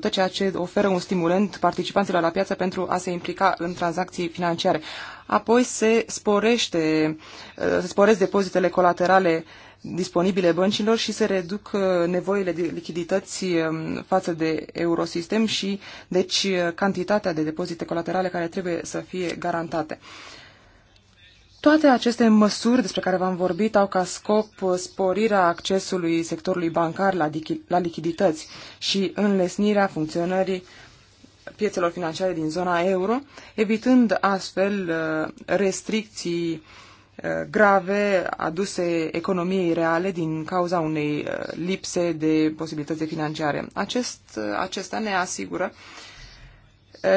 1%, ceea ce oferă un stimulent participanților la piață pentru a se implica în tranzacții financiare. Apoi se sporește, uh, se sporesc depozitele colaterale disponibile băncilor și se reduc uh, nevoile de lichidități um, față de Eurosistem și deci uh, cantitatea de depozite colaterale care trebuie să fie garantate. Toate aceste măsuri despre care v-am vorbit au ca scop uh, sporirea accesului sectorului bancar la, la lichidități și înlesnirea funcționării piețelor financiare din zona euro, evitând astfel uh, restricții uh, grave aduse economiei reale din cauza unei lipse de posibilități financiare. Acest, acesta ne asigură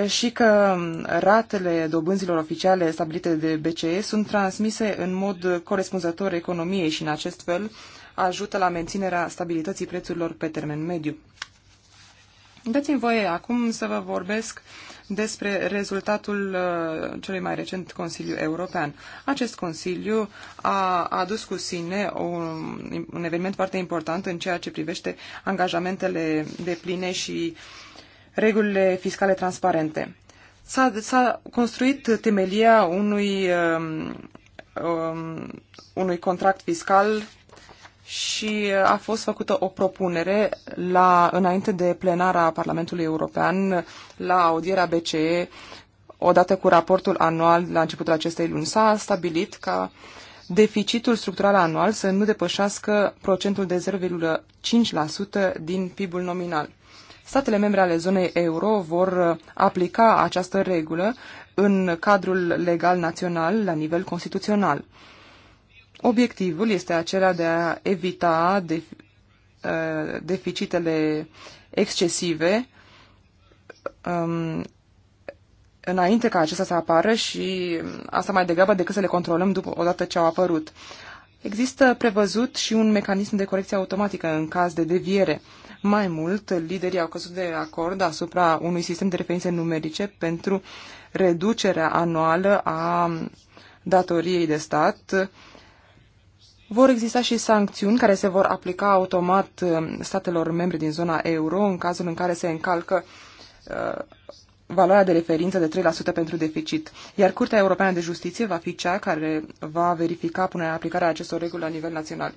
și că ratele dobânzilor oficiale stabilite de BCE sunt transmise în mod corespunzător economiei și în acest fel ajută la menținerea stabilității prețurilor pe termen mediu. Dați-mi voie acum să vă vorbesc despre rezultatul uh, celui mai recent Consiliu European. Acest Consiliu a adus cu sine un, un eveniment foarte important în ceea ce privește angajamentele de pline și uh, regulile fiscale transparente. S-a, construit temelia unui, um, um, unui contract fiscal și a fost făcută o propunere la, înainte de plenara Parlamentului European la audierea BCE, odată cu raportul anual la începutul acestei luni. S-a stabilit ca deficitul structural anual să nu depășească procentul de 0,5% din PIB-ul nominal statele membre ale zonei euro vor uh, aplica această regulă în cadrul legal național la nivel constituțional. Obiectivul este acela de a evita de, uh, deficitele excesive um, înainte ca acestea să apară și um, asta mai degrabă decât să le controlăm după, odată ce au apărut. Există prevăzut și un mecanism de corecție automatică în caz de deviere mai mult, liderii au căzut de acord asupra unui sistem de referințe numerice pentru reducerea anuală a datoriei de stat. Vor exista și sancțiuni care se vor aplica automat uh, statelor membre din zona euro în cazul în care se încalcă uh, valoarea de referință de 3% pentru deficit, iar Curtea Europeană de Justiție va fi cea care va verifica punerea în aplicare a acestor reguli la nivel național.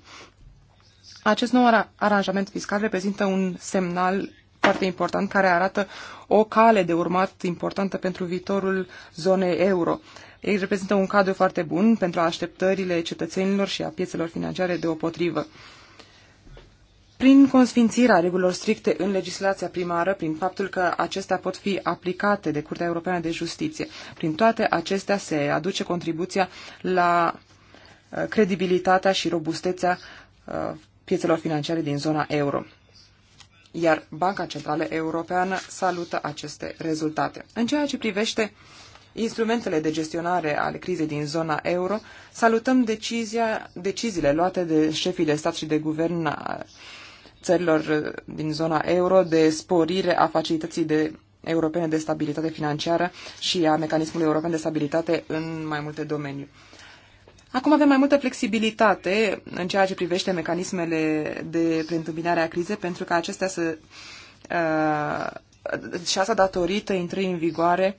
Acest nou aranjament fiscal reprezintă un semnal foarte important care arată o cale de urmat importantă pentru viitorul zonei euro. Ei reprezintă un cadru foarte bun pentru așteptările cetățenilor și a piețelor financiare deopotrivă. Prin consfințirea regulilor stricte în legislația primară, prin faptul că acestea pot fi aplicate de Curtea Europeană de Justiție, prin toate acestea se aduce contribuția la uh, credibilitatea și robustețea uh, piețelor financiare din zona euro. Iar Banca Centrală Europeană salută aceste rezultate. În ceea ce privește instrumentele de gestionare ale crizei din zona euro, salutăm decizia, deciziile luate de șefii de stat și de guvern a țărilor din zona euro de sporire a facilității de europene de stabilitate financiară și a mecanismului european de stabilitate în mai multe domenii. Acum avem mai multă flexibilitate în ceea ce privește mecanismele de preîntâmpinare a crizei, pentru că acestea să... Uh, și asta datorită intrării în vigoare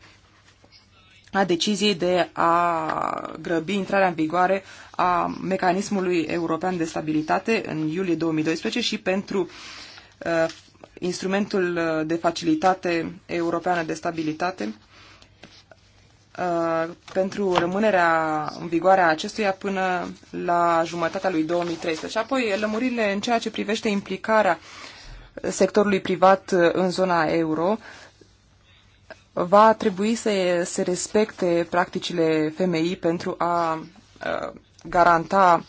a deciziei de a grăbi intrarea în vigoare a mecanismului european de stabilitate în iulie 2012 și pentru uh, instrumentul de facilitate europeană de stabilitate Uh, pentru rămânerea în vigoare a acestuia până la jumătatea lui 2013. Apoi, lămurile în ceea ce privește implicarea sectorului privat uh, în zona euro va trebui să se respecte practicile FMI pentru a uh, garanta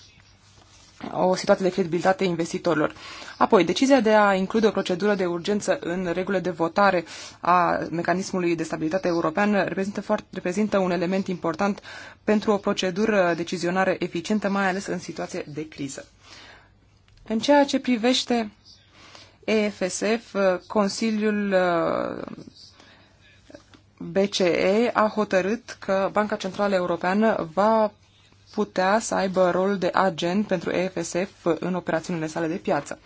o situație de credibilitate investitorilor. Apoi, decizia de a include o procedură de urgență în regulile de votare a mecanismului de stabilitate european reprezintă, foarte, reprezintă un element important pentru o procedură decizionară eficientă, mai ales în situație de criză. În ceea ce privește EFSF, Consiliul uh, BCE a hotărât că Banca Centrală Europeană va putea să aibă rol de agent pentru EFSF în operațiunile sale de piață.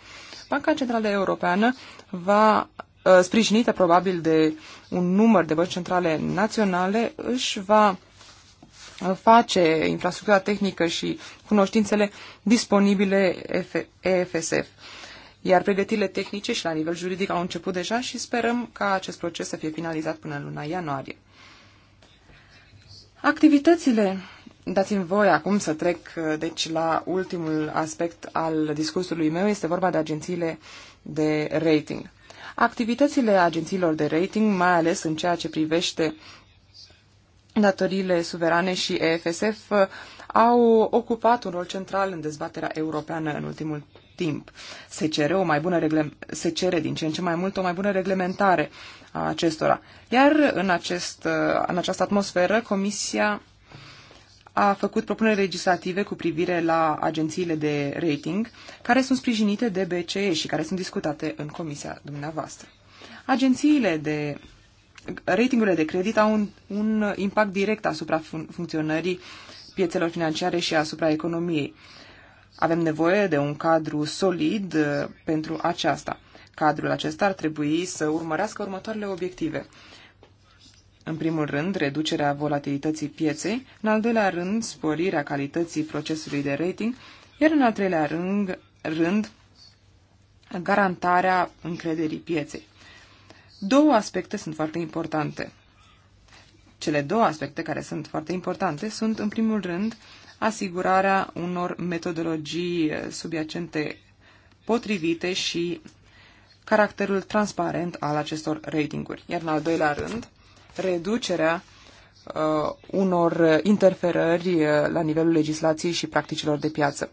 Banca Centrală Europeană va ă, sprijinită probabil de un număr de bănci centrale naționale, își va face infrastructura tehnică și cunoștințele disponibile EFSF. Iar pregătirile tehnice și la nivel juridic au început deja și sperăm ca acest proces să fie finalizat până în luna ianuarie. Activitățile Dați-mi voi acum să trec uh, deci la ultimul aspect al discursului meu, este vorba de agențiile de rating. Activitățile agențiilor de rating, mai ales în ceea ce privește datoriile suverane și EFSF, au ocupat un rol central în dezbaterea europeană în ultimul timp. Se cere, o mai bună regle... se cere din ce în ce mai mult o mai bună reglementare a acestora. Iar în, acest, uh, în această atmosferă, Comisia a făcut propuneri legislative cu privire la agențiile de rating, care sunt sprijinite de BCE și care sunt discutate în comisia dumneavoastră. Agențiile de ratingurile de credit au un, un impact direct asupra fun- funcționării piețelor financiare și asupra economiei. Avem nevoie de un cadru solid uh, pentru aceasta. Cadrul acesta ar trebui să urmărească următoarele obiective. În primul rând, reducerea volatilității pieței, în al doilea rând, sporirea calității procesului de rating, iar în al treilea rând, rând garantarea încrederii pieței. Două aspecte sunt foarte importante. Cele două aspecte care sunt foarte importante sunt, în primul rând, asigurarea unor metodologii subiacente potrivite și caracterul transparent al acestor ratinguri. Iar în al doilea rând, reducerea uh, unor interferări uh, la nivelul legislației și practicilor de piață.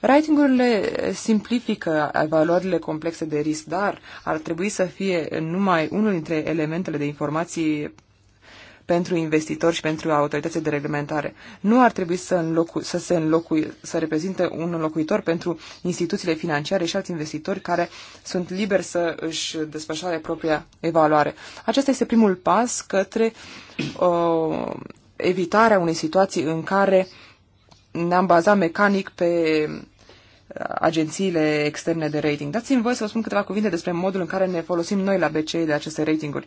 Ratingurile simplifică evaluările complexe de risc, dar ar trebui să fie numai unul dintre elementele de informații pentru investitori și pentru autoritățile de reglementare. Nu ar trebui să, înlocu- să se înlocui, să reprezinte un înlocuitor pentru instituțiile financiare și alți investitori care sunt liberi să își desfășoare propria evaluare. Acesta este primul pas către uh, evitarea unei situații în care ne-am bazat mecanic pe agențiile externe de rating. Dați-mi voi să vă spun câteva cuvinte despre modul în care ne folosim noi la BCE de aceste ratinguri.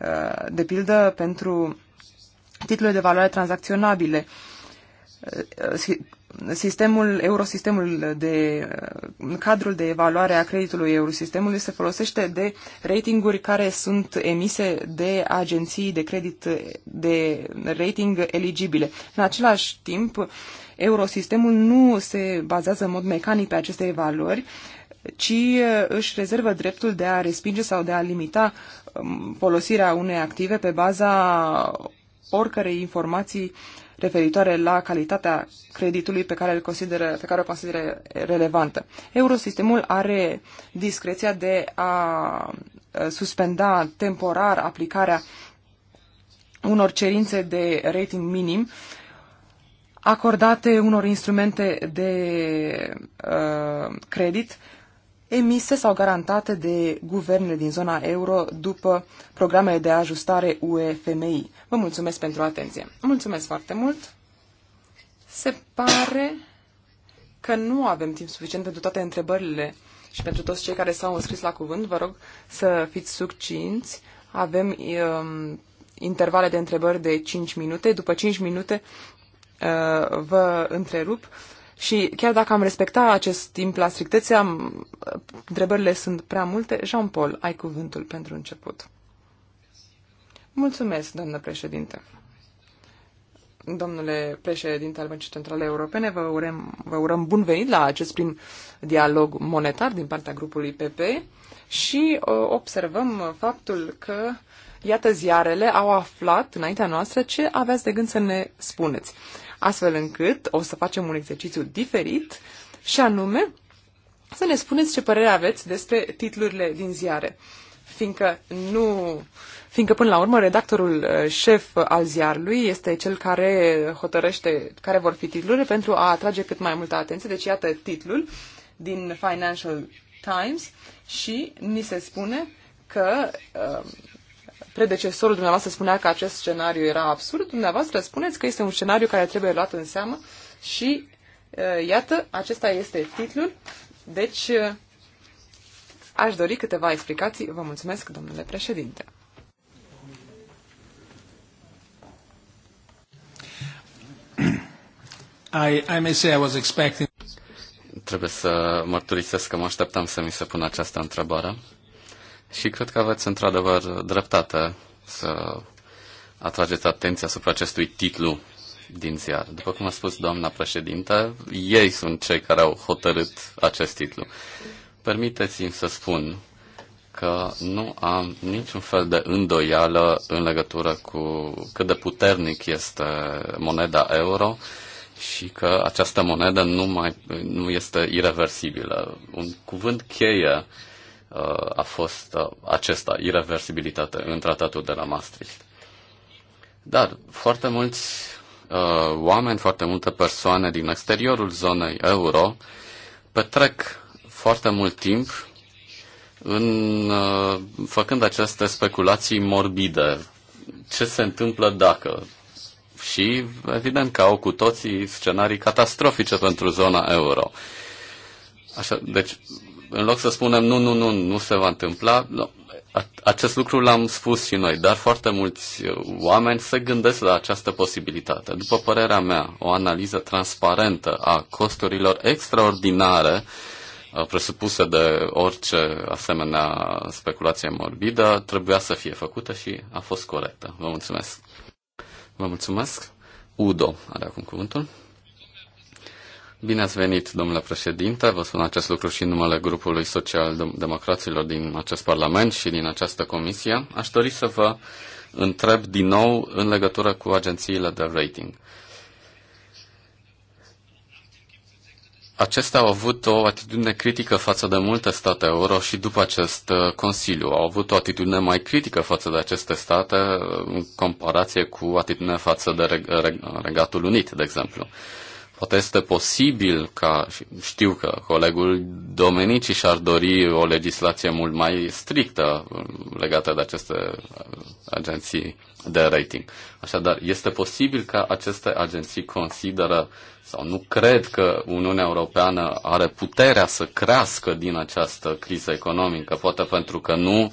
Uh, de pildă, pentru titlurile de valoare tranzacționabile, uh, sistemul, eurosistemul de, uh, cadrul de evaluare a creditului eurosistemului se folosește de ratinguri care sunt emise de agenții de credit de rating eligibile. În același timp, Eurosistemul nu se bazează în mod mecanic pe aceste evaluări, ci uh, își rezervă dreptul de a respinge sau de a limita um, folosirea unei active pe baza oricărei informații referitoare la calitatea creditului pe care, îl consideră, pe care o consideră relevantă. Eurosistemul are discreția de a uh, suspenda temporar aplicarea unor cerințe de rating minim acordate unor instrumente de uh, credit emise sau garantate de guvernele din zona euro după programele de ajustare UE-FMI. Vă mulțumesc pentru atenție. Mulțumesc foarte mult. Se pare că nu avem timp suficient pentru toate întrebările și pentru toți cei care s-au înscris la cuvânt. Vă rog să fiți succinți. Avem um, intervale de întrebări de 5 minute. După 5 minute Uh, vă întrerup. Și chiar dacă am respectat acest timp la strictețe, am, întrebările sunt prea multe. Jean-Paul, ai cuvântul pentru început. Mulțumesc, doamnă președinte. Domnule președinte al Băncii Centrale Europene, vă urăm, vă urăm bun venit la acest prim dialog monetar din partea grupului PP și uh, observăm faptul că, iată, ziarele au aflat înaintea noastră ce aveați de gând să ne spuneți astfel încât o să facem un exercițiu diferit și anume să ne spuneți ce părere aveți despre titlurile din ziare. Fiindcă nu fiindcă până la urmă redactorul uh, șef al ziarului este cel care hotărăște care vor fi titlurile pentru a atrage cât mai multă atenție. Deci iată titlul din Financial Times și ni se spune că uh, predecesorul dumneavoastră spunea că acest scenariu era absurd, dumneavoastră spuneți că este un scenariu care trebuie luat în seamă și uh, iată, acesta este titlul. Deci, uh, aș dori câteva explicații. Vă mulțumesc, domnule președinte. (clears throat) I, I may say I was expecting... Trebuie să mărturisesc că mă așteptam să mi se pună această întrebare. Și cred că aveți într-adevăr dreptate să atrageți atenția asupra acestui titlu din ziar. După cum a spus doamna președinte, ei sunt cei care au hotărât acest titlu. Permiteți-mi să spun că nu am niciun fel de îndoială în legătură cu cât de puternic este moneda euro și că această monedă nu, mai, nu este irreversibilă. Un cuvânt cheie uh, Uh, a fost uh, acesta, irreversibilitate, în tratatul de la Maastricht. Dar foarte mulți uh, oameni, foarte multe persoane din exteriorul zonei euro petrec foarte mult timp în uh, făcând aceste speculații morbide. Ce se întâmplă dacă? Și evident că au cu toții scenarii catastrofice pentru zona euro. Așa, deci în loc să spunem nu, nu, nu, nu se va întâmpla, nu. acest lucru l-am spus și noi, dar foarte mulți uh, oameni se gândesc la această posibilitate. După părerea mea, o analiză transparentă a costurilor extraordinare uh, presupuse de orice asemenea speculație morbidă trebuia să fie făcută și a fost corectă. Vă mulțumesc. Vă mulțumesc. Udo are acum cuvântul. Bine ați venit, domnule președinte. Vă spun acest lucru și în numele grupului social-democraților din acest Parlament și din această comisie. Aș dori să vă întreb din nou în legătură cu agențiile de rating. Acestea au avut o atitudine critică față de multe state euro și după acest uh, Consiliu. Au avut o atitudine mai critică față de aceste state uh, în comparație cu atitudinea față de Regatul Unit, de exemplu. Poate este posibil ca, știu că colegul Domenici și-ar dori o legislație mult mai strictă um, legată de aceste uh, agenții de rating. Așadar, este posibil ca aceste agenții consideră sau nu cred că Uniunea Europeană are puterea să crească din această criză economică, poate pentru că nu uh,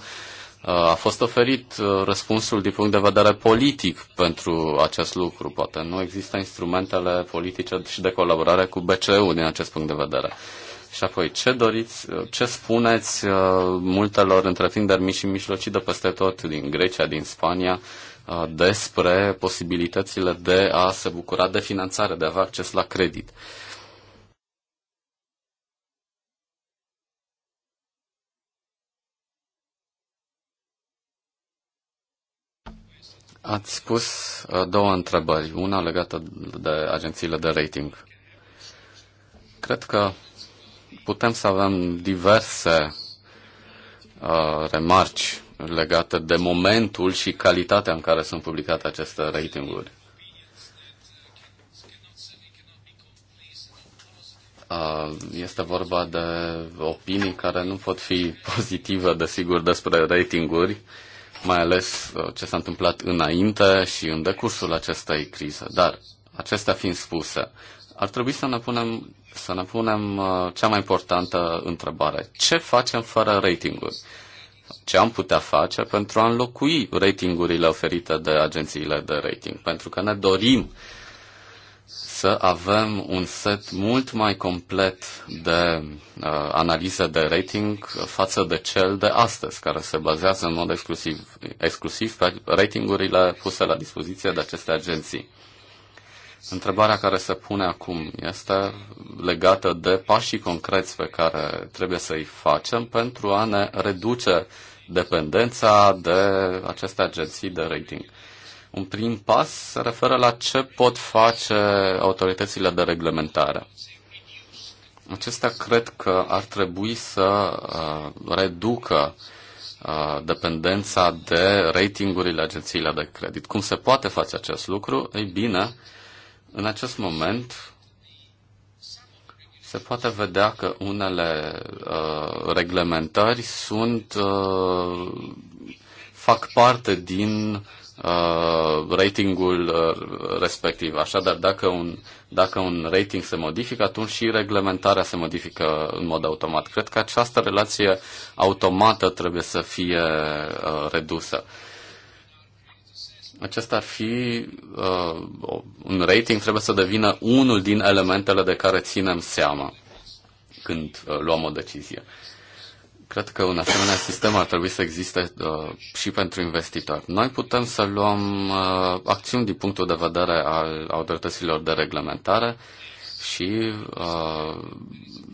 a fost oferit uh, răspunsul din punct de vedere politic pentru acest lucru. Poate nu există instrumentele politice și de colaborare cu BCU din acest punct de vedere. Și apoi, ce doriți, uh, ce spuneți uh, multelor întreprinderi mici și mijlocii de peste tot, din Grecia, din Spania, despre posibilitățile de a se bucura de finanțare, de a avea acces la credit? Ați spus uh, două întrebări, una legată de agențiile de rating. Cred că putem să avem diverse uh, remarci legate de momentul și calitatea în care sunt publicate aceste ratinguri. Uh, este vorba de opinii care nu pot fi (laughs) pozitive, desigur, despre ratinguri, mai ales uh, ce s-a întâmplat înainte și în decursul acestei crize. Dar, acestea fiind spuse, ar trebui să ne punem, să ne punem uh, cea mai importantă întrebare. Ce facem fără ratinguri? Ce am putea face pentru a înlocui ratingurile oferite de agențiile de rating? Pentru că ne dorim uh, să avem un set mult mai complet de uh, analize de rating față de cel de astăzi, care se bazează în mod exclusiv, exclusiv pe ratingurile puse la dispoziție de aceste agenții. Întrebarea care se pune acum este legată de pașii concreți pe care trebuie să-i facem pentru a ne reduce dependența de aceste agenții de rating. Un prim pas se referă la ce pot face autoritățile de reglementare. Acestea cred că ar trebui să uh, reducă uh, dependența de ratingurile agențiilor de credit. Cum se poate face acest lucru? Ei bine, în acest moment se poate vedea că unele uh, reglementări sunt uh, fac parte din Uh, ratingul uh, respectiv. Așadar, dacă un, dacă un rating se modifică, atunci și reglementarea se modifică în mod automat. Cred că această relație automată trebuie să fie uh, redusă. Acesta ar fi uh, un rating, trebuie să devină unul din elementele de care ținem seama când uh, luăm o decizie. Uh, cred că un asemenea sistem ar trebui să existe uh, și pentru investitori. Noi putem să luăm uh, acțiuni din punctul de vedere al autorităților de reglementare și uh,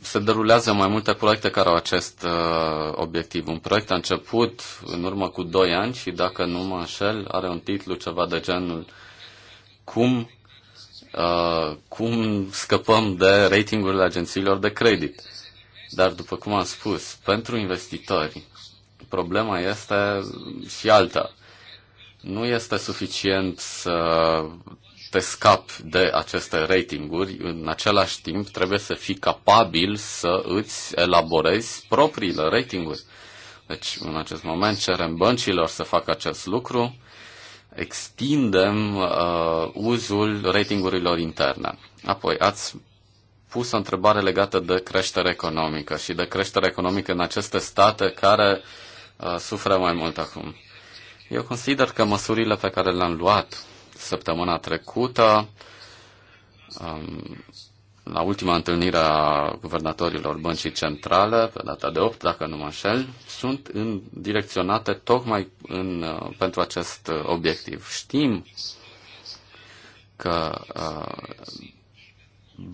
se derulează mai multe proiecte care au acest uh, obiectiv. Un proiect a început în urmă cu 2 ani și, dacă nu mă înșel, are un titlu ceva de genul Cum, uh, cum scăpăm de ratingurile agențiilor de credit. Uh, dar, după cum am spus, pentru investitori, problema este și alta. Nu este suficient să te scapi de aceste ratinguri, în același timp trebuie să fii capabil să îți elaborezi propriile ratinguri. Deci, în acest moment, cerem băncilor să facă acest lucru, extindem uh, uzul ratingurilor interne. Apoi, ați pus o întrebare legată de creștere economică și de creștere economică în aceste state care uh, suferă mai mult acum. Eu consider că măsurile pe care le-am luat săptămâna trecută, um, la ultima întâlnire a guvernatorilor băncii centrale, pe data de 8, dacă nu mă înșel, sunt în, direcționate tocmai în, uh, pentru acest uh, obiectiv. Știm că uh,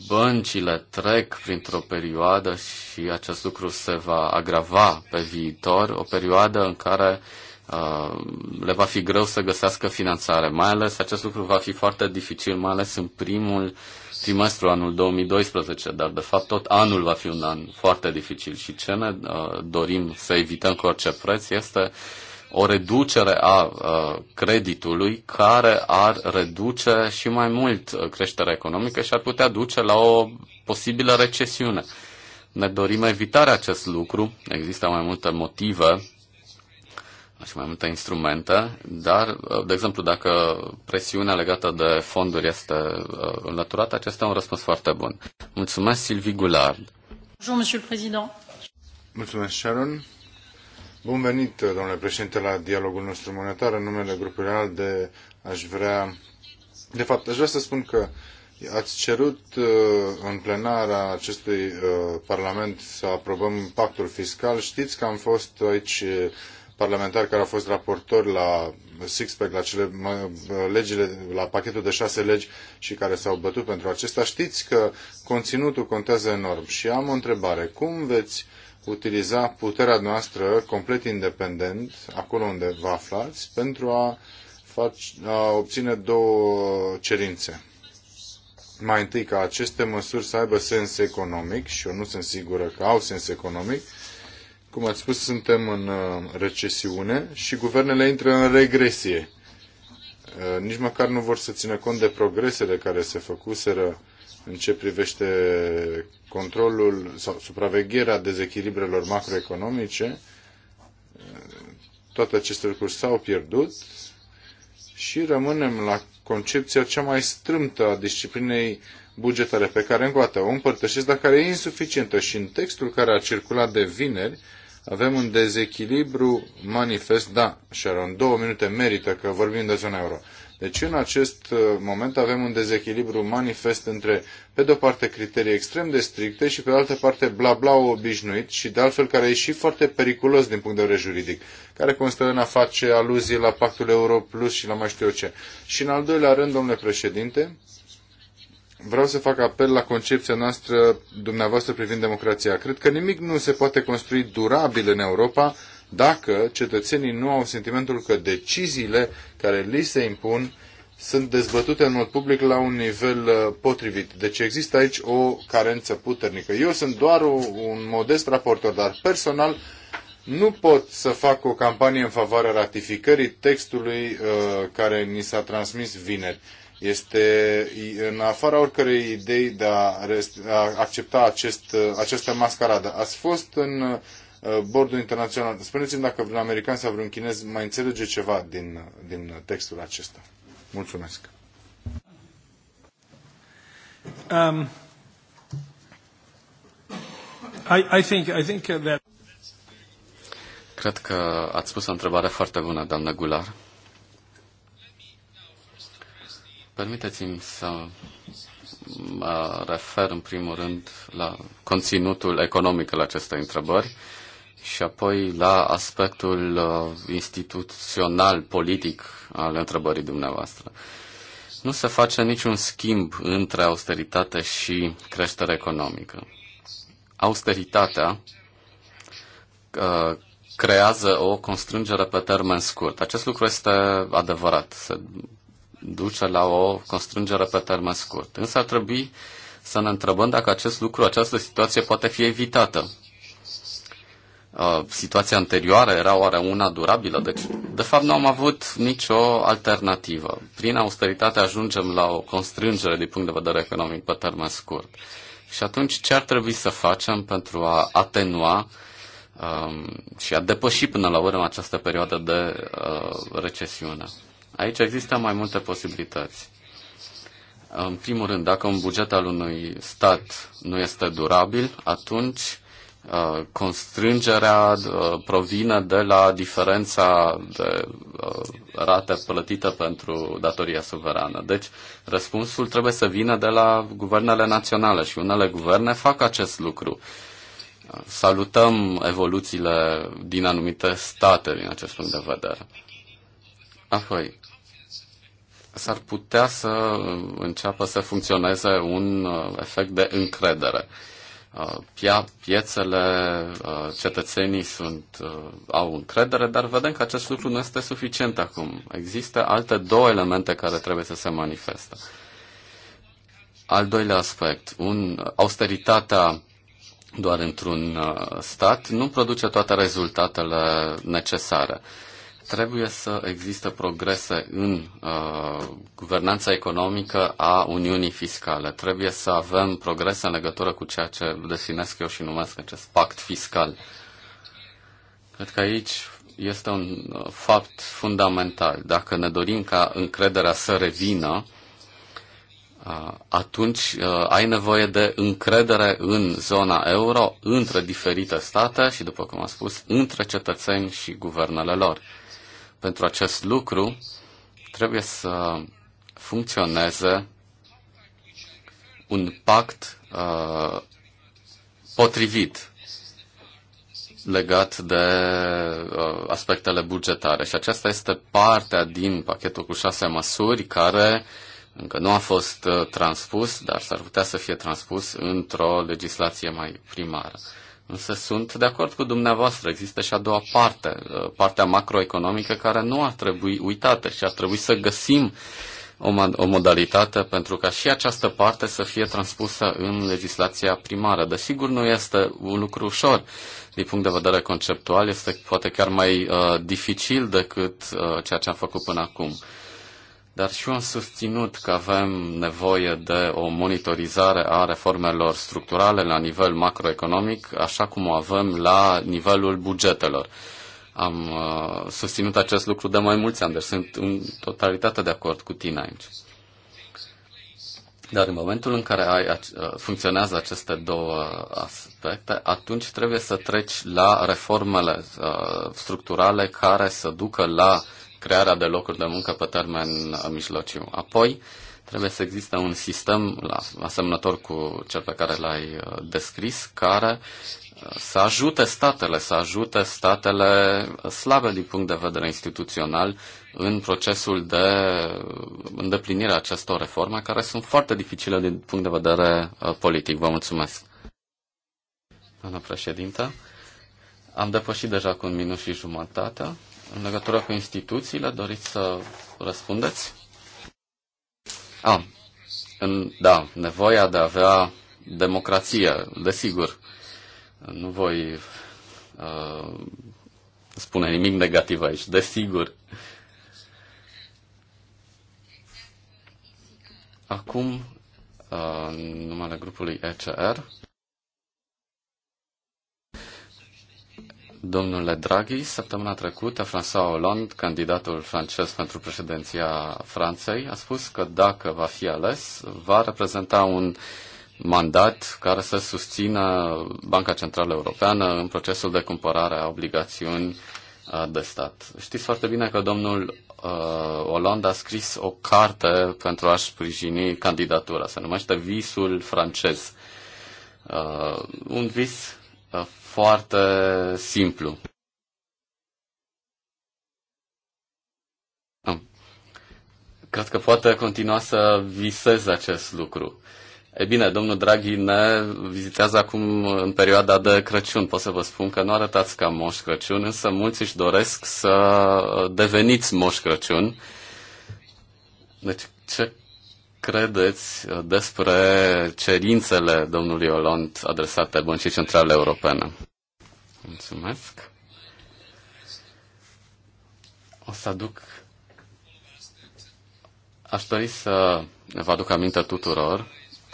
băncile trec printr-o perioadă și acest lucru se va agrava pe viitor, o perioadă în care uh, le va fi greu să găsească finanțare. Mai ales acest lucru va fi foarte dificil, mai ales în primul trimestru anul 2012, dar de fapt tot anul va fi un an foarte dificil și ce ne uh, dorim să evităm cu orice preț este uh, o reducere a creditului care ar reduce și mai mult uh, creșterea economică și ar putea duce la o posibilă recesiune. Ne dorim evitarea acest lucru. Există mai multe motive și mai multe instrumente, dar, uh, de exemplu, dacă presiunea legată de fonduri este uh, înlăturată, acesta e un răspuns foarte bun. Mulțumesc, Silvi Goulard. Bonjour, Monsieur le Président. Mulțumesc, Sharon. Bun venit, domnule președinte, la dialogul nostru monetar. În numele grupului ALDE aș vrea... De fapt, aș vrea să spun că ați cerut uh, în plenara acestui uh, Parlament să aprobăm pactul fiscal. Știți că am fost aici uh, parlamentari care au fost raportori la Sixpack, la, cele, legile, la pachetul de șase legi și care s-au bătut pentru acesta, știți că conținutul contează enorm. Și am o întrebare. Cum veți utiliza puterea noastră complet independent, acolo unde vă aflați, pentru a, face, a obține două cerințe. Mai întâi, ca aceste măsuri să aibă sens economic, și eu nu sunt sigură că au sens economic, cum ați spus, suntem în uh, recesiune și guvernele intră în regresie. Uh, nici măcar nu vor să țină cont de progresele care se făcuseră în ce privește controlul sau supravegherea dezechilibrelor macroeconomice, toate aceste lucruri s-au pierdut și rămânem la concepția cea mai strâmtă a disciplinei bugetare pe care încă o dată o împărtășesc, dar care e insuficientă și în textul care a circulat de vineri avem un dezechilibru manifest, da, Sharon, două minute merită că vorbim de zona euro. Deci în acest uh, moment avem un dezechilibru manifest între, pe de o parte, criterii extrem de stricte și pe de altă parte, bla bla obișnuit și de altfel care e și foarte periculos din punct de vedere juridic, care constă în a face aluzii la pactul Euro Plus și la mai știu eu ce. Și în al doilea rând, domnule președinte, vreau să fac apel la concepția noastră, dumneavoastră, privind democrația. Cred că nimic nu se poate construi durabil în Europa dacă cetățenii nu au sentimentul că deciziile care li se impun sunt dezbătute în mod public la un nivel uh, potrivit. Deci există aici o carență puternică. Eu sunt doar o, un modest raportor, dar personal nu pot să fac o campanie în favoarea ratificării textului uh, care ni s-a transmis vineri. Este în afara oricărei idei de a, rest, a accepta acest, uh, această mascaradă. Ați fost în uh, Uh, bordul Internațional. Spuneți-mi dacă vreun american sau vreun chinez mai înțelege ceva din, din textul acesta. Mulțumesc. Um, I, I think, I think that... Cred că ați spus o întrebare foarte bună, doamnă Gular. Permiteți-mi să mă refer în primul rând la conținutul economic al acestei întrebări și apoi la aspectul uh, instituțional, politic al întrebării dumneavoastră. Nu se face niciun schimb între austeritate și creștere economică. Austeritatea uh, creează o constrângere pe termen scurt. Acest lucru este adevărat. Se duce la o constrângere pe termen scurt. Însă ar trebui să ne întrebăm dacă acest lucru, această situație poate fi evitată. Uh, situația anterioară era oare una durabilă? Deci, de fapt, nu am avut nicio alternativă. Prin austeritate ajungem la o constrângere din punct de vedere economic pe termen scurt. Și atunci, ce ar trebui să facem pentru a atenua um, și a depăși până la urmă această perioadă de uh, recesiune? Aici există mai multe posibilități. În primul rând, dacă un buget al unui stat nu este durabil, atunci Uh, constrângerea uh, provine de la diferența de uh, rate plătită pentru datoria suverană. Deci, răspunsul trebuie să vină de la guvernele naționale și unele guverne fac acest lucru. Salutăm evoluțiile din anumite state din acest punct de vedere. Apoi, s-ar putea să înceapă să funcționeze un efect de încredere. Uh, Uh, pia, piețele, uh, cetățenii sunt, uh, au încredere, dar vedem că acest lucru nu este suficient acum. Există alte două elemente care trebuie să se manifestă. Al doilea aspect, un, austeritatea doar într-un stat nu produce toate rezultatele necesare. Uh, trebuie să existe progrese în uh, guvernanța economică a Uniunii Fiscale. Trebuie să avem progrese în legătură cu ceea ce definesc eu și numesc acest pact fiscal. Cred că aici este un uh, fapt fundamental. Dacă ne dorim ca încrederea să revină, uh, atunci uh, ai nevoie de încredere în zona euro între diferite state și, după cum am spus, între cetățeni și guvernele lor pentru acest lucru trebuie să funcționeze un pact uh, potrivit legat de uh, aspectele bugetare. Și aceasta este partea din pachetul cu șase măsuri care încă nu a fost uh, transpus, dar s-ar putea să fie transpus într-o legislație mai primară. Însă sunt de acord cu dumneavoastră, există și a doua parte, uh, partea macroeconomică care nu ar trebui uitată și ar trebui să găsim o, o modalitate pentru ca și această parte să fie transpusă în legislația primară. Desigur, nu este un lucru ușor din punct de vedere conceptual, este poate chiar mai uh, dificil decât uh, ceea ce am făcut până acum dar și eu am susținut că avem nevoie de o monitorizare a reformelor structurale la nivel macroeconomic, așa cum o avem la nivelul bugetelor. Am uh, susținut acest lucru de mai mulți ani, deci sunt în totalitate de acord cu tine aici. Dar în momentul în care ai, uh, funcționează aceste două aspecte, atunci trebuie să treci la reformele uh, structurale care să ducă la uh, crearea de locuri de muncă pe termen uh, mijlociu. Apoi, trebuie să existe un sistem asemănător cu cel pe care l-ai uh, descris, care uh, să ajute statele, să ajute statele slabe din punct de vedere instituțional în procesul de îndeplinire a acestor reforme care sunt foarte dificile din punct de vedere politic. Vă mulțumesc. Doamna președintă, am depășit deja cu un minut și jumătate. În legătură cu instituțiile, doriți să răspundeți? Ah, în, da, nevoia de a avea democrație, desigur. Nu voi uh, spune nimic negativ aici, desigur. Acum, uh, numele grupului ECR. Domnule Draghi, săptămâna trecută, François Hollande, candidatul francez pentru președinția Franței, a spus că dacă va fi ales, va reprezenta un mandat care să susțină Banca Centrală Europeană în procesul de cumpărare a obligațiuni de stat. Știți foarte bine că domnul uh, Hollande a scris o carte pentru a-și sprijini candidatura. Se numește Visul francez. Uh, un vis foarte simplu. Cred că poate continua să viseze acest lucru. E bine, domnul Draghi ne vizitează acum în perioada de Crăciun. Pot să vă spun că nu arătați ca Moș Crăciun, însă mulți își doresc să deveniți Moș Crăciun. Deci, ce credeți uh, despre cerințele domnului Oland adresate Băncii Centrale Europene? Mulțumesc. O să aduc... Aș dori să vă aduc aminte tuturor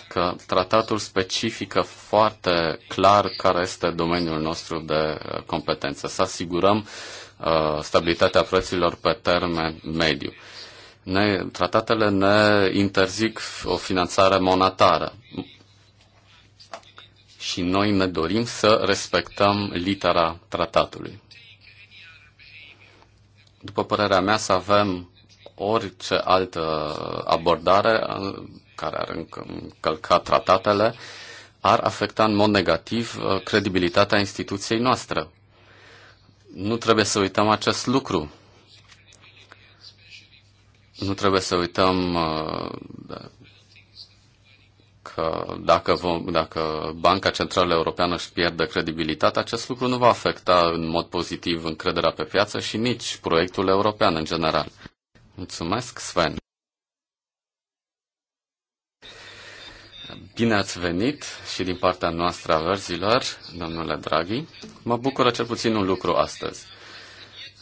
că tratatul specifică foarte clar care este domeniul nostru de uh, competență. Să asigurăm uh, stabilitatea prețurilor pe termen mediu. Uh, ne, tratatele ne interzic o finanțare monetară. Și noi ne dorim să respectăm litera tratatului. După părerea mea, să avem orice altă abordare care ar încălca tratatele ar afecta în mod negativ uh, credibilitatea instituției noastre. Nu trebuie să uităm acest lucru nu trebuie să uităm uh, că dacă, vom, dacă Banca Centrală Europeană își pierde credibilitatea, acest lucru nu va afecta în mod pozitiv încrederea pe piață și nici proiectul european în general. Mulțumesc, Sven! Bine ați venit și din partea noastră a verzilor, domnule Draghi. Mă bucură cel puțin un lucru astăzi.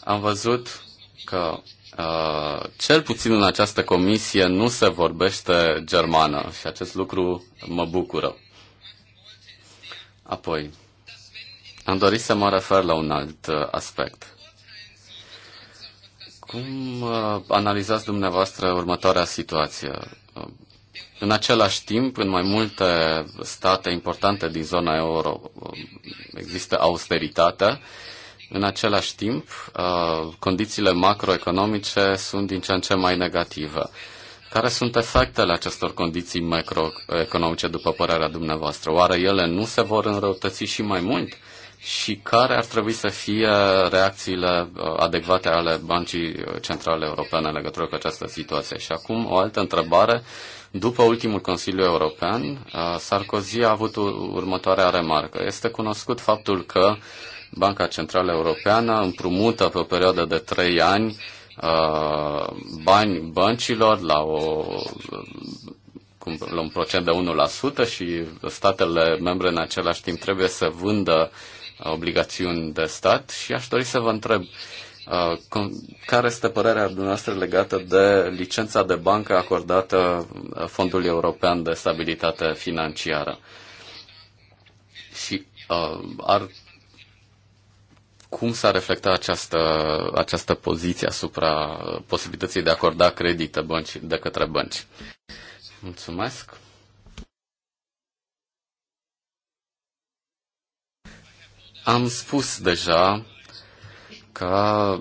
Am văzut că Uh, cel puțin în această comisie nu se vorbește germană și acest lucru mă bucură. Apoi, am dorit să mă refer la un alt uh, aspect. Cum uh, analizați dumneavoastră următoarea situație? În același timp, în mai multe state importante din zona euro există austeritatea. În același timp, uh, condițiile macroeconomice sunt din ce în ce mai negative. Care sunt efectele acestor condiții macroeconomice, după părerea dumneavoastră? Oare ele nu se vor înrăutăți și mai mult? Și care ar trebui să fie reacțiile uh, adecvate ale Bancii Centrale Europene în legătură cu această situație? Și acum o altă întrebare. După ultimul Consiliu European, uh, Sarkozy a avut următoarea remarcă. Este cunoscut faptul că uh, Banca Centrală Europeană împrumută pe o perioadă de 3 ani uh, bani băncilor la, o, la un procent de 1% și statele membre în același timp trebuie să vândă obligațiuni de stat și aș dori să vă întreb uh, care este părerea dumneavoastră legată de licența de bancă acordată Fondului European de Stabilitate Financiară? Și uh, ar cum s-a reflectat această, această poziție asupra posibilității de a acorda credite bănci, de către bănci? Mulțumesc. Am spus deja că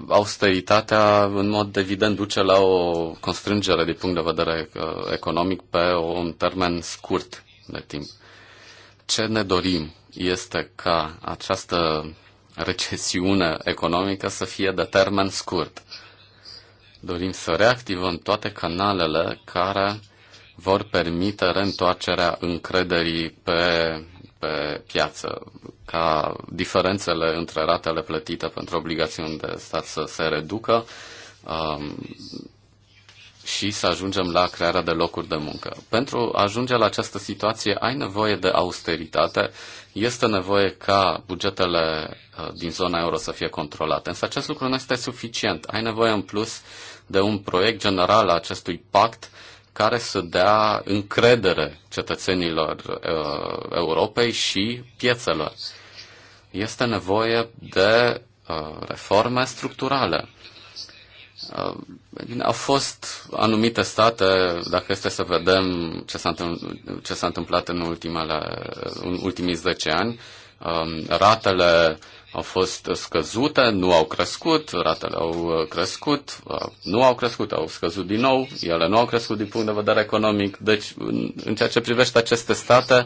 austeritatea în mod evident duce la o constrângere din punct de vedere uh, economic pe un termen scurt de timp. Ce ne dorim este ca această recesiune economică să fie de termen scurt. Dorim să reactivăm toate canalele care vor permite reîntoarcerea încrederii pe, pe piață, ca diferențele între ratele plătite pentru obligațiuni de stat să se reducă, um, și să ajungem la crearea de locuri de muncă. Pentru a ajunge la această situație ai nevoie de austeritate, este nevoie ca bugetele uh, din zona euro să fie controlate, însă acest lucru nu este suficient. Ai nevoie în plus de un proiect general a acestui pact care să dea încredere cetățenilor uh, Europei și piețelor. Este nevoie de uh, reforme structurale Uh, au fost anumite state, dacă este să vedem ce s-a, ce s-a întâmplat în, ultimele, în ultimii 10 ani, um, ratele au fost scăzute, nu au crescut, ratele au crescut, uh, nu au crescut, au scăzut din nou, ele nu au crescut din punct de vedere economic. Deci, în ceea ce privește aceste state,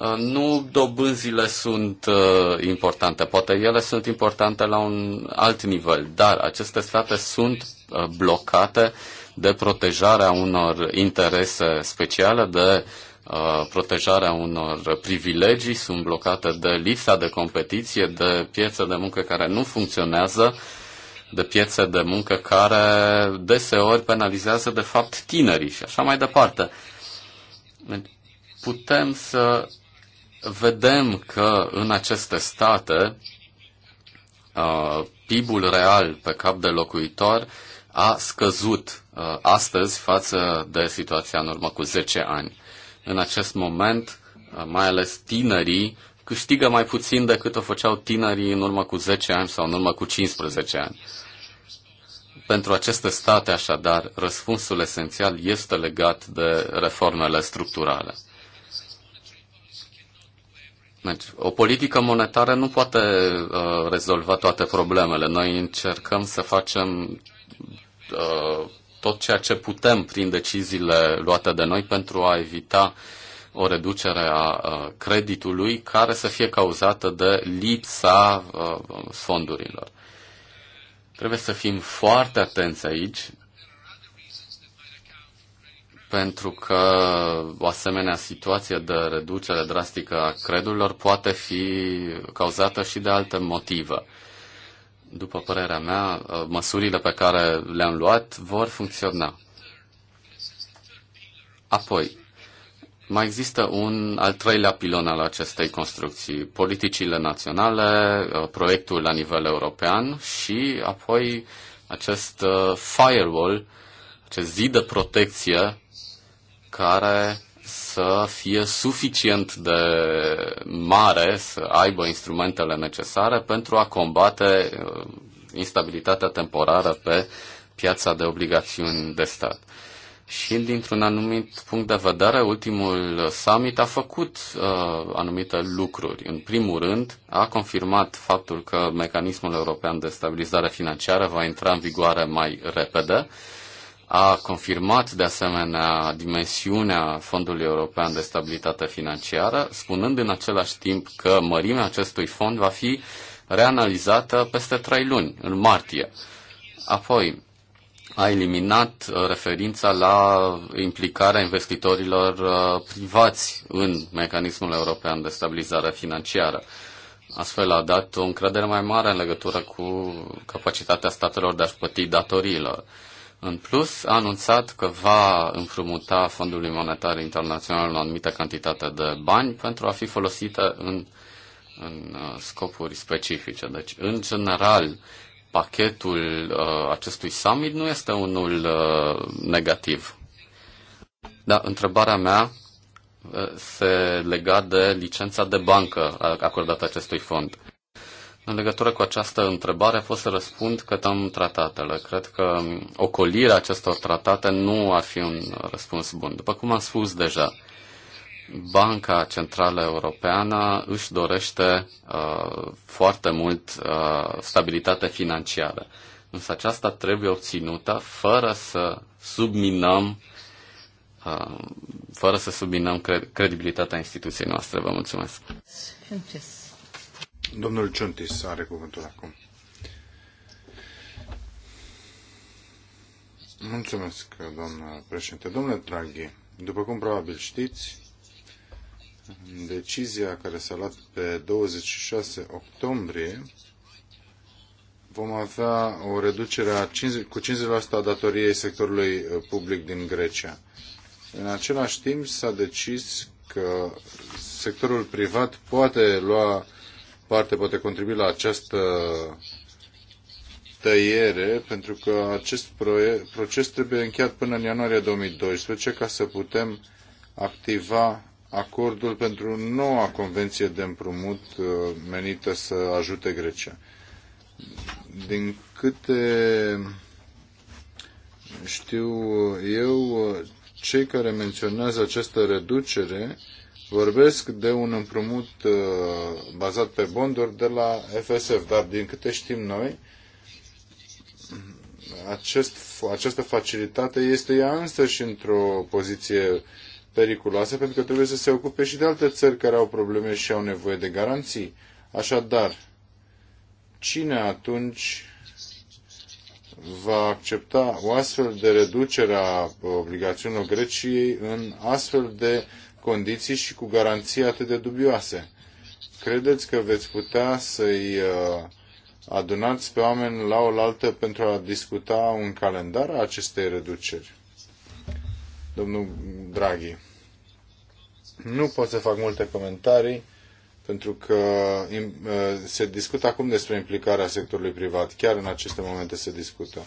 Uh, nu dobânzile sunt uh, importante, poate ele sunt importante la un alt nivel, dar aceste state sunt uh, blocate de protejarea unor interese speciale, de protejarea unor privilegii, sunt blocate de lipsa de competiție, de piețe de muncă care nu funcționează, de piețe de muncă care deseori penalizează de fapt tinerii și așa mai departe. Deci, putem să vedem că în aceste state uh, PIB-ul real pe cap de locuitor a scăzut uh, astăzi față de situația în urmă cu 10 ani. În acest moment, uh, mai ales tinerii câștigă mai puțin decât o făceau tinerii în urmă cu 10 ani sau în urmă cu 15 ani. Pentru aceste state, așadar, răspunsul esențial este legat de reformele structurale. Deci, o politică monetară nu poate uh, rezolva toate problemele. Noi încercăm să facem uh, tot ceea ce putem prin deciziile luate de noi pentru a evita o reducere a uh, creditului care să fie cauzată de lipsa uh, fondurilor. Trebuie să fim foarte atenți aici pentru că o asemenea situație de reducere drastică a credurilor poate fi cauzată și de alte motive. După părerea mea, măsurile pe care le-am luat vor funcționa. Apoi, mai există un al treilea pilon al acestei construcții, politicile naționale, proiectul la nivel european și apoi acest uh, firewall, acest zid de protecție care să fie suficient de mare, să aibă instrumentele necesare pentru a combate uh, instabilitatea temporară pe piața de obligațiuni de stat. Și dintr-un anumit punct de vedere, ultimul summit a făcut uh, anumite lucruri. În primul rând, a confirmat faptul că mecanismul european de stabilizare financiară va intra în vigoare mai repede. Uh, a confirmat de asemenea dimensiunea Fondului European de Stabilitate Financiară, spunând în același timp că mărimea acestui fond va fi reanalizată peste trei luni, în martie. Apoi, a eliminat uh, referința la implicarea investitorilor uh, privați în mecanismul european de stabilizare financiară. Astfel a dat o încredere mai mare în legătură cu capacitatea statelor de a-și plăti datoriilor. În plus, a anunțat că va împrumuta Fondului Monetar Internațional o anumită cantitate de bani pentru a fi folosită în, în uh, scopuri specifice. Deci, în general, pachetul uh, acestui summit nu este unul uh, negativ. Da, întrebarea mea uh, se lega de licența de bancă acordată acestui fond. În legătură cu această întrebare pot să răspund că am tratatele. Cred că ocolirea acestor tratate nu ar fi un răspuns bun. După cum am spus deja, Banca Centrală Europeană își dorește uh, foarte mult uh, stabilitate financiară. Însă aceasta trebuie obținută fără să subminăm uh, fără să subminăm cred- credibilitatea instituției noastre. Vă mulțumesc. Sanchez. Domnul Ciuntis are cuvântul acum. Mulțumesc, doamnă președinte. Domnule Draghi, după cum probabil știți, decizia care s-a luat pe 26 octombrie vom avea o reducere a 50, cu 50% a datoriei sectorului uh, public din Grecia. În același timp s-a decis că sectorul privat poate lua parte poate contribui la această tăiere, pentru că acest proces trebuie încheiat până în ianuarie 2012 ca să putem activa acordul pentru noua convenție de împrumut uh, menită să ajute Grecia. Din câte știu eu, cei care menționează această reducere Vorbesc de un împrumut uh, bazat pe bonduri de la FSF, dar din câte știm noi, acest, această facilitate este ea însă și într-o poziție periculoasă, pentru că trebuie să se ocupe și de alte țări care au probleme și au nevoie de garanții. Așadar, cine atunci va accepta o astfel de reducere a obligațiunilor Greciei în astfel de condiții și cu garanții atât de dubioase? Credeți că veți putea să-i uh, adunați pe oameni la oaltă pentru a discuta un calendar a acestei reduceri? Domnul Draghi, nu pot să fac multe comentarii pentru că uh, se discută acum despre implicarea sectorului privat. Chiar în aceste momente se discută.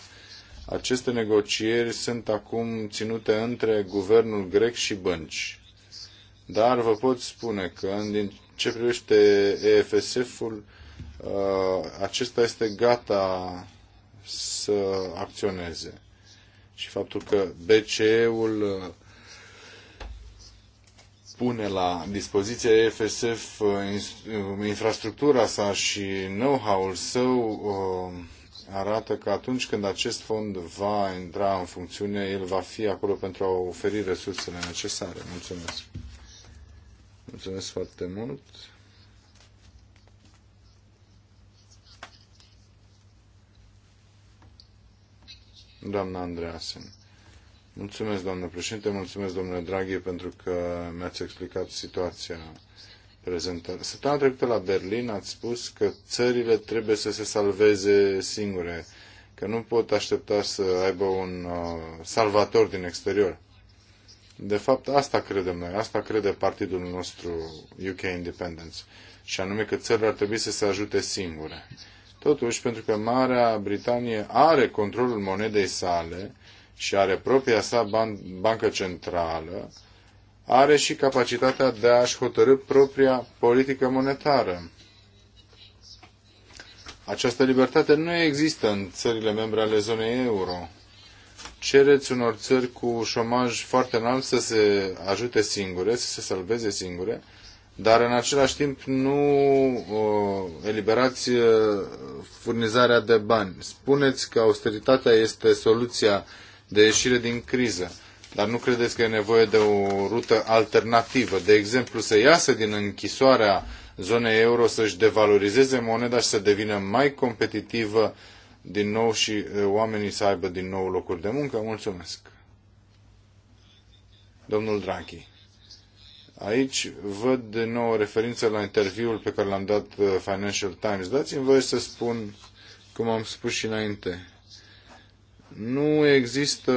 Aceste negocieri sunt acum ținute între guvernul grec și bănci. Dar vă pot spune că din ce privește EFSF-ul, uh, acesta este gata să acționeze. Și faptul că BCE-ul uh, pune la dispoziție EFSF uh, infrastructura sa și know-how-ul său arată că atunci când acest fond va intra în funcțiune, el va fi acolo pentru a oferi resursele necesare. Mulțumesc! Mulțumesc foarte mult. Doamna Andreasen. Mulțumesc, doamnă președinte, mulțumesc, domnule Draghi, pentru că mi-ați explicat situația prezentă. Săptămâna trecută la Berlin ați spus că țările trebuie să se salveze singure, că nu pot aștepta să aibă un uh, salvator din exterior. De fapt, asta credem noi, asta crede partidul nostru UK Independence, și anume că țările ar trebui să se ajute singure. Totuși, pentru că Marea Britanie are controlul monedei sale și are propria sa ban- bancă centrală, are și capacitatea de a-și hotărâ propria politică monetară. Această libertate nu există în țările membre ale zonei euro cereți unor țări cu șomaj foarte înalt să se ajute singure, să se salveze singure, dar în același timp nu uh, eliberați uh, furnizarea de bani. Spuneți că austeritatea este soluția de ieșire din criză, dar nu credeți că e nevoie de o rută alternativă, de exemplu să iasă din închisoarea zonei euro, să-și devalorizeze moneda și să devină mai competitivă uh, din nou și oamenii să aibă din nou locuri de muncă. Mulțumesc. Domnul Draghi. Aici văd din nou o referință la interviul pe care l-am dat Financial Times. Dați-mi voie să spun, cum am spus și înainte, nu există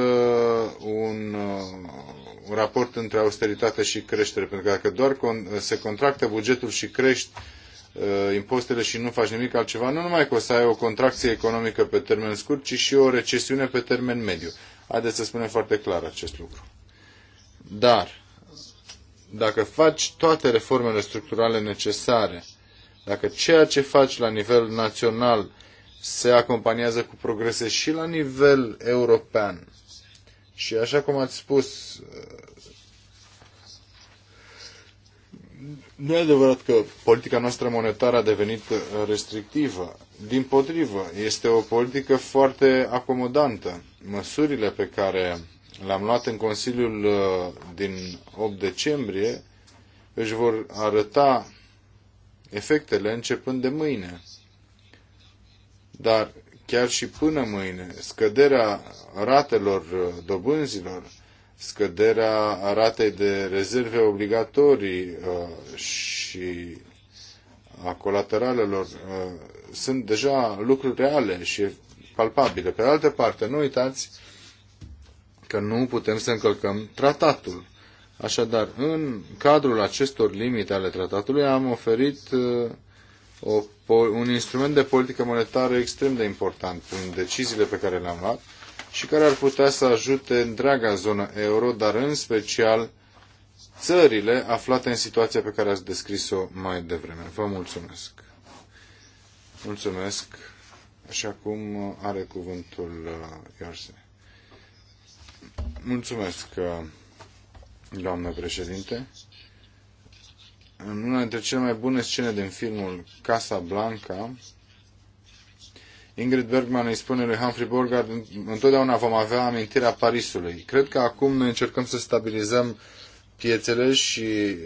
un, un raport între austeritate și creștere, pentru că dacă doar se contractă bugetul și crești, Uh, impozitele și nu faci nimic altceva, nu numai că o să ai o contracție economică pe termen scurt, ci și o recesiune pe termen mediu. Haideți să spunem foarte clar acest lucru. Dar, dacă faci toate reformele structurale necesare, dacă ceea ce faci la nivel național se acompaniază cu progrese și la nivel european, și așa cum ați spus, uh, Nu e adevărat că politica noastră monetară a devenit uh, restrictivă. Din potrivă, este o politică foarte acomodantă. Măsurile pe care le-am luat în Consiliul uh, din 8 decembrie își vor arăta efectele începând de mâine. Dar chiar și până mâine, scăderea ratelor uh, dobânzilor scăderea ratei de rezerve obligatorii uh, și a colateralelor uh, sunt deja lucruri reale și palpabile. Pe de altă parte, nu uitați că nu putem să încălcăm tratatul. Așadar, în cadrul acestor limite ale tratatului am oferit uh, o, un instrument de politică monetară extrem de important prin deciziile pe care le-am luat și care ar putea să ajute întreaga zonă euro, dar în special țările aflate în situația pe care ați descris-o mai devreme. Vă mulțumesc. Mulțumesc. Așa cum are cuvântul uh, Iarse. Mulțumesc, uh, doamnă președinte. În una dintre cele mai bune scene din filmul Casa Blanca, Ingrid Bergman îi spune lui Humphrey Bogart, întotdeauna vom avea amintirea Parisului. Cred că acum noi încercăm să stabilizăm piețele și e,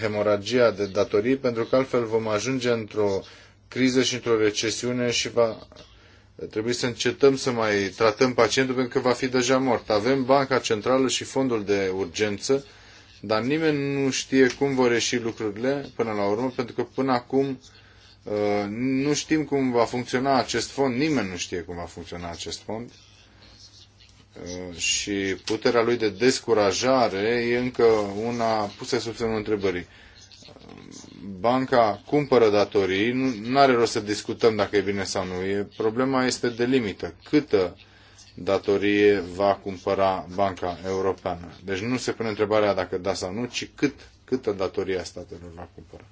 hemoragia de datorii, pentru că altfel vom ajunge într-o criză și într-o recesiune și va trebui să încetăm să mai tratăm pacientul pentru că va fi deja mort. Avem Banca Centrală și Fondul de Urgență, dar nimeni nu știe cum vor ieși lucrurile până la urmă, pentru că până acum Uh, nu știm cum va funcționa acest fond, nimeni nu știe cum va funcționa acest fond uh, și puterea lui de descurajare e încă una pusă sub semnul întrebării. Uh, banca cumpără datorii, nu are rost să discutăm dacă e bine sau nu. E, problema este de limită. Câtă datorie va cumpăra Banca Europeană? Deci nu se pune întrebarea dacă da sau nu, ci cât, câtă datorie a statelor va cumpăra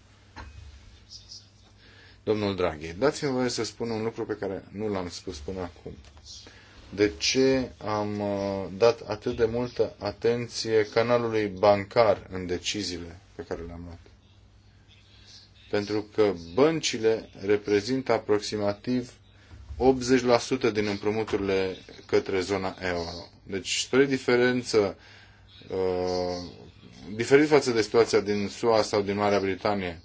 domnul Draghi. Dați-mi voie să spun un lucru pe care nu l-am spus până acum. De ce am uh, dat atât de multă atenție canalului bancar în deciziile pe care le-am luat? Pentru că băncile reprezintă aproximativ 80% din împrumuturile către zona euro. Deci, spre diferență, uh, diferit față de situația din SUA sau din Marea Britanie,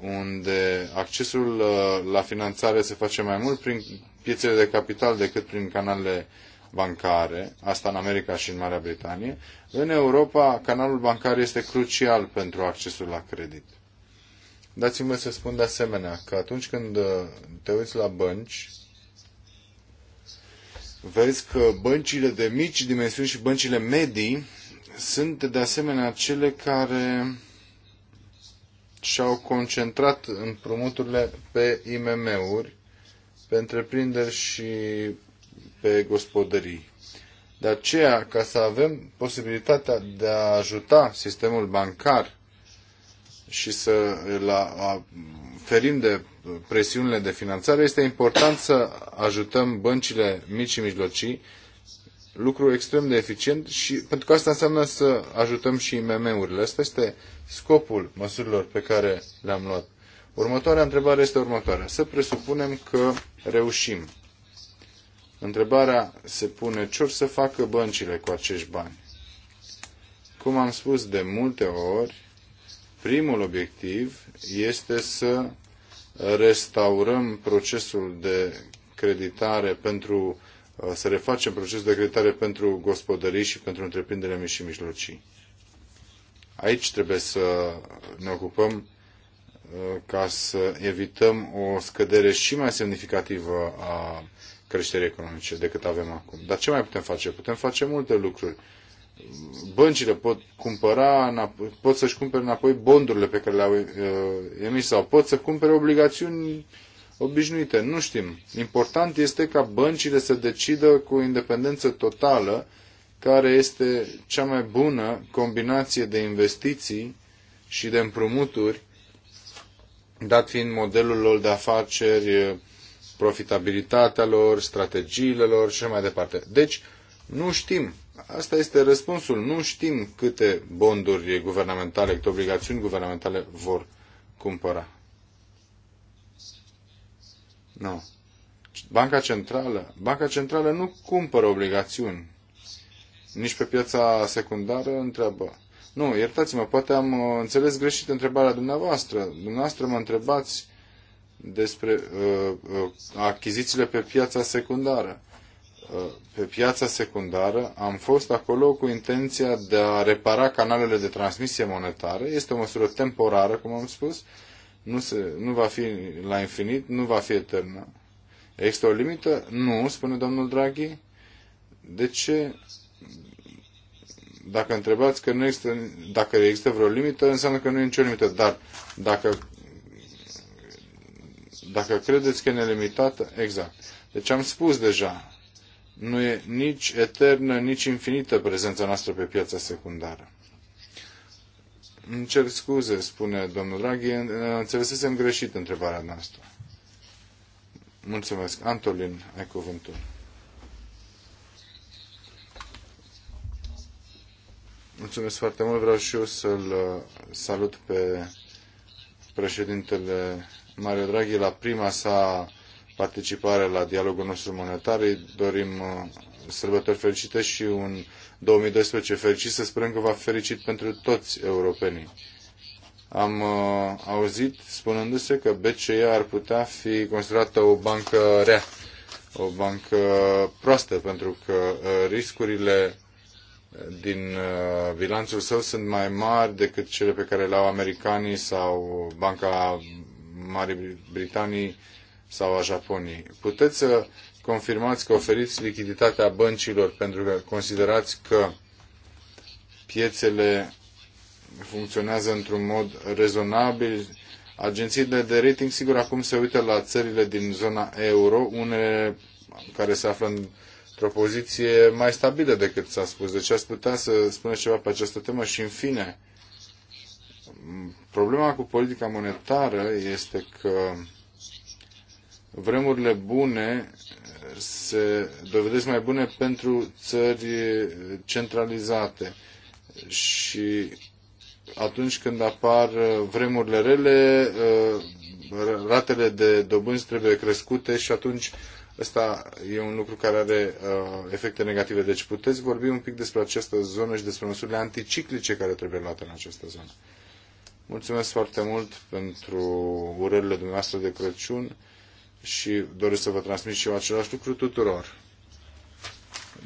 unde accesul uh, la finanțare se face mai mult prin piețele de capital decât prin canalele bancare, asta în America și în Marea Britanie, în Europa canalul bancar este crucial pentru accesul la credit. Dați-mi să spun de asemenea că atunci când uh, te uiți la bănci, vezi că băncile de mici dimensiuni și băncile medii sunt de asemenea cele care și-au concentrat împrumuturile pe IMM-uri, pe întreprinderi și pe gospodării. De aceea, ca să avem posibilitatea de a ajuta sistemul bancar și să îl ferim de presiunile de finanțare, este important să ajutăm băncile mici și mijlocii lucru extrem de eficient și pentru că asta înseamnă să ajutăm și IMM-urile. Asta este scopul măsurilor pe care le-am luat. Următoarea întrebare este următoarea. Să presupunem că reușim. Întrebarea se pune ce or să facă băncile cu acești bani. Cum am spus de multe ori, primul obiectiv este să restaurăm procesul de creditare pentru Uh, să refacem procesul de creditare pentru gospodării și pentru întreprinderile mici și mijlocii. Aici trebuie să ne ocupăm uh, ca să evităm o scădere și mai semnificativă a creșterii economice decât avem acum. Dar ce mai putem face? Putem face multe lucruri. Băncile pot cumpăra, pot să-și cumpere înapoi bondurile pe care le-au uh, emis sau pot să cumpere obligațiuni obișnuite. Nu știm. Important este ca băncile să decidă cu independență totală care este cea mai bună combinație de investiții și de împrumuturi, dat fiind modelul lor de afaceri, profitabilitatea lor, strategiile lor și mai departe. Deci, nu știm. Asta este răspunsul. Nu știm câte bonduri guvernamentale, câte obligațiuni guvernamentale vor cumpăra. Nu. Banca Centrală. Banca Centrală nu cumpără obligațiuni. Nici pe piața secundară întreabă. Nu, iertați-mă, poate am uh, înțeles greșit întrebarea dumneavoastră. Dumneavoastră mă întrebați despre uh, uh, achizițiile pe piața secundară. Uh, pe piața secundară am fost acolo cu intenția de a repara canalele de transmisie monetare. Este o măsură temporară, cum am spus, uh, nu, se, nu va fi la infinit, nu va fi eternă. Există o limită? Nu, spune domnul Draghi. De ce? Dacă întrebați că nu există, dacă există vreo limită, înseamnă că nu e nicio limită. Dar dacă, dacă credeți că e nelimitată, exact. Deci am spus deja, nu e nici eternă, nici infinită prezența noastră pe piața secundară. Îmi cer scuze, spune domnul Draghi, înțelesesem greșit întrebarea noastră. Mulțumesc. Antolin, ai cuvântul. Mulțumesc foarte mult. Vreau și eu să-l uh, salut pe președintele Mario Draghi la prima sa participare la dialogul nostru monetar. Îi dorim uh, sărbători fericite și un 2012 fericit. Să sperăm că va fi fericit pentru toți europenii. Am uh, auzit spunându-se că BCE ar putea fi considerată o bancă rea, o bancă proastă, pentru că uh, riscurile din uh, bilanțul său sunt mai mari decât cele pe care le-au americanii sau Banca Marii Britanii sau a Japoniei. Puteți să confirmați că oferiți lichiditatea băncilor pentru că considerați că piețele funcționează într-un mod rezonabil. Agențiile de rating, sigur, acum se uită la țările din zona euro, unele care se află într-o poziție mai stabilă decât s-a spus. Deci ați putea să spuneți ceva pe această temă și, în fine, problema cu politica monetară este că vremurile bune se dovedesc mai bune pentru țări centralizate și atunci când apar vremurile rele, uh, ratele de dobânzi trebuie crescute și atunci ăsta e un lucru care are uh, efecte negative. Deci puteți vorbi un pic despre această zonă și despre măsurile anticiclice care trebuie luate în această zonă. Mulțumesc foarte mult pentru urările dumneavoastră de Crăciun și doresc să vă transmit și eu același lucru tuturor.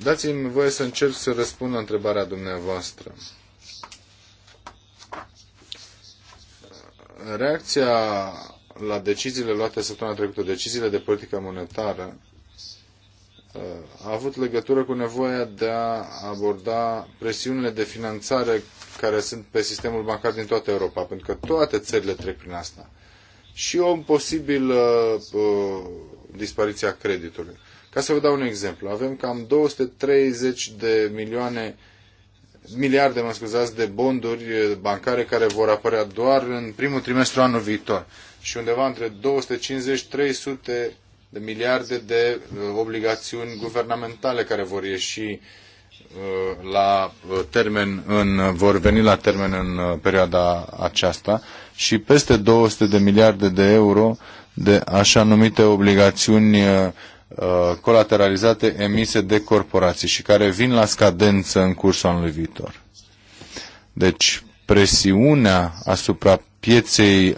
Dați-mi voie să încerc să răspund la întrebarea dumneavoastră. Reacția la deciziile luate săptămâna trecută, deciziile de politică monetară, a avut legătură cu nevoia de a aborda presiunile de finanțare care sunt pe sistemul bancar din toată Europa, pentru că toate țările trec prin asta și o posibilă uh, dispariție a creditului. Ca să vă dau un exemplu, avem cam 230 de milioane miliarde, mă scuzați, de bonduri uh, bancare care vor apărea doar în primul trimestru anul viitor și undeva între 250-300 de miliarde de uh, obligațiuni guvernamentale care vor ieși Uh, la uh, termen în, uh, vor veni la termen în perioada aceasta și peste 200 de miliarde de euro de așa numite obligațiuni colateralizate emise de corporații și care vin la scadență în cursul anului viitor. Deci presiunea asupra pieței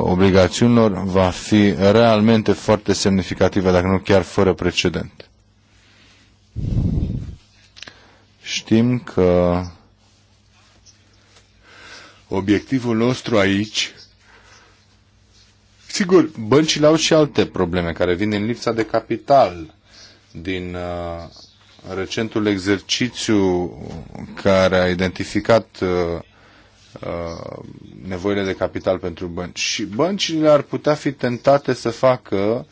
obligațiunilor va fi realmente foarte semnificativă, dacă nu chiar fără precedent. Știm că obiectivul nostru aici Sigur, băncile au și alte probleme care vin din lipsa de capital, din uh, recentul exercițiu care a identificat uh, uh, nevoile de capital pentru bănci. Și băncile ar putea fi tentate să facă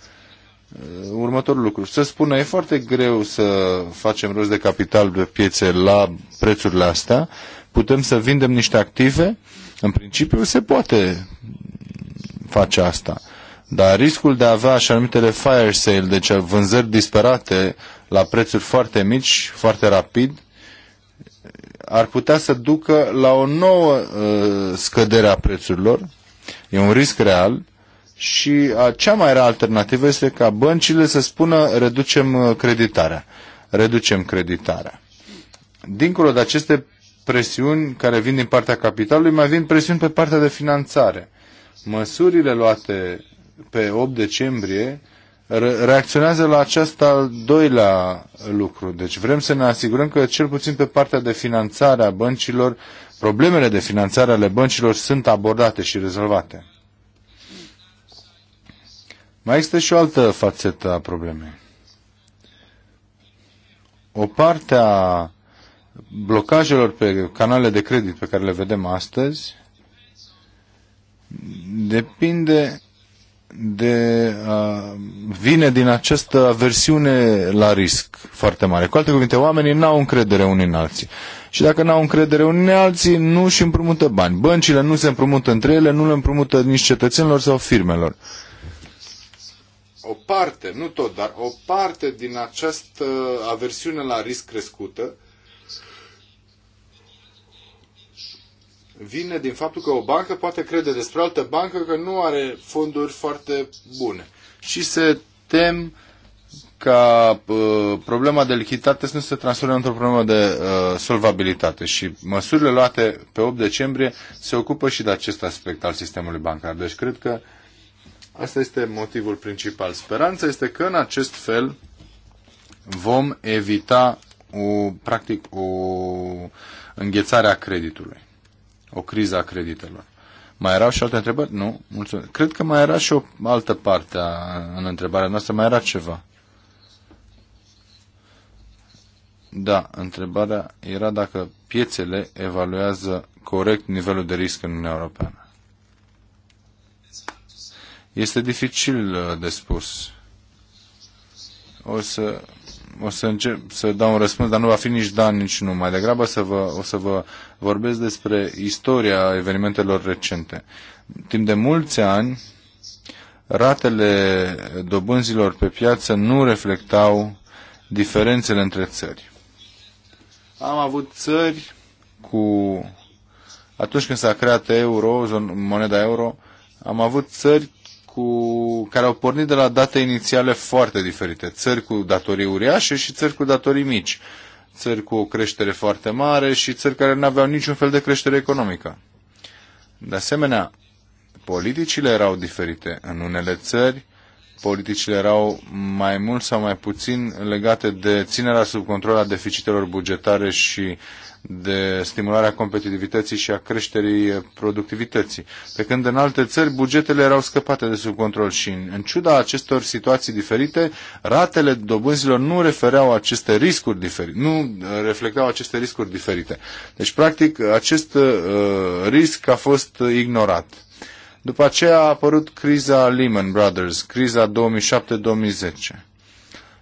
Uh, următorul lucru. Să spună, e foarte greu să facem rost de capital de piețe la prețurile astea, putem să vindem niște active, în principiu se poate face asta. Dar riscul de a avea așa numitele fire sale, deci vânzări disperate la prețuri foarte mici, foarte rapid, ar putea să ducă la o nouă uh, scădere a prețurilor. E un risc real și cea mai rea alternativă este ca băncile să spună reducem uh, creditarea. Reducem creditarea. Dincolo de aceste presiuni care vin din partea capitalului, mai vin presiuni pe partea de finanțare. Măsurile luate pe 8 decembrie reacționează la acest al doilea lucru. Deci vrem să ne asigurăm că cel puțin pe partea de finanțare a băncilor, problemele de finanțare ale băncilor sunt abordate și rezolvate. Mai există și o altă fațetă a problemei. O parte a blocajelor pe canale de credit pe care le vedem astăzi depinde de uh, vine din această aversiune la risc foarte mare. Cu alte cuvinte, oamenii n-au încredere unii în alții. Și dacă n-au încredere unii în alții, nu și împrumută bani. Băncile nu se împrumută între ele, nu le împrumută nici cetățenilor sau firmelor. Uh, o parte, nu tot, dar o parte din această aversiune la risc crescută vine din faptul că o bancă poate crede despre altă bancă că nu are fonduri foarte bune și se tem ca uh, problema de lichiditate să nu se transforme într-o problemă de uh, solvabilitate și măsurile luate pe 8 decembrie se ocupă și de acest aspect al sistemului bancar. Deci cred că uh, Asta este motivul principal. Speranța este că în acest fel vom evita o, practic o înghețare a creditului, o criză a creditelor. Mai erau și alte întrebări? Nu, mulțumesc. Cred că mai era și o altă parte a, în întrebarea noastră, mai era ceva. Da, întrebarea era dacă piețele evaluează corect nivelul de risc în Uniunea Europeană. Este dificil uh, de spus. O să, o să încep să dau un răspuns, dar nu va fi nici da, nici nu. Mai degrabă să vă, o să vă vorbesc despre istoria evenimentelor recente. Timp de mulți ani, ratele dobânzilor pe piață nu reflectau diferențele între țări. Am avut țări cu... Atunci când s-a creat euro, moneda euro, am avut țări cu, care au pornit de la date inițiale foarte diferite. Țări cu datorii uriașe și țări cu datorii mici. Țări cu o creștere foarte mare și țări care nu aveau niciun fel de creștere economică. De asemenea, politicile erau diferite. În unele țări, politicile erau mai mult sau mai puțin legate de ținerea sub control a deficitelor bugetare și de stimularea competitivității și a creșterii productivității. Pe când în alte țări bugetele erau scăpate de sub control și în ciuda acestor situații diferite, ratele dobânzilor nu refereau aceste riscuri diferite, nu uh, reflectau aceste riscuri diferite. Deci, practic, acest uh, risc a fost ignorat. După aceea a apărut criza Lehman Brothers, criza 2007-2010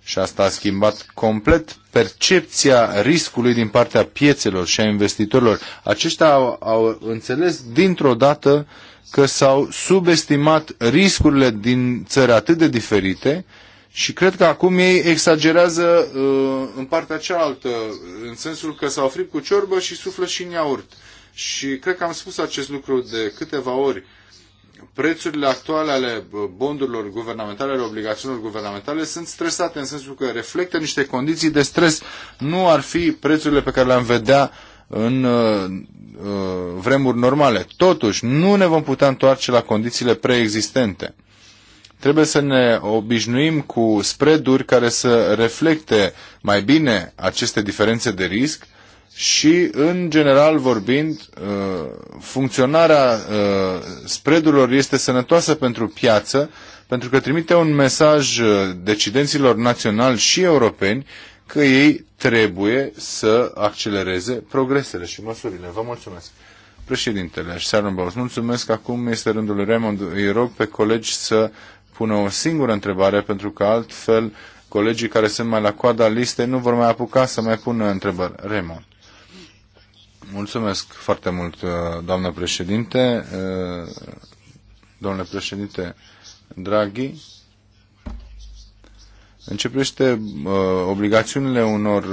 și asta a schimbat complet percepția riscului din partea piețelor și a investitorilor. Aceștia au, au înțeles dintr-o dată că s-au subestimat riscurile din țări atât de diferite și cred că acum ei exagerează uh, în partea cealaltă, în sensul că s-au fript cu ciorbă și suflă și în iaurt. Și cred că am spus acest lucru de câteva ori. Uh, prețurile actuale ale bondurilor guvernamentale, ale obligațiunilor guvernamentale sunt stresate în sensul că reflectă niște condiții de stres. Nu ar fi prețurile pe care le-am vedea în uh, uh, vremuri normale. Totuși, nu ne vom putea întoarce la condițiile preexistente. Trebuie să ne obișnuim cu spreaduri care să reflecte mai bine aceste diferențe de risc și, în general vorbind, uh, funcționarea uh, spreadurilor este sănătoasă pentru piață, pentru că trimite un mesaj uh, decidenților naționali și europeni că ei trebuie să accelereze progresele și măsurile. Vă mulțumesc. Președintele Sharon mulțumesc. Acum este rândul Raymond. Îi rog pe colegi să pună o singură întrebare, pentru că altfel colegii care sunt mai la coada listei nu vor mai apuca să mai pună întrebări. Raymond. Mulțumesc foarte mult, uh, doamnă președinte. Uh, domnule președinte Draghi, începește uh, obligațiunile unor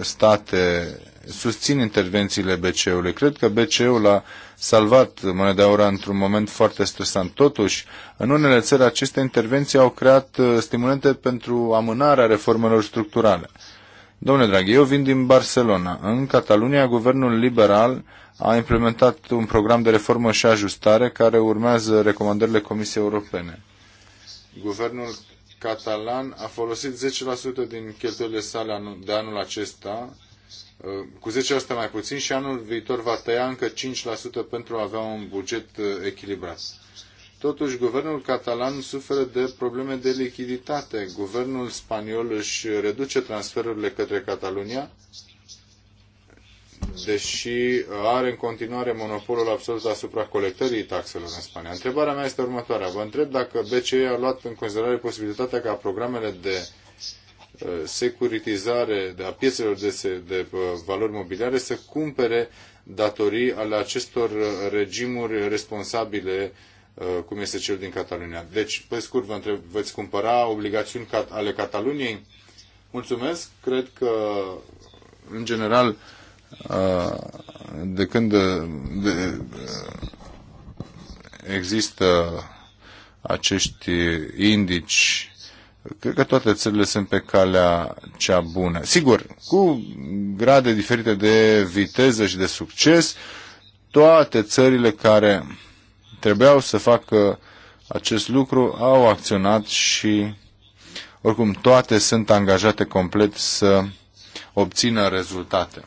state susțin intervențiile BCE-ului. Cred că BCE-ul a salvat moneda ora într-un moment foarte stresant. Totuși, în unele țări aceste intervenții au creat stimulente pentru amânarea reformelor structurale. Domnule Draghi, eu vin din Barcelona. În Catalunia, guvernul liberal a implementat un program de reformă și ajustare care urmează recomandările Comisiei Europene. Guvernul catalan a folosit 10% din cheltuielile sale de anul acesta, uh, cu 10% mai puțin, și anul viitor va tăia încă 5% pentru a avea un buget uh, echilibrat. Totuși, guvernul catalan suferă de probleme de lichiditate. Guvernul spaniol își reduce transferurile către Catalunia, deși are în continuare monopolul absolut asupra colectării taxelor în Spania. Întrebarea mea este următoarea. Vă întreb dacă BCE a luat în considerare posibilitatea ca programele de uh, securitizare a piețelor de, de uh, valori mobiliare să cumpere datorii ale acestor uh, regimuri responsabile Uh, cum este cel din Catalunia. Deci, pe scurt, vă întreb, veți cumpăra obligațiuni ale Cataluniei? Mulțumesc. Cred că, în general, uh, de când uh, de, există acești indici, cred că toate țările sunt pe calea cea bună. Sigur, cu grade diferite de viteză și de succes, toate țările care trebuiau să facă acest lucru, au acționat și oricum toate sunt angajate complet să obțină rezultate.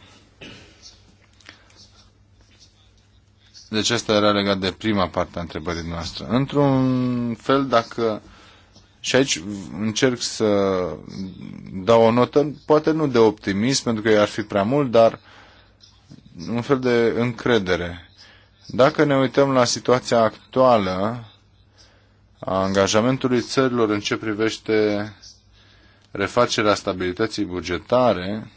Deci asta era legat de prima parte a întrebării noastre. Într-un fel, dacă... Și aici încerc să dau o notă, poate nu de optimism, pentru că ar fi prea mult, dar un fel de încredere. Dacă ne uităm la situația actuală a angajamentului țărilor în ce privește refacerea stabilității bugetare,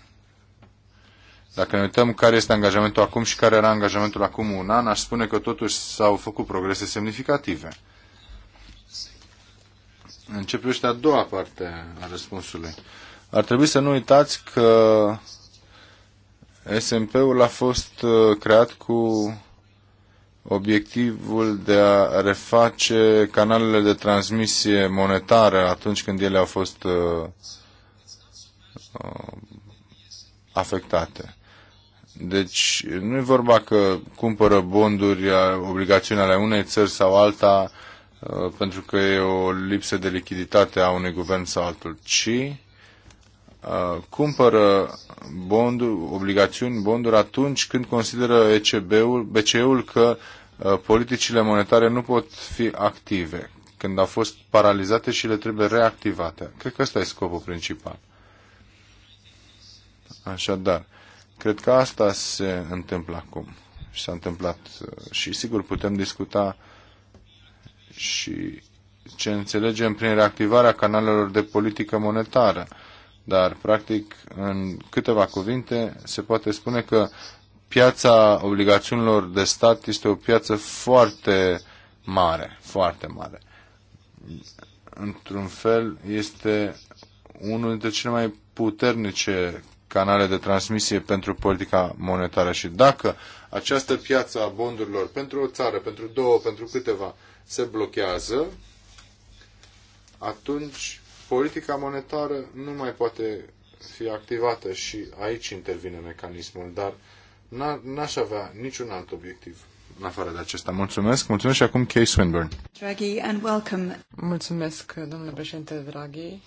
dacă ne uităm care este angajamentul acum și care era angajamentul acum un an, aș spune că totuși s-au făcut progrese semnificative. În ce privește a doua parte a răspunsului, ar trebui să nu uitați că SMP-ul a fost uh, creat cu obiectivul de a reface canalele de transmisie monetară atunci când ele au fost uh, uh afectate. Deci nu e vorba că cumpără bonduri, uh, obligațiuni ale unei țări sau alta uh, pentru că e o lipsă de lichiditate a unui guvern sau altul, ci Uh, cumpără bonduri, obligațiuni, bonduri atunci când consideră ECB-ul, BCE-ul că uh, politicile monetare nu pot fi active, când au fost paralizate și le trebuie reactivate. Cred că ăsta e scopul principal. Așadar, cred că asta se întâmplă acum și s-a întâmplat uh, și sigur putem discuta și ce înțelegem prin reactivarea canalelor de politică monetară dar practic în câteva cuvinte se poate spune că piața obligațiunilor de stat este o piață foarte mare, foarte mare. Într-un fel este unul dintre cele mai puternice canale de transmisie pentru politica monetară și dacă această piață a bondurilor pentru o țară, pentru două, pentru câteva se blochează, atunci politica monetară nu mai poate fi activată și aici intervine mecanismul, dar n-aș avea niciun alt obiectiv în afară de acesta. Mulțumesc, mulțumesc și acum Kay Swinburne. Draghi, and welcome. Mulțumesc, domnule președinte Draghi.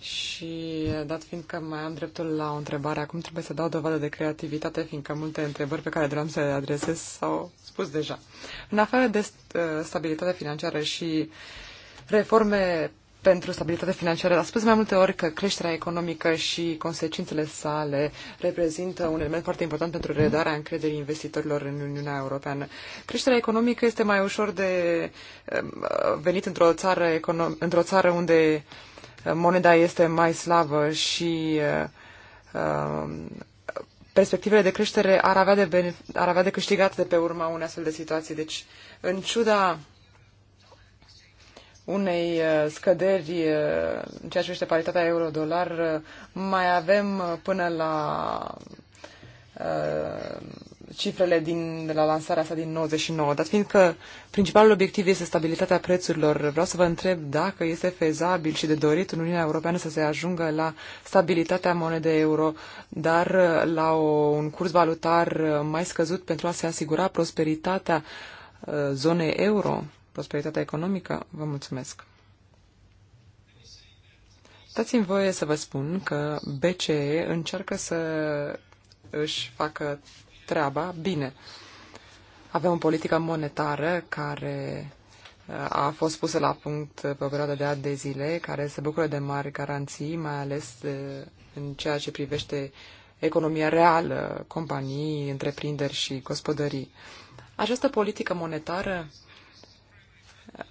Și dat fiind că mai am dreptul la o întrebare, acum trebuie să dau dovadă de creativitate, fiindcă multe întrebări pe care doream să le adresez s-au spus deja. În afară de stabilitatea financiară și reforme pentru stabilitate financiară. A spus mai multe ori că creșterea economică și consecințele sale reprezintă un element foarte important pentru redarea încrederii investitorilor în Uniunea Europeană. Creșterea economică este mai ușor de um, venit într-o țară, econom- într-o țară unde moneda este mai slabă și uh, um, perspectivele de creștere ar avea de, ar avea de câștigat de pe urma unei astfel de situații. Deci, în ciuda unei uh, scăderi uh, în ceea ce privește paritatea euro-dolar, uh, mai avem până la cifrele din, de la lansarea sa din 99, dar fiindcă principalul obiectiv este stabilitatea prețurilor, vreau să vă întreb dacă este fezabil și de dorit în Uniunea Europeană să se ajungă la stabilitatea monedei euro, dar la o, un curs valutar mai scăzut pentru a se asigura prosperitatea zonei euro prosperitatea economică? Vă mulțumesc! Dați-mi voie să vă spun că BCE încearcă să își facă treaba bine. Avem o politică monetară care uh, a fost pusă la punct uh, pe o perioadă de ani de zile, care se bucură de mari garanții, mai ales uh, în ceea ce privește economia reală, companii, întreprinderi și gospodării. Această politică monetară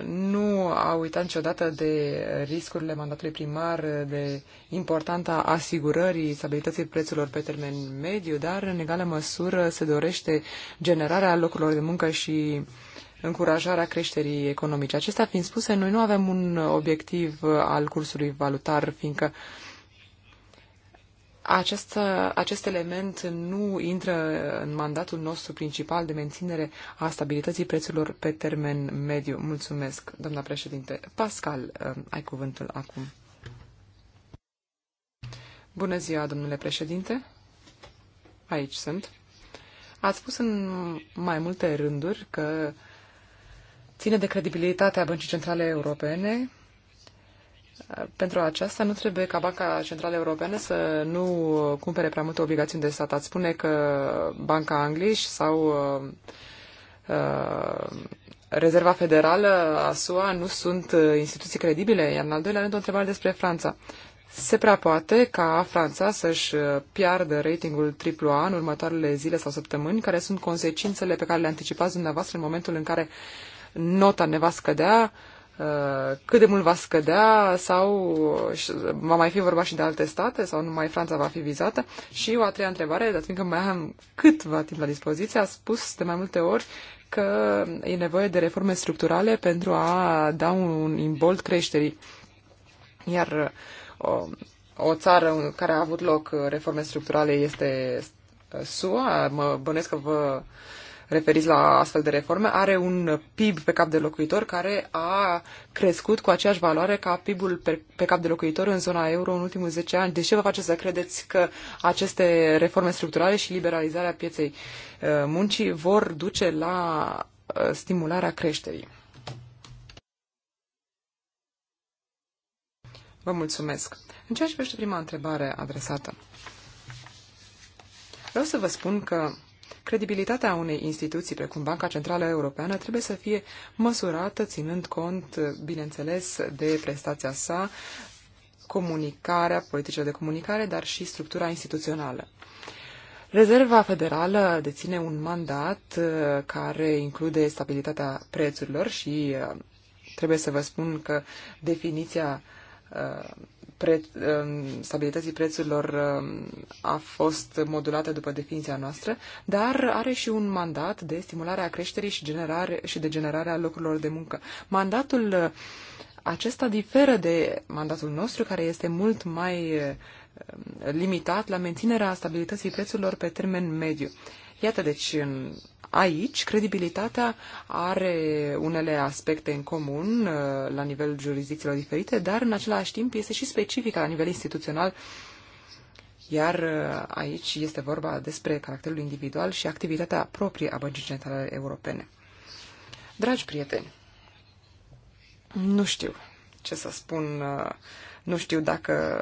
nu a uitat niciodată de riscurile mandatului primar, de importanța asigurării stabilității prețurilor pe termen mediu, dar în egală măsură se dorește generarea locurilor de muncă și încurajarea creșterii economice. Acestea fiind spuse, noi nu avem un obiectiv al cursului valutar, fiindcă uh, acest, acest element nu intră în mandatul nostru principal de menținere a stabilității prețurilor pe termen mediu. Mulțumesc, doamna președinte. Pascal, um, ai cuvântul acum. Bună ziua, domnule președinte. Aici sunt. Ați spus în mai multe rânduri că ține de credibilitatea Băncii Centrale Europene pentru aceasta nu trebuie ca Banca Centrală Europeană să nu cumpere prea multe obligațiuni de stat. Ați spune că Banca Angliș sau uh, uh, Rezerva Federală a SUA nu sunt instituții credibile, iar în al doilea rând o întrebare despre Franța. Se prea poate ca Franța să-și piardă ratingul AAA în următoarele zile sau săptămâni, care sunt consecințele pe care le anticipați dumneavoastră în momentul în care nota ne va scădea, uh, cât de mult va scădea sau va mai fi vorba și de alte state sau numai Franța va fi vizată? Și o a treia întrebare, dar fiindcă mai am câtva timp la dispoziție, a spus de mai multe ori că e nevoie de reforme structurale pentru a da un imbold creșterii. Iar o, o țară în care a avut loc reforme structurale este SUA. Mă bănesc că vă referiți la astfel de reforme, are un PIB pe cap de locuitor care a crescut cu aceeași valoare ca PIB-ul pe, pe cap de locuitor în zona euro în ultimul 10 ani. De deci ce vă face să credeți că aceste reforme structurale și liberalizarea pieței uh, muncii vor duce la uh, stimularea creșterii? Vă mulțumesc. În ceea ce privește prima întrebare adresată, vreau să vă spun că Credibilitatea unei instituții precum Banca Centrală Europeană trebuie să fie măsurată ținând cont, bineînțeles, de prestația sa, comunicarea, politicile de comunicare, dar și structura instituțională. Rezerva Federală deține un mandat uh, care include stabilitatea prețurilor și uh, trebuie să vă spun că definiția uh, pre, um, stabilității prețurilor um, a fost modulată după definiția noastră, dar are și un mandat de stimulare a creșterii și, generare, și de generare a locurilor de muncă. Mandatul uh, acesta diferă de mandatul nostru, care este mult mai uh, limitat la menținerea stabilității prețurilor pe termen mediu. Iată deci în Aici, credibilitatea are unele aspecte în comun uh, la nivelul jurisdicțiilor diferite, dar în același timp este și specifică la nivel instituțional, iar uh, aici este vorba despre caracterul individual și activitatea proprie a Băncii Centrale Europene. Dragi prieteni, nu știu ce să spun, uh, nu știu dacă,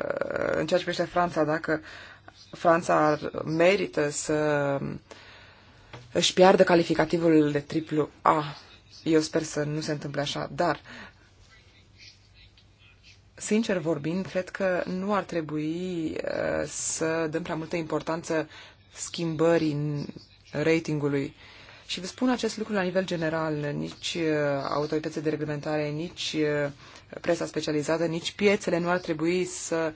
în ceea ce privește Franța, dacă Franța merită să uh, își piardă calificativul de triplu A. Eu sper să nu se întâmple așa, dar sincer vorbind, cred că nu ar trebui uh, să dăm prea multă importanță schimbării ratingului. Și vă spun acest lucru la nivel general, nici uh, autoritățile de reglementare, nici uh, presa specializată, nici piețele nu ar trebui să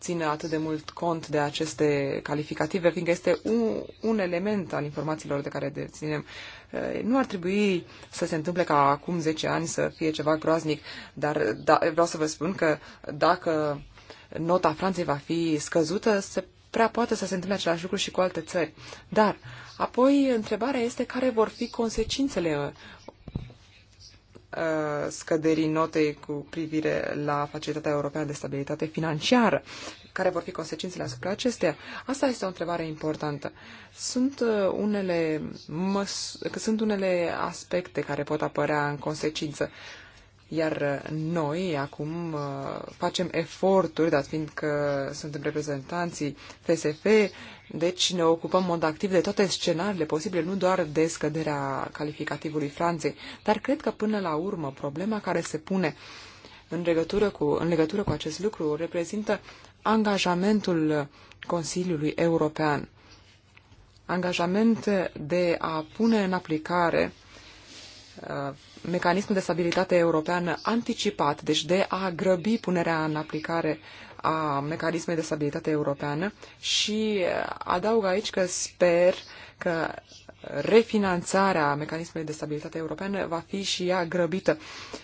țină atât de mult cont de aceste calificative, fiindcă este un, un element al informațiilor de care deținem. Eh, nu ar trebui să se întâmple ca acum 10 ani să fie ceva groaznic, dar da, vreau să vă spun că dacă nota Franței va fi scăzută, se prea poate să se întâmple același lucru și cu alte țări. Dar apoi întrebarea este care vor fi consecințele Uh, scăderii notei cu privire la Facilitatea Europeană de Stabilitate Financiară. Care vor fi consecințele asupra acesteia? Asta este o întrebare importantă. Sunt uh, unele, măs- sunt unele aspecte care pot apărea în consecință. Iar uh, noi acum uh, facem eforturi, dat fiind că suntem reprezentanții FSF, deci ne ocupăm în mod activ de toate scenariile posibile, nu doar de scăderea calificativului Franței. Dar cred că până la urmă problema care se pune în legătură cu, în legătură cu acest lucru reprezintă angajamentul Consiliului European. Angajament de a pune în aplicare uh, mecanismul de stabilitate european anticipat, deci de a grăbi punerea în aplicare a mecanismului de stabilitate europeană și eh, adaug aici că sper că refinanțarea mecanismului de stabilitate europeană va fi și ea grăbită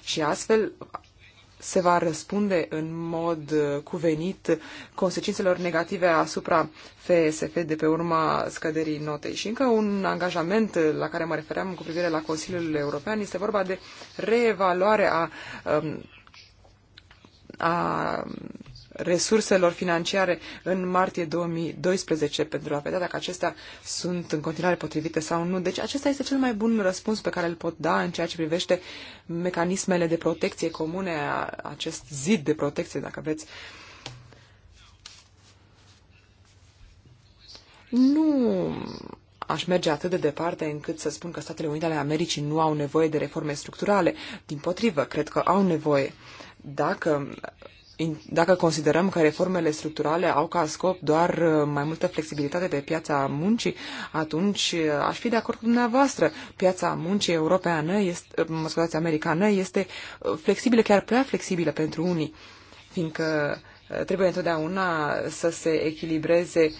și astfel se va răspunde în mod uh, cuvenit consecințelor negative asupra FSF de pe urma scăderii notei. Și încă un angajament uh, la care mă refeream cu privire la Consiliul European este vorba de reevaluare um, a, a resurselor financiare în martie 2012 pentru a vedea dacă acestea sunt în continuare potrivite sau nu. Deci acesta este cel mai bun răspuns pe care îl pot da în ceea ce privește mecanismele de protecție comune, acest zid de protecție, dacă vreți. Nu aș merge atât de departe încât să spun că Statele Unite ale Americii nu au nevoie de reforme structurale. Din potrivă, cred că au nevoie. Dacă dacă considerăm că reformele structurale au ca scop doar uh, mai multă flexibilitate pe piața muncii, atunci uh, aș fi de acord cu dumneavoastră. Piața muncii europeană, este, uh, mă scuzați, americană, este flexibilă, chiar prea flexibilă pentru unii, fiindcă trebuie întotdeauna să se echilibreze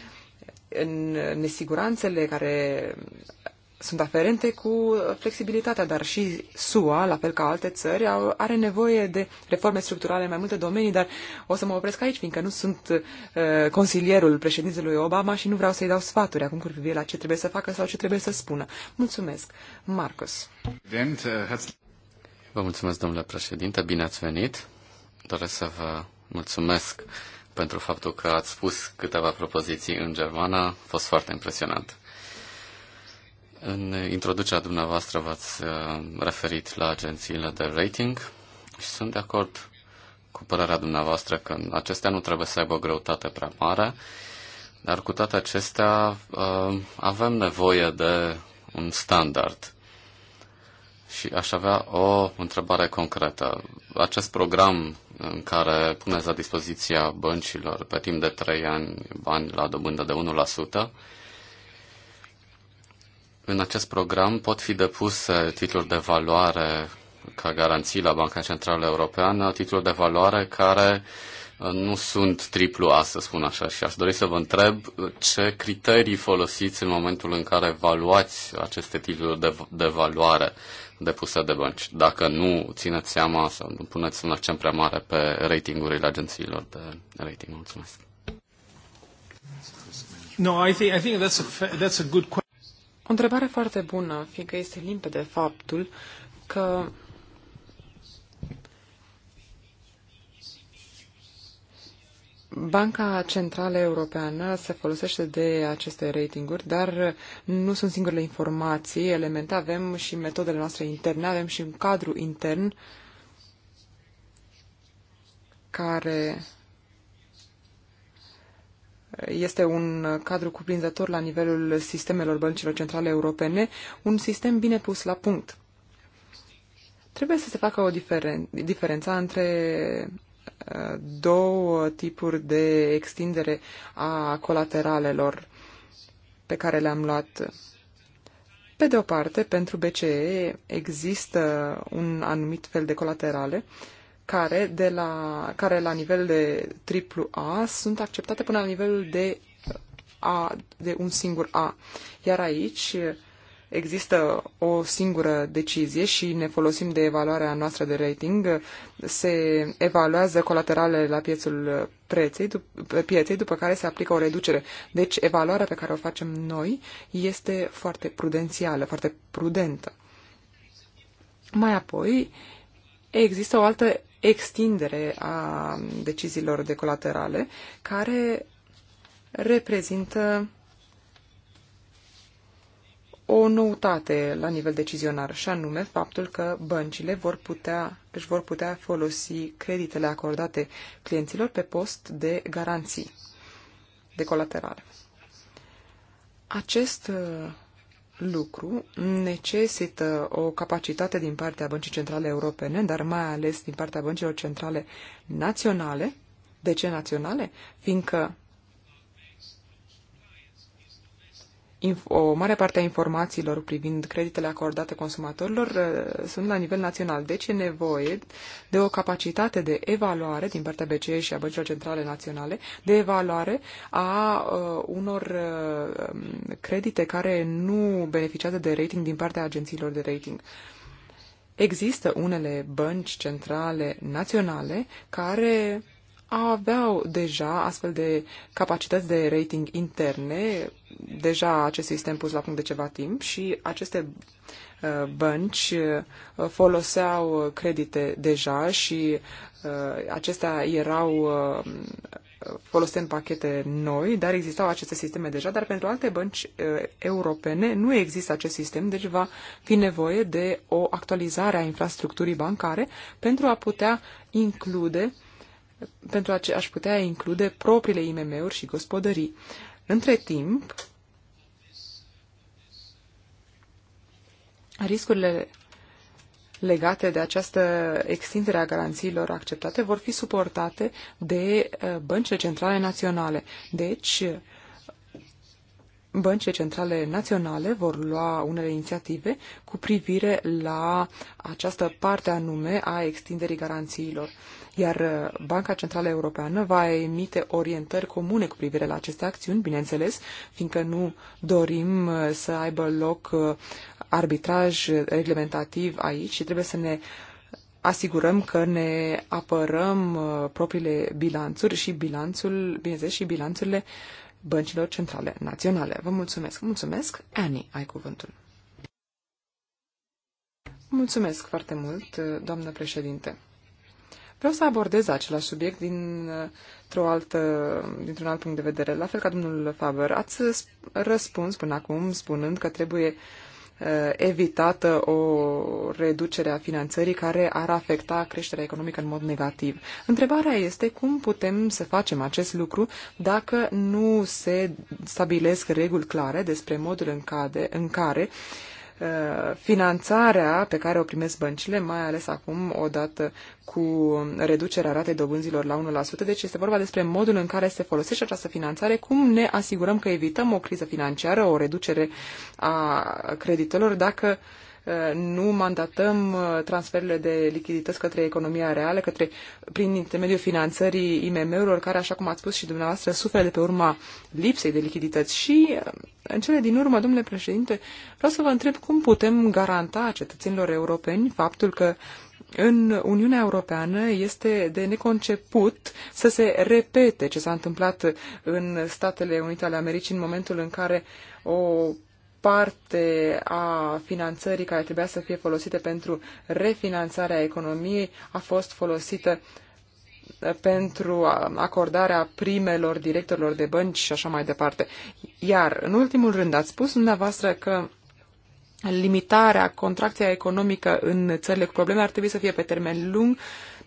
în nesiguranțele care sunt aferente cu flexibilitatea, dar și SUA, la fel ca alte țări, are nevoie de reforme structurale în mai multe domenii, dar o să mă opresc aici, fiindcă nu sunt uh, consilierul președintelui Obama și nu vreau să-i dau sfaturi acum cu privire la ce trebuie să facă sau ce trebuie să spună. Mulțumesc. Marcus. Uh, vă mulțumesc, domnule președinte, bine ați venit. Doresc să vă mulțumesc pentru faptul că ați spus câteva propoziții în germană. A fost foarte impresionant. În introducerea dumneavoastră v-ați uh, referit la agențiile de rating și sunt de acord cu părerea dumneavoastră că acestea nu trebuie să aibă o greutate prea mare, dar cu toate acestea uh, avem nevoie de un standard. Și aș avea o întrebare concretă. Acest program în care puneți la dispoziția băncilor pe timp de 3 ani bani la dobândă de în acest program pot fi depuse titluri de valoare ca garanții la Banca Centrală Europeană, titluri de valoare care uh, nu sunt triplu A, să spun așa. Și aș dori să vă întreb uh, ce criterii folosiți în momentul în care evaluați aceste titluri de, de valoare depuse de bănci, dacă nu țineți seama sau nu puneți un accent prea mare pe ratingurile agențiilor de rating. Mulțumesc. No, I think, I think that's a, that's a good o întrebare foarte bună, fiindcă este limpede faptul că Banca Centrală Europeană se folosește de aceste ratinguri, dar nu sunt singurele informații elemente. Avem și metodele noastre interne, avem și un cadru intern care este un cadru cuprinzător la nivelul sistemelor băncilor centrale europene, un sistem bine pus la punct. Trebuie să se facă o diferen- diferența între uh, două tipuri de extindere a colateralelor pe care le-am luat. Pe de o parte, pentru BCE există un anumit fel de colaterale uh, care, de la, care la nivel de triplu A sunt acceptate până la nivelul de, A, de un singur A. Iar aici există o singură decizie și ne folosim de evaluarea noastră de rating. Se evaluează colaterale la piețul preței, dup- pieței, după care se aplică o reducere. Deci evaluarea pe care o facem noi este foarte prudențială, foarte prudentă. Mai apoi, există o altă extindere a deciziilor de colaterale, care reprezintă o noutate la nivel decizionar, și anume faptul că băncile vor putea, își vor putea folosi creditele acordate clienților pe post de garanții, de colaterale. Acest lucru necesită o capacitate din partea Băncii Centrale Europene, dar mai ales din partea băncilor centrale naționale. De ce naționale? Fiindcă o mare parte a informațiilor privind creditele acordate consumatorilor uh, sunt la nivel național. Deci e nevoie de o capacitate de evaluare din partea BCE și a Băncilor Centrale Naționale, de evaluare a uh, unor uh, um, credite care nu beneficiază de rating din partea agențiilor de rating. Există unele bănci centrale naționale care aveau deja astfel de capacități de rating interne, deja acest sistem pus la punct de ceva timp și aceste uh, bănci uh, foloseau credite deja și uh, acestea erau folosind pachete noi, dar existau aceste sisteme deja, dar pentru alte bănci europene nu există acest sistem, deci va fi nevoie de o actualizare a infrastructurii bancare pentru a putea include uh, pentru a aș putea include propriile IMM-uri și gospodării. Între timp, riscurile legate de această extindere a garanțiilor acceptate vor fi suportate de uh, băncile centrale naționale. Deci, băncile centrale naționale vor lua unele inițiative cu privire la această parte anume a extinderii garanțiilor iar uh, Banca Centrală Europeană va emite orientări comune cu privire la aceste acțiuni, bineînțeles, fiindcă nu dorim uh, să aibă loc uh, arbitraj reglementativ aici și trebuie să ne asigurăm că ne apărăm propriile bilanțuri și bilanțul, bineînțeles, și bilanțurile băncilor centrale naționale. Vă mulțumesc. Mulțumesc. Annie, ai cuvântul. Mulțumesc foarte mult, doamnă președinte. Vreau să abordez același subiect dintr-o altă, dintr-un alt punct de vedere. La fel ca domnul Faber, ați răspuns până acum spunând că trebuie uh, evitată o reducere a finanțării care ar afecta creșterea economică în mod negativ. Întrebarea este cum putem să facem acest lucru dacă nu se stabilesc reguli clare despre modul în care, în care finanțarea pe care o primesc băncile, mai ales acum odată cu reducerea ratei dobânzilor la 1%. Deci este vorba despre modul în care se folosește această finanțare, cum ne asigurăm că evităm o criză financiară, o reducere a creditelor, dacă uh, Uh, nu mandatăm uh, transferurile de lichidități către economia reală, către, prin intermediul finanțării IMM-urilor, care, așa cum ați spus și dumneavoastră, suferă de pe urma lipsei de lichidități. Și, uh, în cele din urmă, domnule președinte, vreau să vă întreb cum putem garanta cetățenilor europeni faptul că în Uniunea Europeană este de neconceput să se repete ce s-a întâmplat în Statele Unite ale Americii în momentul în care o parte a finanțării care trebuia să fie folosite pentru refinanțarea economiei a fost folosită uh, pentru uh, acordarea primelor directorilor de bănci și așa mai departe. Iar, în ultimul rând, ați spus dumneavoastră că limitarea contracției economică în țările cu probleme ar trebui să fie pe termen lung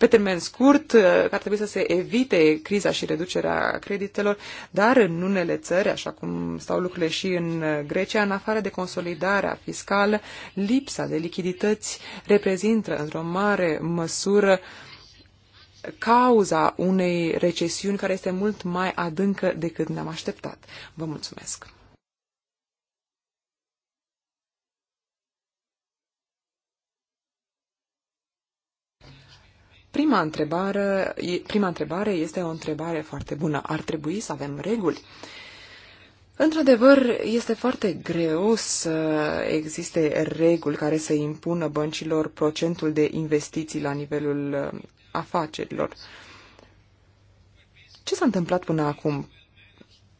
pe termen scurt, uh, că ar trebui să se evite criza și reducerea creditelor, dar în unele țări, așa cum stau lucrurile și în uh, Grecia, în afară de consolidarea fiscală, lipsa de lichidități reprezintă într-o mare măsură cauza unei recesiuni care este mult mai adâncă decât ne-am așteptat. Vă mulțumesc! Prima întrebare, prima întrebare este o întrebare foarte bună. Ar trebui să avem reguli? Într-adevăr, este foarte greu să existe reguli care să impună băncilor procentul de investiții la nivelul uh, afacerilor. Ce s-a întâmplat până acum?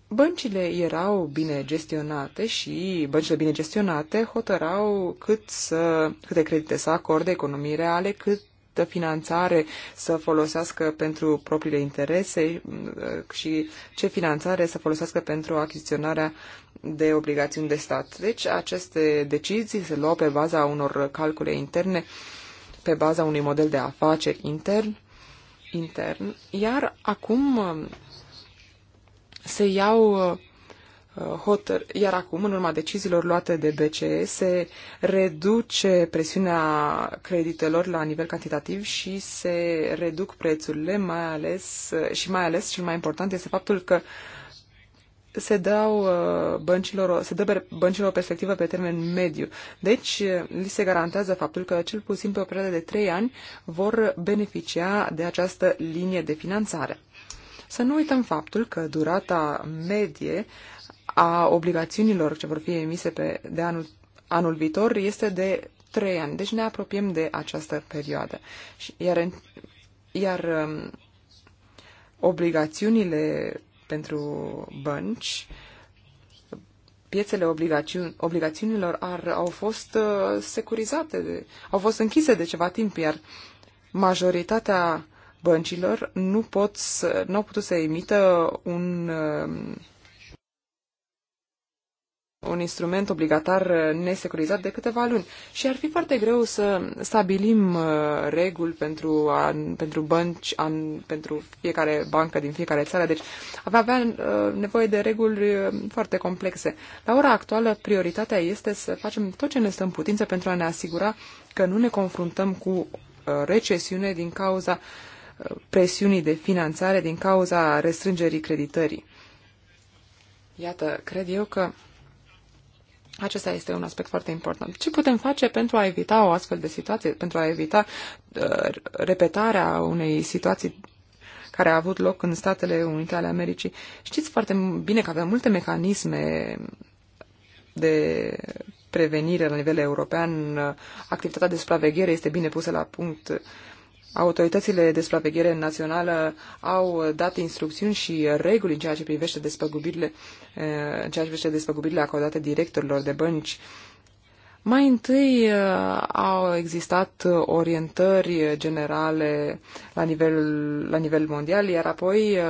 Băncile erau bine gestionate și băncile bine gestionate hotărau cât să, câte credite să acorde economii reale, cât finanțare să folosească pentru propriile interese mm, uh, și ce finanțare să folosească pentru achiziționarea de obligațiuni de stat. Deci aceste decizii se luau pe baza unor calcule interne, pe baza unui model de afaceri intern, intern iar acum uh, se iau uh, Uh, hotăr, iar acum, în urma deciziilor luate de BCE, se reduce presiunea creditelor la nivel cantitativ și se reduc prețurile, mai ales uh, și mai ales cel mai important este faptul că se dau uh, băncilor, se dă băncilor o perspectivă pe termen mediu. Deci, li se garantează faptul că cel puțin pe o perioadă de trei ani vor beneficia de această linie de finanțare. Să nu uităm faptul că durata medie a obligațiunilor ce vor fi emise pe, de anul, anul viitor este de 3 ani. Deci ne apropiem de această perioadă. Iar, iar um, obligațiunile pentru bănci, piețele obligațiun, obligațiunilor ar, au fost uh, securizate, au fost închise de ceva timp, iar majoritatea băncilor nu, pot să, nu au putut să emită un um, un instrument obligatar uh, nesecurizat de câteva luni și ar fi foarte greu să stabilim uh, reguli pentru, an, pentru bănci, an, pentru fiecare bancă din fiecare țară, deci avea avea uh, nevoie de reguli foarte complexe. La ora actuală, prioritatea este să facem tot ce ne stă în putință pentru a ne asigura că nu ne confruntăm cu recesiune din cauza presiunii de finanțare, din cauza restrângerii creditării. Iată, cred eu că acesta este un aspect foarte important. Ce putem face pentru a evita o astfel de situație, pentru a evita uh, repetarea unei situații care a avut loc în Statele Unite ale Americii? Știți foarte bine că avem multe mecanisme de prevenire la nivel european, activitatea de supraveghere este bine pusă la punct Autoritățile de supraveghere națională au dat instrucțiuni și reguli în ceea ce privește despăgubirile, eh, în ceea ce privește despăgubirile acordate directorilor de bănci. Mai întâi eh, au existat orientări generale la nivel, la nivel mondial, iar apoi eh,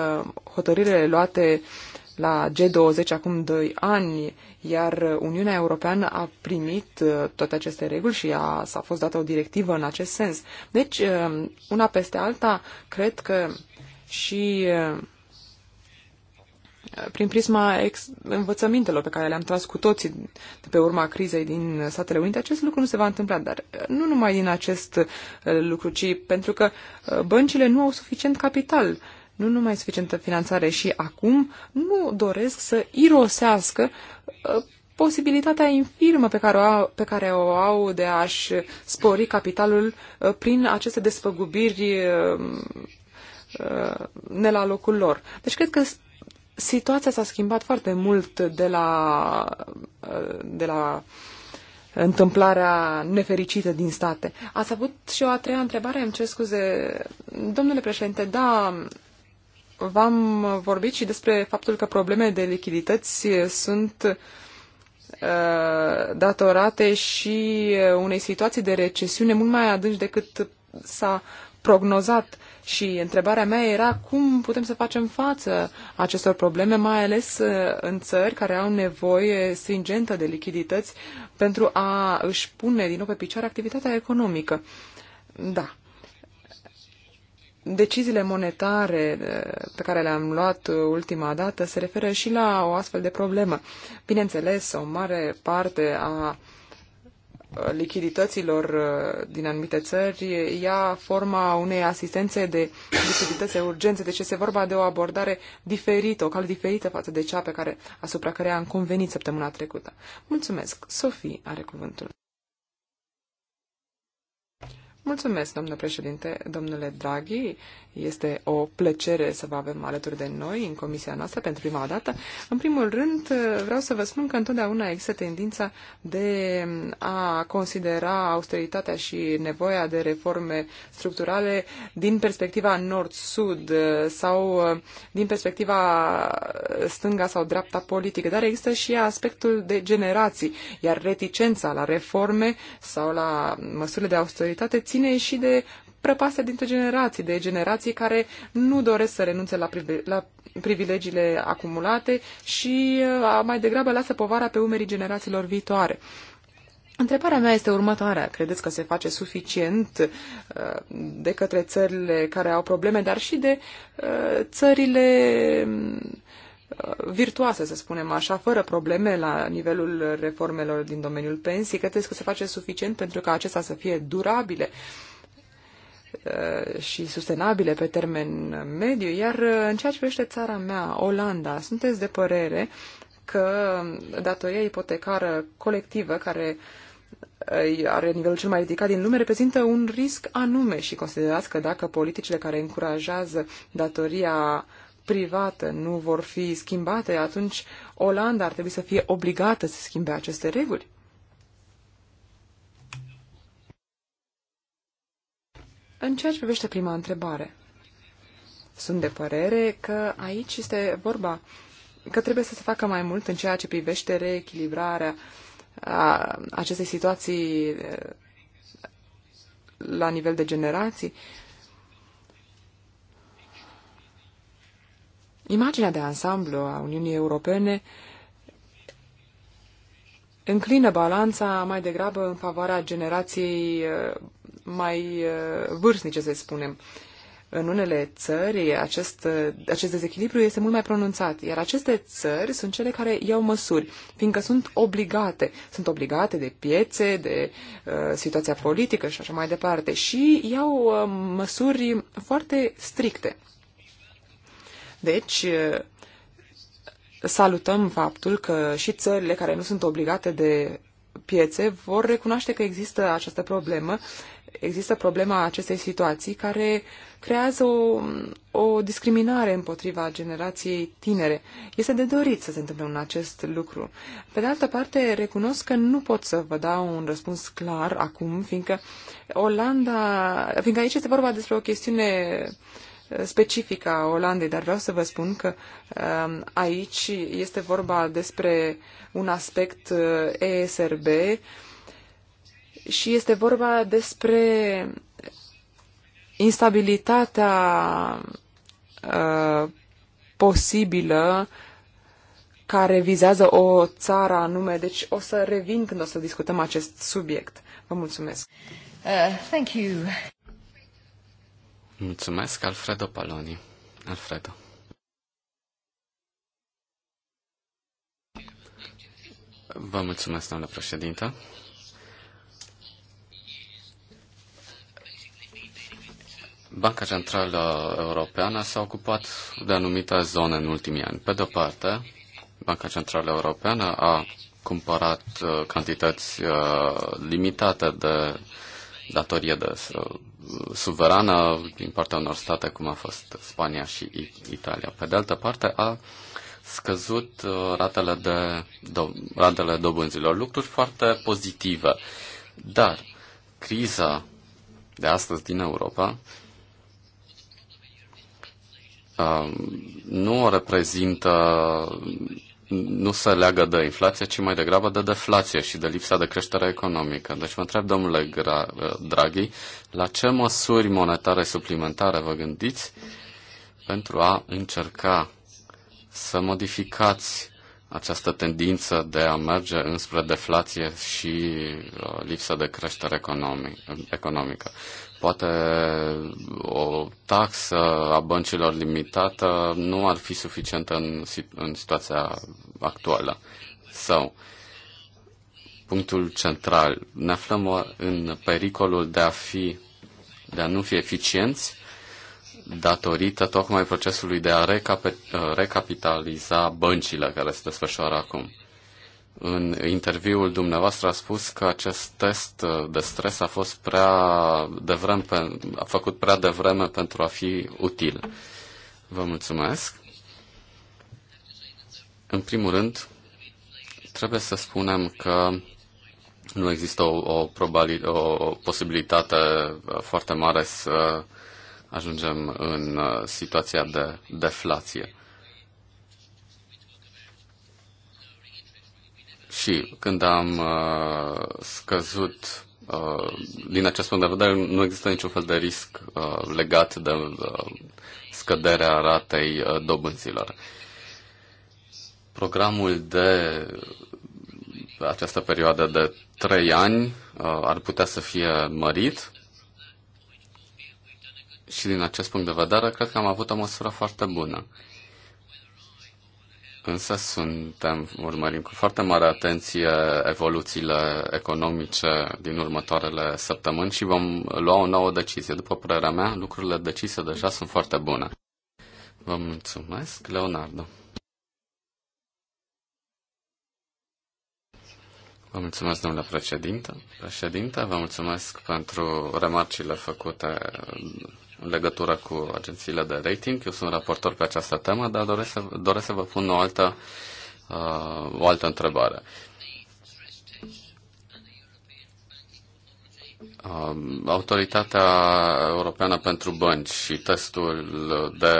hotărârile luate uh, la G20 acum 2 ani, iar Uniunea Europeană a primit uh, toate aceste reguli și a, s-a fost dată o directivă în acest sens. Deci, um, una peste alta, cred că și uh, prin prisma ex- învățămintelor pe care le-am tras cu toții de pe urma crizei din Statele Unite, acest lucru nu se va întâmpla, dar uh, nu numai din acest lucru, ci pentru că băncile nu au suficient capital. Uh, nu numai suficientă finanțare și acum nu doresc să irosească uh, posibilitatea infirmă pe care o au, pe care o au de a-și spori capitalul uh, prin aceste despăgubiri uh, ne la locul lor. Deci cred că situația s-a schimbat foarte mult de la, de la întâmplarea nefericită din state. Ați avut și o a treia întrebare, îmi cer scuze. Domnule președinte, da, v-am vorbit și despre faptul că probleme de lichidități sunt uh, datorate și uh, unei situații de recesiune mult mai adânci decât s-a prognozat. Și întrebarea mea era cum putem să facem față acestor probleme, mai ales uh, în țări care au nevoie stringentă de lichidități pentru a își pune din nou pe picioare activitatea economică. Da, deciziile monetare eh, pe care le-am luat eh, ultima dată se referă și la o astfel de problemă. Bineînțeles, o mare parte a eh, lichidităților din anumite țări ia forma unei asistențe de lichidități urgențe. Deci este vorba de o abordare diferită, o cal diferită față de cea pe care, asupra care am convenit săptămâna trecută. Mulțumesc. Sofie are cuvântul. Mulțumesc, domnule președinte. Domnule Draghi, este o plăcere să vă avem alături de noi în comisia noastră pentru prima dată. În primul rând, vreau să vă spun că întotdeauna există tendința de a considera austeritatea și nevoia de reforme structurale din perspectiva nord-sud sau din perspectiva stânga sau dreapta politică, dar există și aspectul de generații, iar reticența la reforme sau la măsurile de austeritate ține și de prăpastia dintre generații, de generații care nu doresc să renunțe la, privi, la privilegiile acumulate și uh, mai degrabă lasă povara pe umerii generațiilor viitoare. Întrebarea mea este următoarea. Credeți că se face suficient uh, de către țările care au probleme, dar și de uh, țările virtuoasă, să spunem așa, fără probleme la nivelul reformelor din domeniul pensii. Credeți că se face suficient pentru ca acestea să fie durabile uh, și sustenabile pe termen mediu, iar uh, în ceea ce privește țara mea, Olanda, sunteți de părere că datoria ipotecară colectivă, care uh, are nivelul cel mai ridicat din lume, reprezintă un risc anume și considerați că dacă politicile care încurajează datoria uh, privată nu vor fi schimbate, atunci Olanda ar trebui să fie obligată să schimbe aceste reguli. În ceea ce privește prima întrebare, sunt de părere că aici este vorba că trebuie să se facă mai mult în ceea ce privește reechilibrarea a acestei situații eh, la nivel de generații, Imaginea de ansamblu a Uniunii Europene înclină balanța mai degrabă în favoarea generației uh, mai uh, vârstnice, să spunem. În unele țări acest, uh, acest dezechilibru este mult mai pronunțat, iar aceste țări sunt cele care iau măsuri, fiindcă sunt obligate. Sunt obligate de piețe, de uh, situația politică și așa mai departe și iau uh, măsuri foarte stricte. Deci, salutăm faptul că și țările care nu sunt obligate de piețe vor recunoaște că există această problemă, există problema acestei situații care creează o, o discriminare împotriva generației tinere. Este de dorit să se întâmple un acest lucru. Pe de altă parte, recunosc că nu pot să vă dau un răspuns clar acum, fiindcă Olanda, fiindcă aici este vorba despre o chestiune uh, specifică a Olandei, dar vreau să vă spun că um, aici este vorba despre un aspect uh, ESRB și este vorba despre instabilitatea uh, posibilă care vizează o țară anume. Deci o să revin când o să discutăm acest subiect. Vă mulțumesc. Uh, thank you. Mulțumesc, Alfredo Paloni. Alfredo. Vă mulțumesc, doamnă președintă. Banca Centrală Europeană s-a ocupat de anumite zone în ultimii ani. Pe de-o parte, Banca Centrală Europeană a cumpărat uh, cantități uh, limitate de datorie de uh, suverană din partea unor state, cum a fost Spania și Italia. Pe de altă parte, a scăzut uh, ratele, de, do, ratele dobânzilor, lucruri foarte pozitive. Dar criza de astăzi din Europa uh, nu o reprezintă nu se leagă de inflație, ci mai degrabă de deflație și de lipsa de creștere economică. Deci mă întreb, domnule uh, Draghi, la ce măsuri monetare suplimentare vă gândiți pentru a încerca să modificați această tendință de a merge înspre deflație și uh, lipsa de creștere economic, economică. Poate o taxă a băncilor limitată nu ar fi suficientă în, în situația actuală. Sau, punctul central, ne aflăm în pericolul de a, fi, de a nu fi eficienți datorită tocmai procesului de a recapitaliza băncile care se desfășoară acum în interviul dumneavoastră a spus că acest test de stres a fost prea devreme, a făcut prea devreme pentru a fi util. Vă mulțumesc. În primul rând, trebuie să spunem că nu există o, o, probali, o posibilitate uh, foarte mare să ajungem în uh, situația de deflație. Și când am uh, scăzut uh, din acest punct de vedere, nu există niciun fel de risc uh, legat de scăderea ratei dobânzilor. Programul de această perioadă de trei ani ar putea să fie mărit și din acest punct de vedere cred că am avut o măsură foarte bună. Însă suntem, urmărim cu foarte mare atenție evoluțiile economice din următoarele săptămâni și vom lua o nouă decizie. După părerea mea, lucrurile decise deja sunt foarte bune. Vă mulțumesc, Leonardo. Vă mulțumesc, domnule președinte. Președinte, vă mulțumesc pentru remarcile făcute în legătură cu agențiile de rating. Eu sunt raportor pe această temă, dar doresc să, doresc să vă pun o altă, uh, o altă întrebare. Um, Autoritatea Europeană pentru Bănci și testul de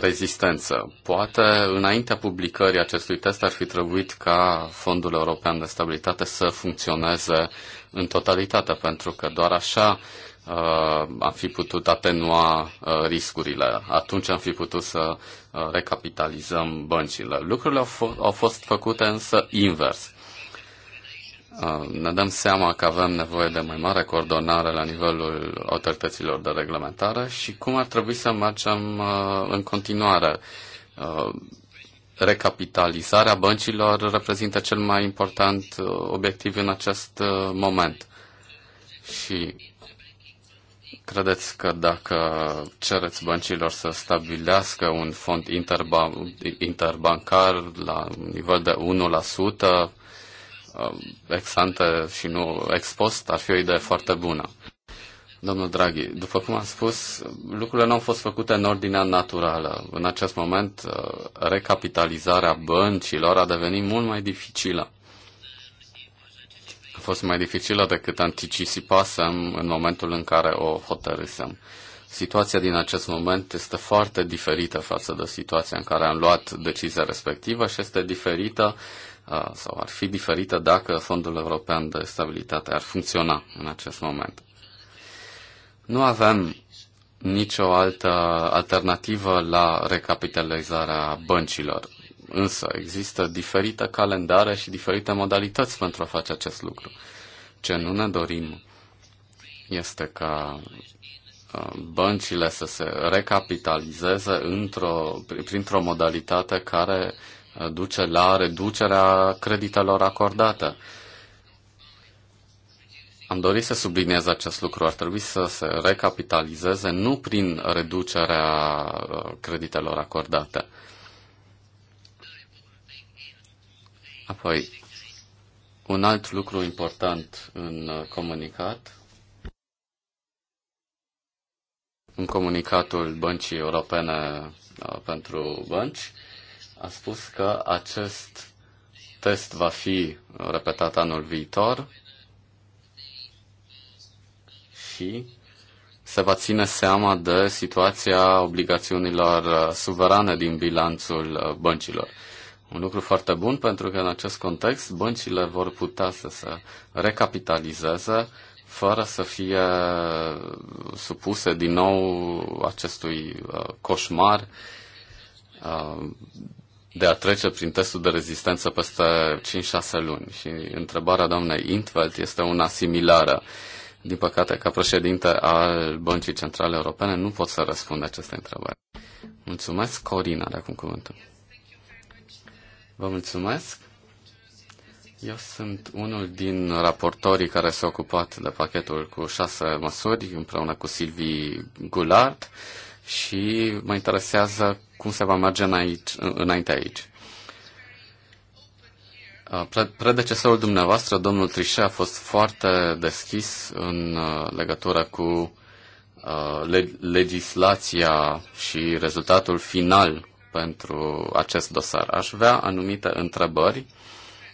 rezistență. Poate înaintea publicării acestui test ar fi trebuit ca Fondul European de Stabilitate să funcționeze în totalitate, pentru că doar așa uh, am fi putut atenua uh, riscurile. Atunci am fi putut să uh, recapitalizăm băncile. Lucrurile au, f- au fost făcute însă invers. Uh, ne dăm seama că avem nevoie de mai mare coordonare la nivelul autorităților de reglementare și cum ar trebui să mergem uh, în continuare. Uh, recapitalizarea băncilor reprezintă cel mai important uh, obiectiv în acest uh, moment. Și Credeți că dacă cereți băncilor să stabilească un fond interban- interbancar la nivel de 1%, uh, exante și nu expost, ar fi o idee foarte bună. Domnul Draghi, după cum am spus, lucrurile nu au fost făcute în ordinea naturală. În acest moment, uh, recapitalizarea băncilor a devenit mult mai dificilă fost mai dificilă decât anticipasem în momentul în care o hotărâsem. Situația din acest moment este foarte diferită față de situația în care am luat decizia respectivă și este diferită uh, sau ar fi diferită dacă Fondul European de Stabilitate ar funcționa în acest moment. Nu avem nicio altă alternativă la recapitalizarea băncilor. Însă există diferite calendare și diferite modalități pentru a face acest lucru. Ce nu ne dorim este ca uh, băncile să se recapitalizeze într-o, printr-o modalitate care uh, duce la reducerea creditelor acordate. Am dorit să subliniez acest lucru. Ar trebui să se recapitalizeze nu prin reducerea uh, creditelor acordate. Apoi, un alt lucru important în comunicat, în comunicatul Băncii Europene uh, pentru Bănci, a spus că acest test va fi repetat anul viitor și se va ține seama de situația obligațiunilor uh, suverane din bilanțul uh, băncilor un lucru foarte bun, pentru că în acest context băncile vor putea să se recapitalizeze fără să fie supuse din nou acestui uh, coșmar uh, de a trece prin testul de rezistență peste 5-6 luni. Și întrebarea doamnei Intveld este una similară. Din păcate, ca președinte al Băncii Centrale Europene, nu pot să răspund aceste întrebări. Mulțumesc, Corina, de acum cuvântul. Vă mulțumesc. Eu sunt unul din raportorii care s-a ocupat de pachetul cu șase măsuri împreună cu Silvi Gulard și mă interesează cum se va merge aici, înainte aici. Predecesorul dumneavoastră, domnul Trișe, a fost foarte deschis în uh, legătură cu uh, legislația și rezultatul final pentru acest dosar. Aș vrea anumite întrebări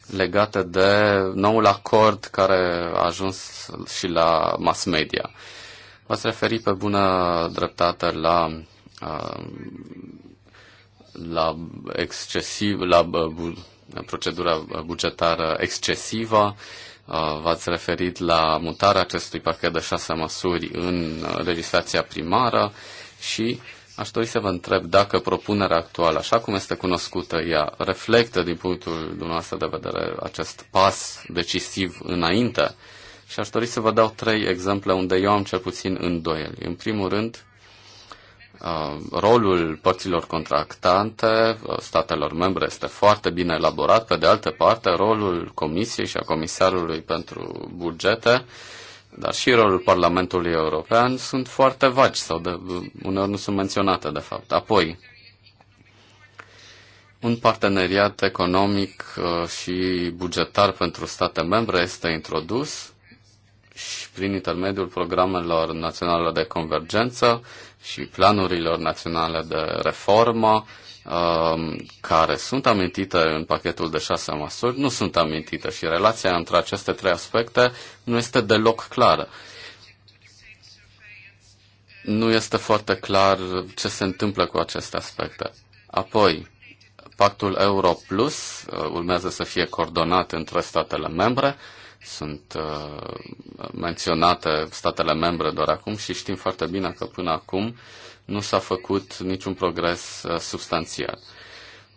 legate de noul acord care a ajuns și la mass media. V-ați referit pe bună dreptate la uh, la excesiv, la uh, bu, procedura bugetară excesivă, uh, v-ați referit la mutarea acestui pachet de șase măsuri în legislația primară și uh, Aș dori să vă întreb dacă propunerea actuală, așa cum este cunoscută ea, reflectă din punctul dumneavoastră de vedere acest pas decisiv înainte și aș dori să vă dau trei exemple unde eu am cel puțin îndoieli. În primul rând, uh, rolul părților contractante, uh, statelor membre, este foarte bine elaborat. Pe de altă parte, rolul Comisiei și a Comisarului pentru bugete dar și rolul Parlamentului European sunt foarte vagi sau de, uneori nu sunt menționate, de fapt. Apoi, un parteneriat economic uh, și bugetar pentru state membre este introdus și prin intermediul programelor naționale de convergență și planurilor naționale de reformă, Um, care sunt amintite în pachetul de șase măsuri nu sunt amintite și relația între aceste trei aspecte nu este deloc clară. Nu este foarte clar ce se întâmplă cu aceste aspecte. Apoi, pactul Euro Plus uh, urmează să fie coordonat între statele membre. Sunt uh, menționate statele membre doar acum și știm foarte bine că până acum uh, nu s-a făcut niciun progres uh, substanțial.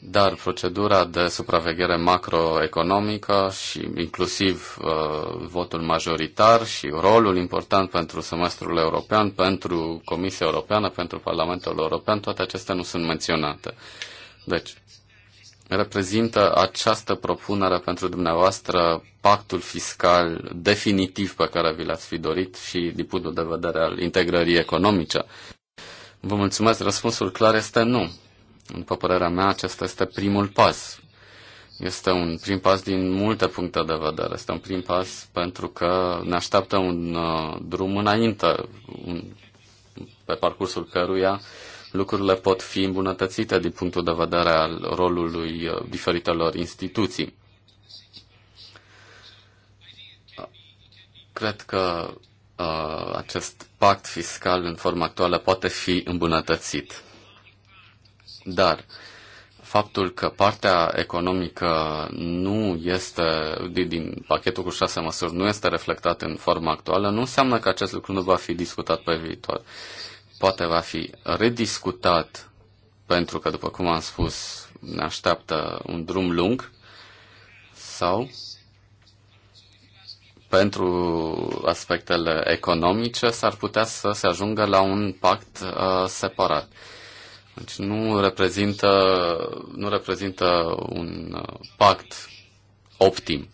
Dar procedura de supraveghere macroeconomică și inclusiv uh, votul majoritar și rolul important pentru semestrul european, pentru Comisia Europeană, pentru Parlamentul European, toate acestea nu sunt menționate. Deci, reprezintă această propunere pentru dumneavoastră pactul fiscal definitiv pe care vi l-ați fi dorit și din punctul de vedere al integrării economice? Vă mulțumesc, răspunsul clar este nu. După părerea mea, acesta este primul pas. Este un prim pas din multe puncte de vedere. Este un prim pas pentru că ne așteaptă un uh, drum înainte, un, pe parcursul căruia lucrurile pot fi îmbunătățite din punctul de vedere al rolului uh, diferitelor instituții. Cred că uh, acest pact fiscal în forma actuală poate fi îmbunătățit. Dar faptul că partea economică nu este, din, pachetul cu șase măsuri, nu este reflectat în forma actuală, nu înseamnă că acest lucru nu va fi discutat pe viitor. Poate va fi rediscutat, pentru că, după cum am spus, ne așteaptă un drum lung, sau pentru aspectele economice, s-ar putea să se ajungă la un pact uh, separat. Deci nu reprezintă, nu reprezintă un uh, pact optim.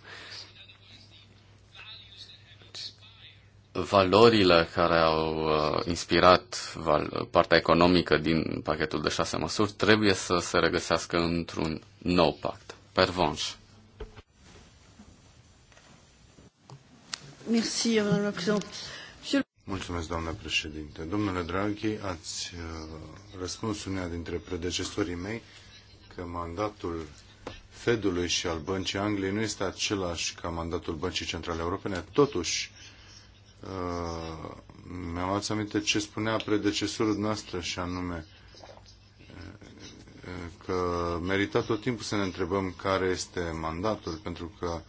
Valorile care au uh, inspirat partea economică din pachetul de șase măsuri trebuie să se regăsească într-un nou pact. Pervonș. Euh, Mulțumesc, doamnă președinte. Domnule Draghi, ați uh, răspuns unea dintre predecesorii mei că mandatul Fedului și al Băncii Angliei nu este același ca mandatul Băncii Centrale Europene. Totuși, uh, mi-am luat aminte ce spunea predecesorul noastră și anume uh, că merita tot timpul să ne întrebăm care este mandatul, pentru că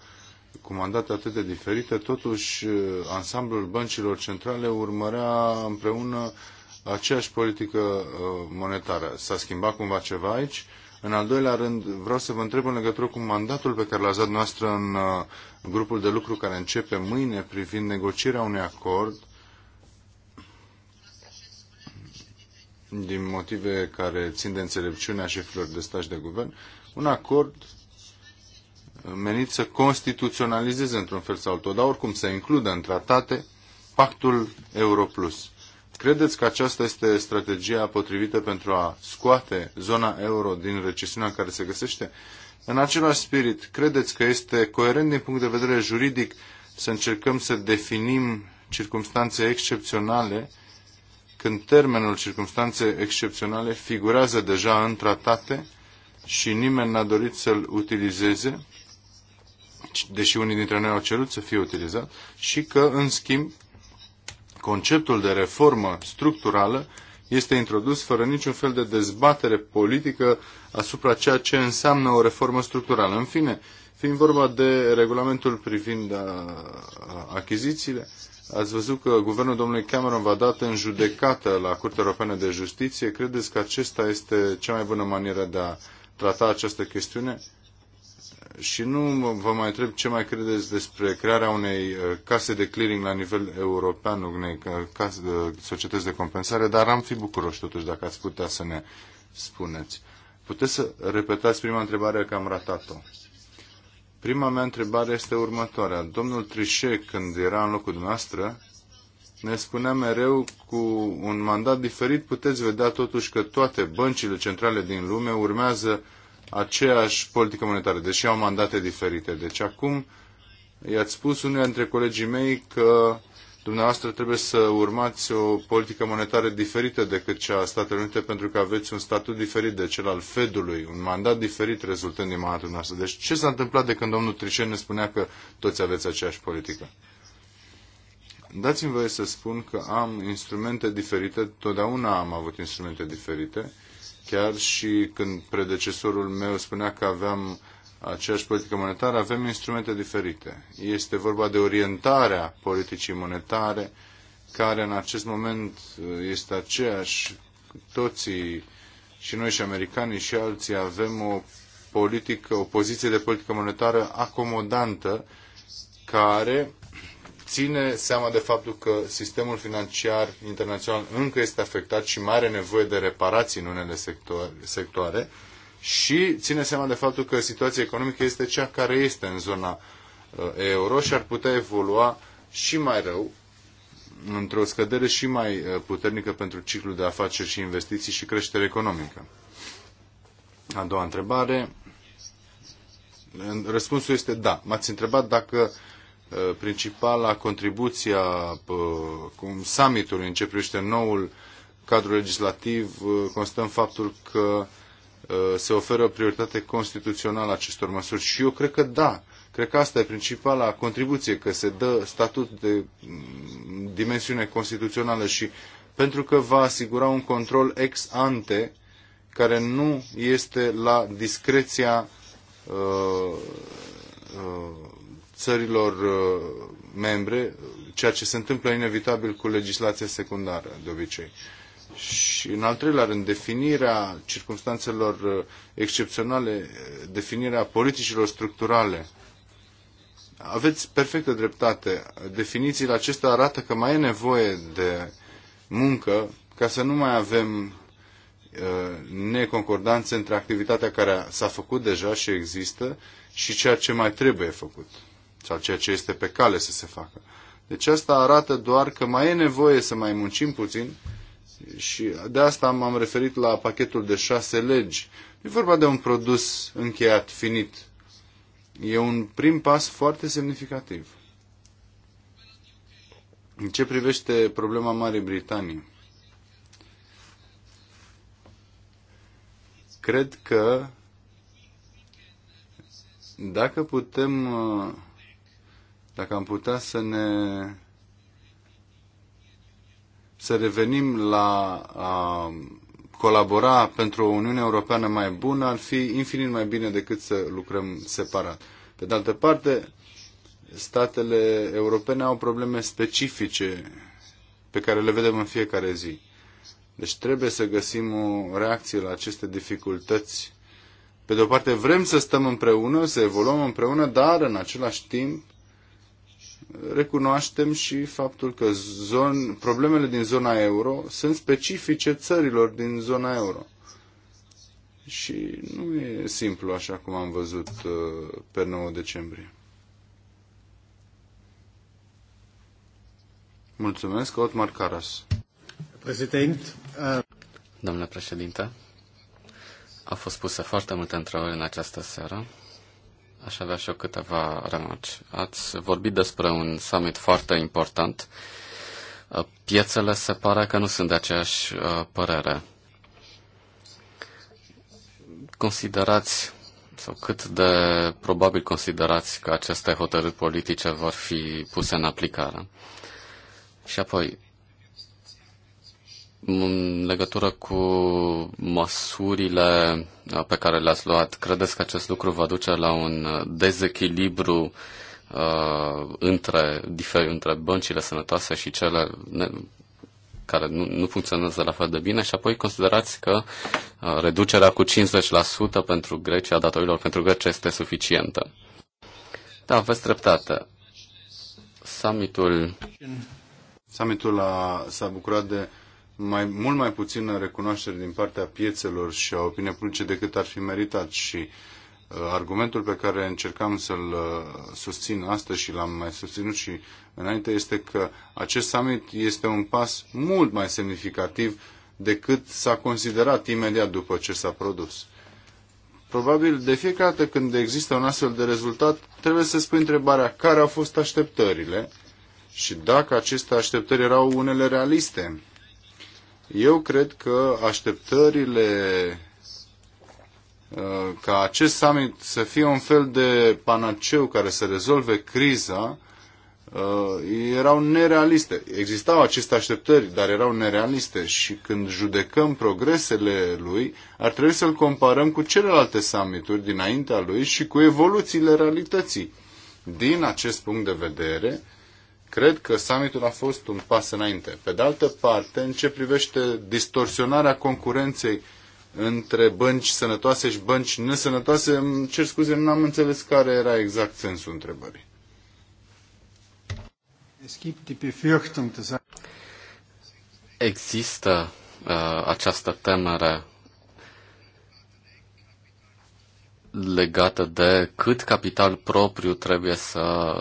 cu mandate atât de diferite, totuși eh, ansamblul băncilor centrale urmărea împreună aceeași politică eh, monetară. S-a schimbat cumva ceva aici? În al doilea rând, vreau să vă întreb în legătură cu mandatul pe care l-ați dat noastră în eh, grupul de lucru care începe mâine privind negocierea unui acord din motive care țin de înțelepciunea șefilor de staj de guvern, un acord menit să constituționalizeze într-un fel sau altul, dar oricum să includă în tratate pactul Europlus. Credeți că aceasta este strategia potrivită pentru a scoate zona euro din recesiunea în care se găsește? În același spirit, credeți că este coerent din punct de vedere juridic să încercăm să definim circumstanțe excepționale când termenul circumstanțe excepționale figurează deja în tratate și nimeni n-a dorit să-l utilizeze? deși unii dintre noi au cerut să fie utilizat, și că, în schimb, conceptul de reformă structurală este introdus fără niciun fel de dezbatere politică asupra ceea ce înseamnă o reformă structurală. În fine, fiind vorba de regulamentul privind uh, achizițiile, ați văzut că guvernul domnului Cameron va dat în judecată la Curtea Europeană de Justiție. Credeți că acesta este cea mai bună manieră de a trata această chestiune? Și nu vă mai întreb ce mai credeți despre crearea unei uh, case de clearing la nivel european, unei case de uh, societăți de compensare, dar am fi bucuroși totuși dacă ați putea să ne spuneți. Puteți să repetați prima întrebare, că am ratat-o. Prima mea întrebare este următoarea. Domnul Trișe, când era în locul dumneavoastră, ne spunea mereu cu un mandat diferit puteți vedea totuși că toate băncile centrale din lume urmează uh, aceeași politică monetară, deși au mandate diferite. Deci acum i-ați spus unul dintre colegii mei că dumneavoastră trebuie să urmați o politică monetară diferită decât cea a Statelor Unite pentru că aveți un statut diferit de cel al Fedului, un mandat diferit rezultând din mandatul noastră. Deci ce s-a întâmplat de când domnul Trichet ne spunea că toți aveți aceeași politică? Dați-mi voie să spun că am instrumente diferite, totdeauna am avut instrumente diferite Chiar și când predecesorul meu spunea că aveam aceeași politică monetară, avem instrumente diferite. Este vorba de orientarea politicii monetare, care în acest moment uh, este aceeași. Toții, și noi și americanii și alții, avem o politică, o poziție de politică monetară acomodantă care ține seama de faptul că sistemul financiar internațional încă este afectat și mai are nevoie de reparații în unele sectoare, și ține seama de faptul că situația economică este cea care este în zona uh, euro și ar putea evolua și mai rău într-o scădere și mai uh, puternică pentru ciclul de afaceri și investiții și creștere economică. A doua întrebare. Răspunsul este da. M-ați întrebat dacă Uh, principala contribuție a uh, summitului în ce privește noul cadru legislativ uh, constă în faptul că se oferă prioritate constituțională acestor măsuri și eu cred că da, cred că asta e principala contribuție, că se dă statut de mm, dimensiune constituțională și pentru că va asigura un control ex ante care nu este la discreția uh, uh, țărilor uh, membre, ceea ce se întâmplă inevitabil cu legislația secundară, de obicei. Și în al treilea rând, definirea circumstanțelor uh, excepționale, uh, definirea politicilor structurale. Aveți perfectă dreptate. Definițiile acestea arată că mai e nevoie de muncă ca să nu mai avem neconcordanțe între activitatea care s-a făcut deja și există și ceea ce mai trebuie făcut sau ceea ce este pe cale să se facă. Deci asta arată doar că mai e nevoie să mai muncim puțin și de asta m-am referit la pachetul de șase legi. E vorba de un produs încheiat, finit. E un prim pas foarte semnificativ. În ce privește problema Marii Britanii? Cred că dacă putem uh, dacă am putea să ne să revenim la a colabora pentru o Uniune Europeană mai bună ar fi infinit mai bine decât să lucrăm separat. Pe de altă parte, statele europene au probleme specifice pe care le vedem în fiecare zi. Deci trebuie să găsim o reacție la aceste dificultăți. Pe de o parte vrem să stăm împreună, să evoluăm împreună, dar în același timp recunoaștem și faptul că zon, problemele din zona euro sunt specifice țărilor din zona euro. Și nu e simplu așa cum am văzut uh, pe 9 decembrie. Mulțumesc, Otmar Caras. Prezident. Uh, Domnule președinte, au fost pusă foarte multe întrebări în această seară. Aș avea și eu câteva remarci. Ați vorbit despre un summit foarte important. Uh, piețele se pare că nu sunt de aceeași uh, părere. Considerați sau cât de probabil considerați că aceste hotărâri politice vor fi puse în aplicare? Și apoi, în legătură cu măsurile uh, pe care le-ați luat, credeți că acest lucru va duce la un uh, dezechilibru uh, între, difer, între băncile sănătoase și cele ne, care nu, nu funcționează la fel de bine și apoi considerați că uh, reducerea cu 50% pentru Grecia, datorilor pentru Grecia este suficientă. Da, aveți dreptate. Summitul Summitul a, s-a bucurat de mai, mult mai puțină recunoaștere din partea piețelor și a opiniei publice decât ar fi meritat și uh, argumentul pe care încercam să-l uh, susțin astăzi și l-am mai susținut și înainte este că acest summit este un pas mult mai semnificativ decât s-a considerat imediat după ce s-a produs. Probabil de fiecare dată când există un astfel de rezultat, trebuie să spui întrebarea care au fost așteptările și dacă aceste așteptări erau unele realiste eu cred că așteptările uh, ca acest summit să fie un fel de panaceu care să rezolve criza uh, erau nerealiste. Existau aceste așteptări, dar erau nerealiste și când judecăm progresele lui, ar trebui să-l comparăm cu celelalte summituri dinaintea lui și cu evoluțiile realității. Din acest punct de vedere, Cred că summitul a fost un pas înainte. Pe de altă parte, în ce privește distorsionarea concurenței între bănci sănătoase și bănci nesănătoase, îmi cer scuze, nu am înțeles care era exact sensul întrebării. Există uh, această temere legată de cât capital propriu trebuie să,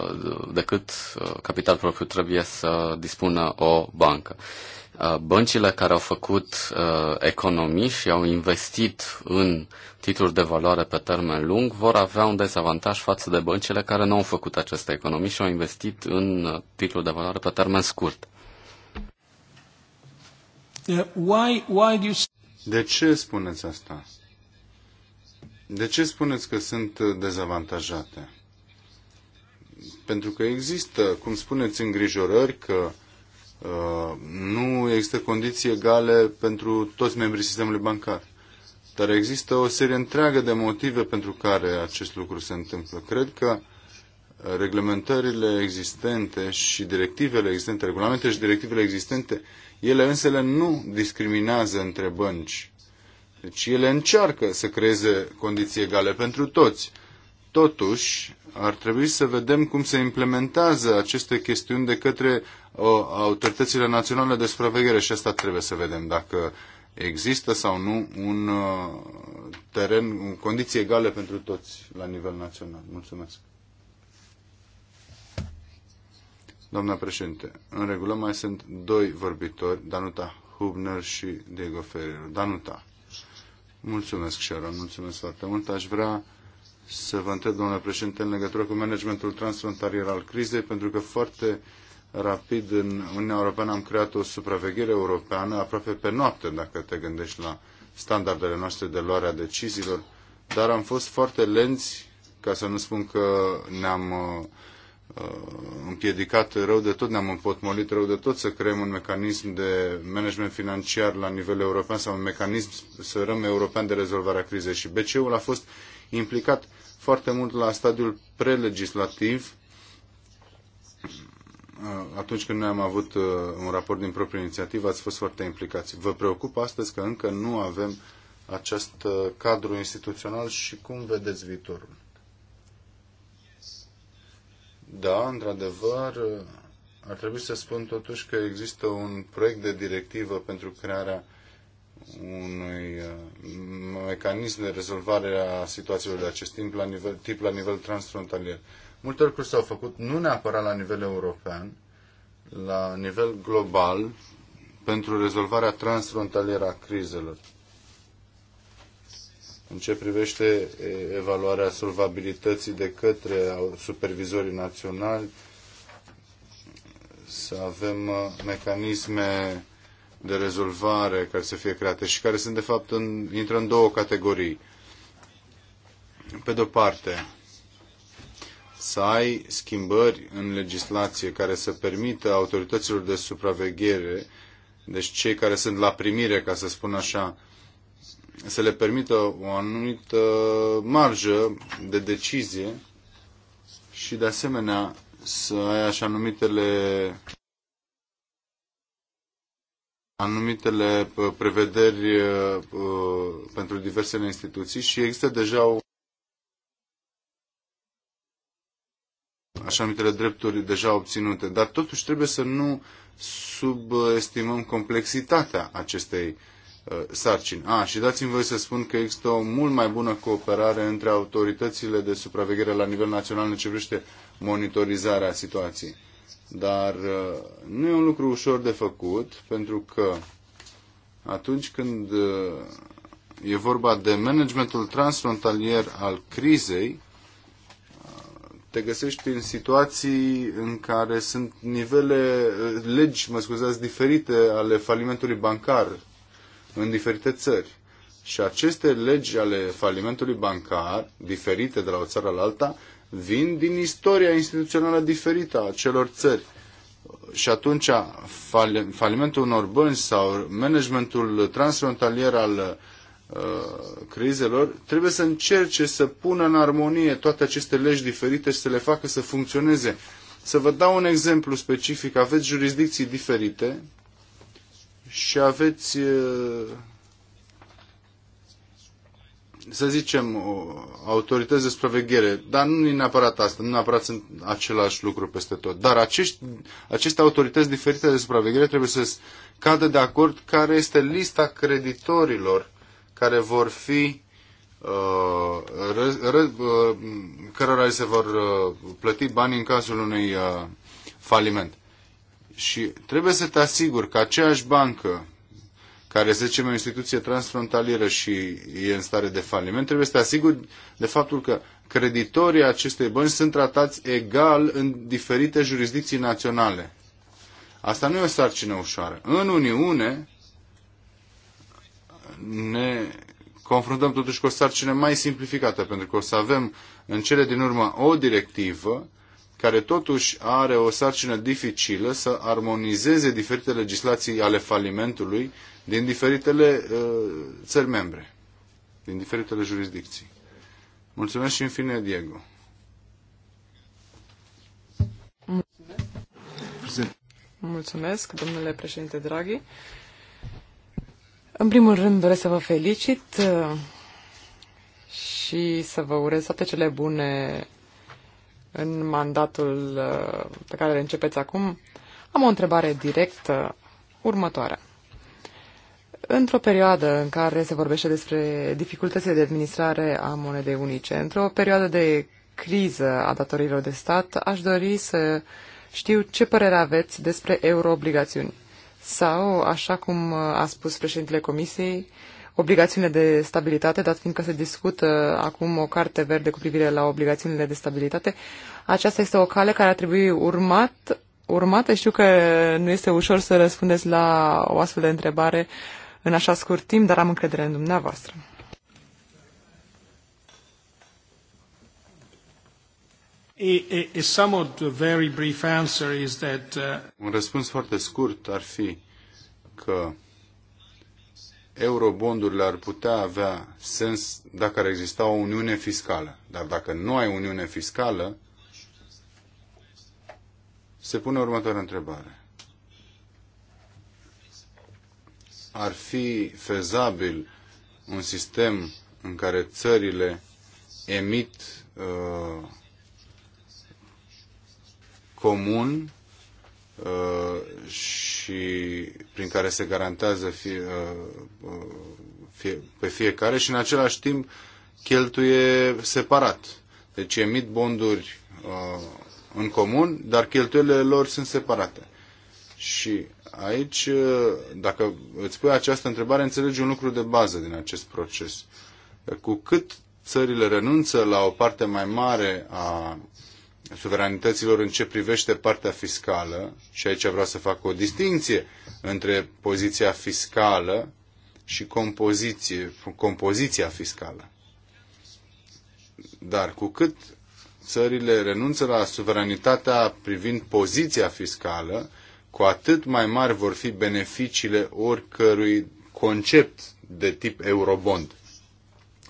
de cât uh, capital propriu trebuie să dispună o bancă. Uh, băncile care au făcut uh, economii și au investit în titluri de valoare pe termen lung vor avea un dezavantaj față de băncile care nu au făcut aceste economii și au investit în titluri de valoare pe termen scurt. De ce spuneți asta? De ce spuneți că sunt dezavantajate? Pentru că există, cum spuneți, îngrijorări că uh, nu există condiții egale pentru toți membrii sistemului bancar. Dar există o serie întreagă de motive pentru care acest lucru se întâmplă. Cred că uh, reglementările existente și directivele existente, regulamentele și directivele existente, ele însele nu discriminează între bănci deci ele încearcă să creeze condiții egale pentru toți. Totuși, ar trebui să vedem cum se implementează aceste chestiuni de către uh, autoritățile naționale de supraveghere și asta trebuie să vedem dacă există sau nu un uh, teren, un condiții egale pentru toți la nivel național. Mulțumesc. Doamna președinte, în regulă mai sunt doi vorbitori, Danuta Hubner și Diego Ferrer. Danuta. Mulțumesc, Sharon, mulțumesc foarte mult. Aș vrea să vă întreb, domnule președinte, în legătură cu managementul transfrontalier al crizei, pentru că foarte rapid în Uniunea Europeană am creat o supraveghere europeană aproape pe noapte, dacă te gândești la standardele noastre de luare a deciziilor, dar am fost foarte lenți, ca să nu spun că ne-am uh, Uh, împiedicat rău de tot, ne-am împotmolit rău de tot să creăm un mecanism de management financiar la nivel european sau un mecanism să răm european de rezolvare a crizei. Și BCE-ul a fost implicat foarte mult la stadiul prelegislativ uh, atunci când noi am avut uh, un raport din proprie inițiativă, ați fost foarte implicați. Vă preocupă astăzi că încă nu avem acest cadru instituțional și cum vedeți viitorul? Da, într-adevăr, ar trebui să spun totuși că există un proiect de directivă pentru crearea unui uh, mecanism de rezolvare a situațiilor de acest timp la nivel, tip la nivel transfrontalier. Multe lucruri s-au făcut, nu neapărat la nivel european, la nivel global, pentru rezolvarea transfrontalieră a crizelor în ce privește evaluarea solvabilității de către supervizorii naționali, să avem uh, mecanisme de rezolvare care să fie create și care sunt de fapt în, intră în două categorii. Pe de o parte, să ai schimbări în legislație care să permită autorităților de supraveghere, deci cei care sunt la primire, ca să spun așa, să le permită o anumită marjă de decizie și de asemenea să ai așa numitele anumitele prevederi pentru diversele instituții și există deja o așa numitele drepturi deja obținute, dar totuși trebuie să nu subestimăm complexitatea acestei Uh, sarcini. A, și dați-mi voi să spun că există o mult mai bună cooperare între autoritățile de supraveghere la nivel național în ce privește monitorizarea situației. Dar uh, nu e un lucru ușor de făcut, pentru că atunci când uh, e vorba de managementul transfrontalier al crizei, te găsești în situații în care sunt nivele, legi, mă scuzați, diferite ale falimentului bancar în diferite țări. Și aceste legi ale falimentului bancar, diferite de la o țară la alta, vin din istoria instituțională diferită a celor țări. Și atunci falimentul unor bănci sau managementul transfrontalier al uh, crizelor trebuie să încerce să pună în armonie toate aceste legi diferite și să le facă să funcționeze. Să vă dau un exemplu specific. Aveți jurisdicții diferite și aveți, să zicem, autorități de supraveghere, dar nu e neapărat asta, nu neapărat sunt același lucru peste tot. Dar acești, aceste autorități diferite de supraveghere trebuie să cadă de acord care este lista creditorilor care vor fi cărora se vor plăti bani în cazul unui faliment. Și trebuie să te asiguri că aceeași bancă care, să zicem, o instituție transfrontalieră și e în stare de faliment, trebuie să te asiguri de faptul că creditorii acestei bănci sunt tratați egal în diferite jurisdicții naționale. Asta nu e o sarcină ușoară. În Uniune ne confruntăm totuși cu o sarcină mai simplificată, pentru că o să avem în cele din urmă o directivă care totuși are o sarcină dificilă să armonizeze diferite legislații ale falimentului din diferitele uh, țări membre, din diferitele jurisdicții. Mulțumesc și în fine, Diego. Mulțumesc, Mulțumesc domnule președinte Draghi. În primul rând doresc să vă felicit uh, și să vă urez toate cele bune în mandatul uh, pe care îl începeți acum, am o întrebare directă următoarea. Într-o perioadă în care se vorbește despre dificultățile de administrare a monedei unice, într-o perioadă de criză a datorilor de stat, aș dori să știu ce părere aveți despre euroobligațiuni. Sau, așa cum a spus președintele Comisiei, obligațiunile de stabilitate, dat fiindcă se discută acum o carte verde cu privire la obligațiunile de stabilitate, aceasta este o cale care ar trebui urmat, urmată. Știu că nu este ușor să răspundeți la o astfel de întrebare în așa scurt timp, dar am încredere în dumneavoastră. Uh, Un răspuns foarte scurt ar fi că eurobondurile ar putea avea sens dacă ar exista o uniune fiscală. Dar dacă nu ai uniune fiscală, se pune următoarea întrebare. Ar fi fezabil un sistem în care țările emit uh, comun Uh, și prin care se garantează fie, uh, uh, fie, pe fiecare și în același timp cheltuie separat. Deci emit bonduri în comun, dar cheltuielile lor sunt separate. Și aici, dacă îți pui această întrebare, înțelegi un lucru de bază din acest proces. Cu cât țările renunță la o parte mai mare a suveranităților în ce privește partea fiscală, și aici vreau să fac o distinție între poziția fiscală și compoziție, compoziția fiscală. Dar cu cât țările renunță la suveranitatea privind poziția fiscală, cu atât mai mari vor fi beneficiile oricărui concept de tip eurobond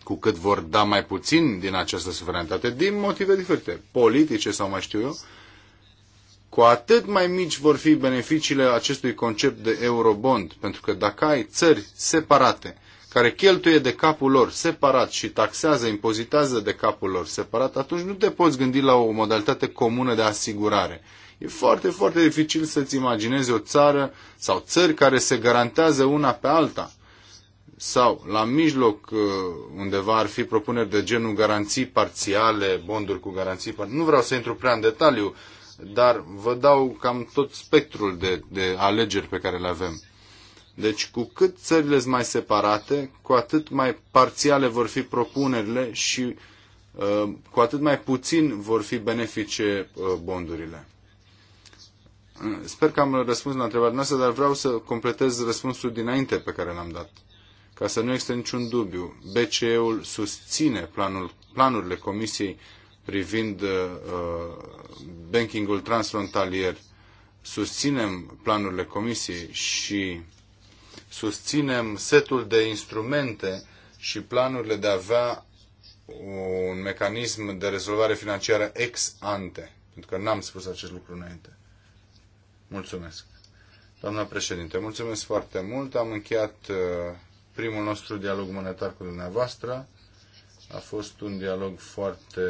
cu cât vor da mai puțin din această suveranitate, din motive diferite, politice sau mai știu eu, cu atât mai mici vor fi beneficiile acestui concept de eurobond, pentru că dacă ai țări separate, care cheltuie de capul lor separat și taxează, impozitează de capul lor separat, atunci nu te poți gândi la o modalitate comună de asigurare. E foarte, foarte dificil să-ți imaginezi o țară sau țări care se garantează una pe alta sau la mijloc uh, undeva ar fi propuneri de genul garanții parțiale, bonduri cu garanții parțiale. Nu vreau să intru prea în detaliu, dar vă dau cam tot spectrul de, de alegeri pe care le avem. Deci cu cât țările sunt mai separate, cu atât mai parțiale vor fi propunerile și uh, cu atât mai puțin vor fi benefice uh, bondurile. Sper că am răspuns la întrebarea noastră, dar vreau să completez răspunsul dinainte pe care l-am dat. Ca să nu există niciun dubiu, BCE-ul susține planul, planurile Comisiei privind uh, bankingul transfrontalier. Susținem planurile Comisiei și susținem setul de instrumente și planurile de a avea un mecanism de rezolvare financiară ex ante. Pentru că n-am spus acest lucru înainte. Mulțumesc. Doamna președinte, mulțumesc foarte mult. Am încheiat uh, primul nostru dialog monetar cu dumneavoastră. A fost un dialog foarte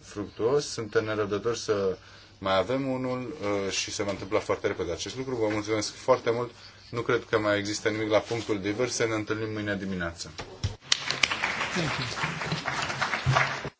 fructuos. Suntem nerăbdători să mai avem unul uh, și se va întâmpla foarte repede acest lucru. Vă mulțumesc foarte mult. Nu cred că mai există nimic la punctul divers Ne întâlnim mâine dimineață. Thank you.